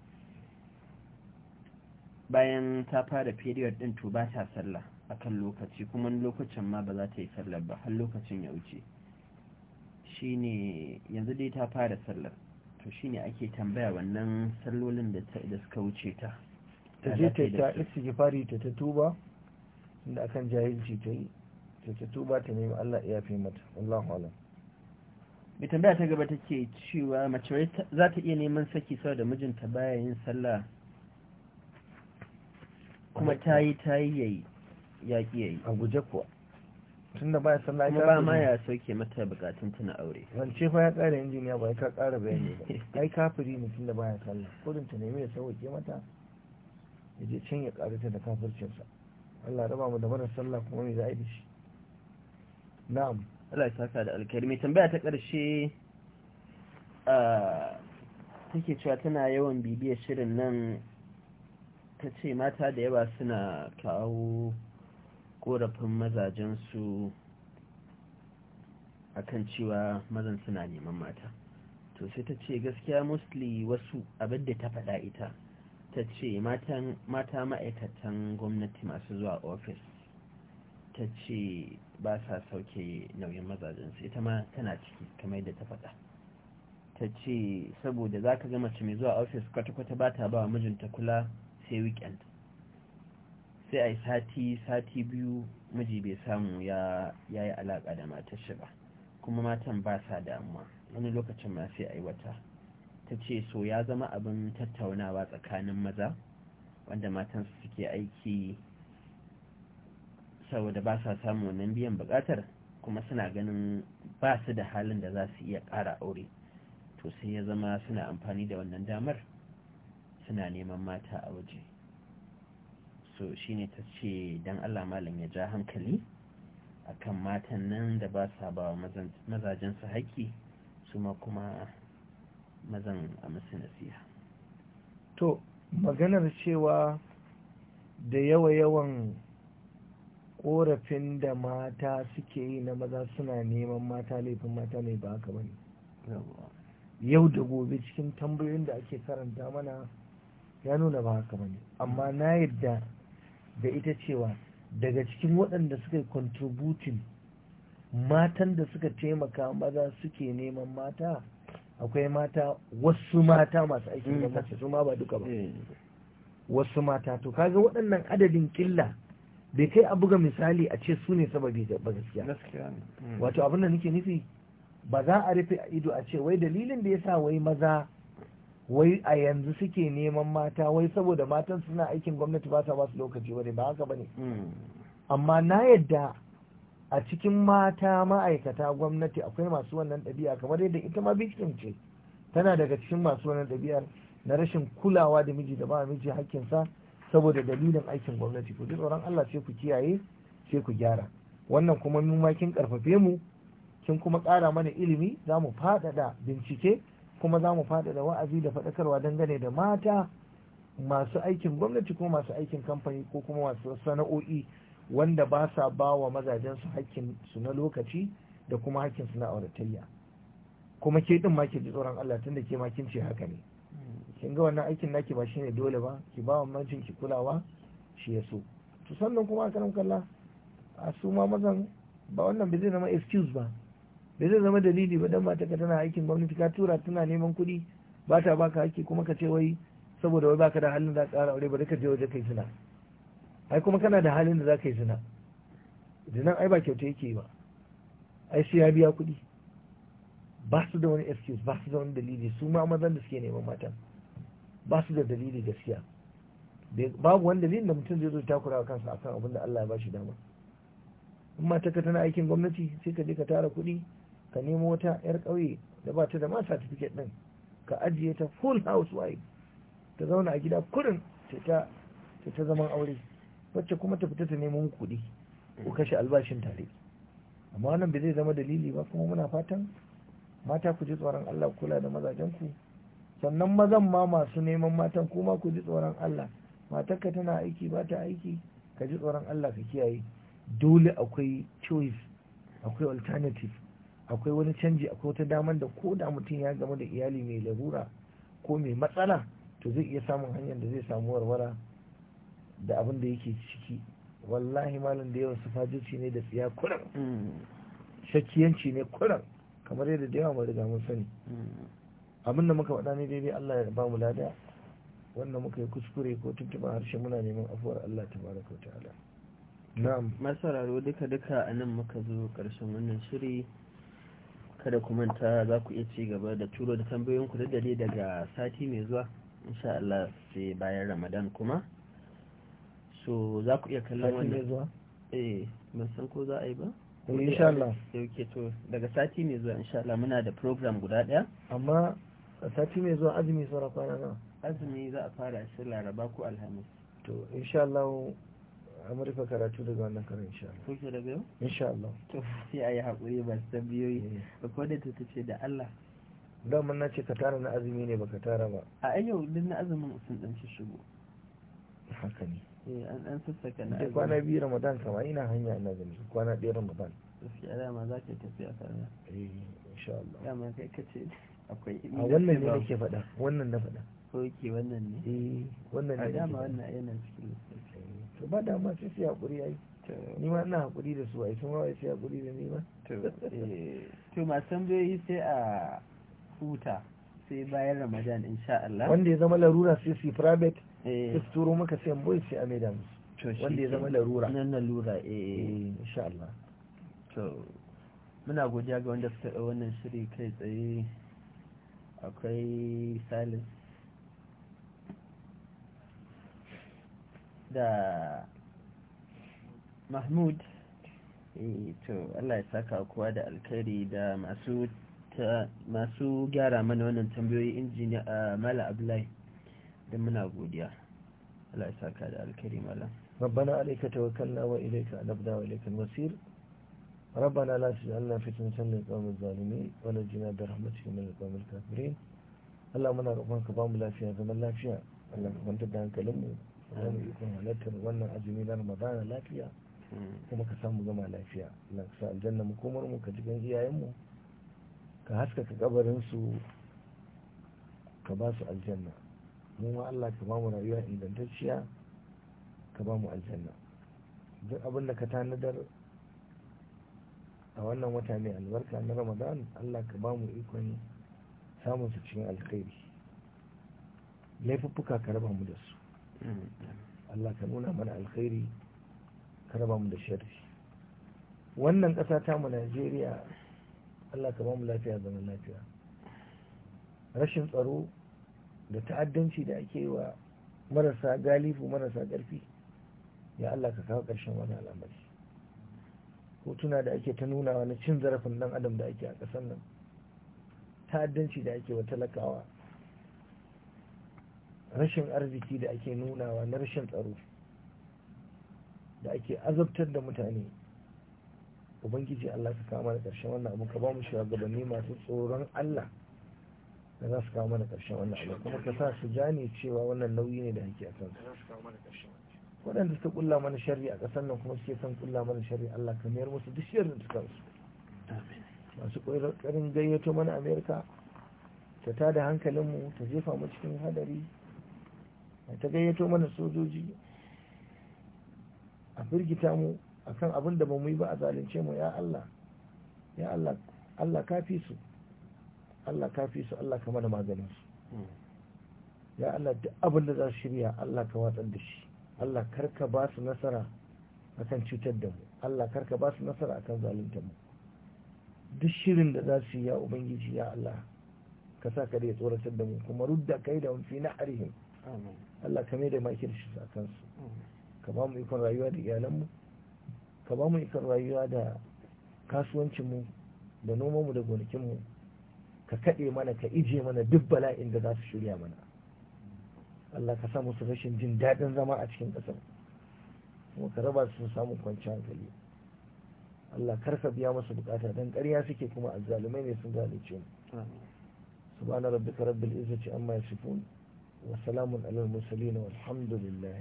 [SPEAKER 1] bayan ta fara fidiyar din to ba ta sallah a kan lokaci kuma lokacin ma ba za ta yi sallar ba har lokacin ya wuce ne yanzu dai ta fara sallar to shine ake tambaya wannan sallolin da suka wuce
[SPEAKER 2] ta ta je ta ta gifari ta ta tuba inda akan jahilci ta yi ta ta tuba ta nemi Allah ya fi mata Allah alam mai tambaya ta
[SPEAKER 1] gaba take cewa mace za ta iya neman saki sau da mijinta bayan yin sallah kuma ta yi ta yi yi ya ki yi a guje kuwa
[SPEAKER 2] tun da ya sallah ya ba ma ya
[SPEAKER 1] sauke mata bukatun tuna aure
[SPEAKER 2] wance fa ya kara injiniya ba ka kara bayani ba ai kafiri ne tun da baya sallah kudin ta nemi ya sauke mata ya je can ya kara ta da kafircinsa Allah raba mu da mara sallah kuma mai za'a da shi na'am
[SPEAKER 1] Allah ya saka da alkhairi mai tambaya ta ƙarshe take cewa tana yawan bibiyar shirin nan ta ce mata da yawa suna kawo korafin mazajensu akan cewa mazan suna neman mata to sai ta ce gaskiya mostly wasu abin da ta faɗa ita ta ce mata ma'aikatan gwamnati masu zuwa ofis ta ce ba sa sauke nauyin mazajensu ita ma tana ciki kamar da ta faɗa ta ce saboda za ka gama mace mai zuwa ofis kwata-kwata ba ta ba wa mijinta kula sai weekend sai a yi sati sati biyu miji bai samu ya yi alaƙa da matar shi ba kuma matan ba sa damuwa wani lokacin ma sai a yi wata ta ce so ya zama abin tattaunawa tsakanin maza wanda matansu suke aiki saboda ba sa samun wannan biyan buƙatar, kuma suna ganin ba su da halin da za su iya ƙara aure to sai ya zama suna amfani da wannan damar suna neman mata a waje so shi ne ta ce don allah malam ya ja hankali akan matan nan da ba sa ba mazajensu haƙƙi su ma kuma mazan a masu nasiha
[SPEAKER 2] to maganar cewa da yawa-yawan korafin da mata suke yi na maza suna neman mata laifin mata ne ba haka bane yau da gobe cikin tambayoyin da ake karanta mana ya nuna ba haka bane amma na yadda da ita cewa daga cikin waɗanda suka yi contributing matan da suka taimaka maza suke neman mata akwai mata wasu mata masu aikin mm. gwamnati su ma ba duka ba eh. wasu mata to kaga waɗannan adadin killa bai kai a buga misali a ce su ne sababi ba gaskiya mm. wato abin da nake nufi ba za a rufe a ido a ce wai dalilin da ya sa wai maza wai a yanzu suke neman mata wai saboda matan suna aikin gwamnati ba sa ba su lokaci wani ba haka ba ne? Mm. amma na yadda a cikin mata ma'aikata gwamnati akwai masu wannan ɗabi'a kamar yadda ita ma victim ce tana daga cikin masu wannan ɗabi'ar na rashin kulawa da miji da ba miji hakkinsa saboda dalilin aikin gwamnati ku ji tsoron Allah sai ku kiyaye sai ku gyara wannan kuma mu ma kin karfafe mu kin kuma ƙara mana ilimi za mu faɗaɗa bincike kuma za mu faɗaɗa wa'azi da faɗakarwa dangane da mata masu aikin gwamnati ko masu aikin kamfani ko kuma masu sana'o'i wanda ba sa ba wa mazajensu hakkin su na lokaci da kuma hakkin su na auratayya kuma ke din ma ke ji tsoron Allah tunda ke ma kin ce haka ne kin ga wannan aikin naki ba shine dole ba ki ba wa mijin ki kulawa shi ya so to sannan kuma a karan kalla a su ma mazan ba wannan bai zai zama excuse ba bai zai zama dalili ba dan mata ka tana aikin gwamnati ka tura tana neman kuɗi ba ta baka haƙƙi, kuma ka ce wai saboda wai baka da halin za ka ƙara aure ba ka je waje kai suna ai kuma kana da halin da za ka yi zina zina ai ba kyauta yake ba ai sai ya biya kuɗi ba su da wani excuse ba su da wani dalili su ma mazan da suke neman matan ba su da dalili gaskiya babu wani dalilin da mutum zai zo takura wa kansa akan abin da Allah ya bashi dama in mata ka tana aikin gwamnati sai ka je ka tara kuɗi ka nemo wata yar kauye da ba ta da ma certificate din ka ajiye ta full housewife ta zauna a gida kurin ta ta zaman aure wacce kuma ta fita ta neman kuɗi ko kashe albashin tare amma wannan bai zai zama dalili ba kuma muna fatan mata ku ji tsoron Allah kula da mazajen ku sannan mazan ma masu neman matan kuma ku ji tsoron Allah matarka tana aiki ba ta aiki ka ji tsoron Allah ka kiyaye dole akwai choice akwai alternative akwai wani canji akwai wata damar da ko da mutum ya game da iyali mai larura ko mai matsala to zai iya samun hanyar da zai samu warwara da abin da yake ciki wallahi malam da yawan sufajirci ne da tsiya kuran shakkiyanci ne kuran kamar yadda da yawa riga mun sani abin da muka faɗa ne daidai Allah ya ba mu lada wannan muka yi kuskure ko tuntuɓa harshe muna neman afuwar Allah ta baraka ta'ala
[SPEAKER 1] na'am masararo duka duka a nan muka zo ƙarshen wannan shiri kada ku manta za ku iya ci gaba da turo da tambayoyin ku da dare daga sati mai zuwa insha Allah sai bayan Ramadan kuma to za ku iya kallon wani. eh ban san ko za a yi ba eh, insha Allah yauke to daga sati mai zuwa insha Allah muna da program guda daya
[SPEAKER 2] amma sati mai zuwa azumi saura fara na azumi za a fara shi laraba ko alhamis to insha Allah an rufe karatu daga wannan karin insha Allah kuke daga yau insha Allah to sai yi hakuri ba san biyoyi eh. ko da ta ce da Allah daman na ce ka tara na azumi ne baka tara ba a yau din na azumin sun dan shigo haka ne Eh, an sassaka na azumi kwana biyu ramadan kama ina hanya ina gani kwana ɗaya ramadan gaskiya dama za ka tafiya kana eh insha Allah dama kai ka ce
[SPEAKER 1] akwai a wannan ne nake
[SPEAKER 2] faɗa wannan na faɗa ok wannan ne eh wannan ne dama wannan yana cikin eh, to ba dama sai sai hakuri ai ni ma ina hakuri da su ai sun ma sai hakuri da ni ma eh, to masu tambayoyi sai a
[SPEAKER 1] huta sai bayan ramadan insha Allah wanda ya
[SPEAKER 2] zama larura sai su private Eh. sai su turo maka sai boy sai a maida musu
[SPEAKER 1] wanda ya zama larura nan lura eh. eh insha Allah to muna godiya ga wanda suka da wannan shiri kai tsaye akwai salis da mahmud eh, to allah ya saka kowa da alkhairi da masu gyara mana wannan tambayoyi injiniya mala abdullahi don muna godiya Allah ya saka da alkari malam
[SPEAKER 2] rabbana alayka tawakkalna wa ilayka anabna wa ilayka al-masir adh-dhalimin wa najina bi rahmatika min al-qawmi al kafirin Allah muna roƙon ka ba mu lafiya zaman lafiya Allah ka kwantar da hankalin mu Allah mu ikon halartar wannan azumi na Ramadan lafiya hmm. kuma ka samu zama lafiya Allah ka sa aljanna mu komar mu ka jigan iyayen mu ka haskaka kabarin su ka ba su aljanna kuma Allah ka bamu rayuwa ingantacciya ka bamu aljanna duk abin da ka tanadar a wannan wata mai albarka na ramadan Allah ka bamu ikon samun su cikin alkhairi laifuffuka ka raba mu da su Allah ka nuna mana alkhairi ka raba mu da sharri wannan ƙasa ta mu Najeriya Allah ka ba mu lafiya zaman lafiya rashin tsaro da ta'addanci da ake wa marasa galifu marasa ƙarfi ya Allah ka kawo ƙarshen wani al'amari hotuna da ake ta nuna wani cin zarafin ɗan adam da ake a ƙasar nan ta'addanci da ake wa talakawa rashin arziki da ake nunawa na rashin tsaro da ake azabtar da mutane ubangiji Allah ka kawo mana ƙarshen wannan abu ka ba mu shugabanni masu tsoron Allah da za su kawo mana ƙarshen wannan abu kuma ka sa su gane cewa wannan nauyi ne da hake a kansu waɗanda suka kulla mana shari a ƙasar nan kuma suke son kulla mana shari Allah ka mayar musu duk shirin da kansu masu ƙoƙarin gayyato mana Amerika ta tada hankalinmu ta jefa mu cikin hadari ta gayyato mana sojoji a firgita mu akan abin da ba mu yi ba a zalunce mu ya Allah ya Allah ka fi su Allah ka fi su Allah ka mana maganin su hmm. ya Allah duk abin da za su shirya Allah ka watsar da shi Allah karka ba su nasara akan cutar da mu Allah karka ba su nasara akan zalunta mu duk shirin da za su yi ya ubangiji ya Allah ka sa ka da tsoratar da mu kuma rudda kai da fi na arihim Allah ka mai da makir shi a kansu
[SPEAKER 1] hmm.
[SPEAKER 2] ka ba mu ikon rayuwa da iyalanmu ka ba mu ikon rayuwa da kasuwancinmu da nomanmu da gonakinmu ka kaɗe mana ka ije mana duk bala'in da za su shirya mana Allah ka samu musu rashin jin daɗin zama a cikin ƙasar kuma ka raba su samun kwanciyar hankali Allah kar ka biya musu bukata dan ƙarya suke kuma azzalumai ne sun zalunce mu subhana rabbika rabbil izzati amma yasifun wa salamun alal mursalin walhamdulillahi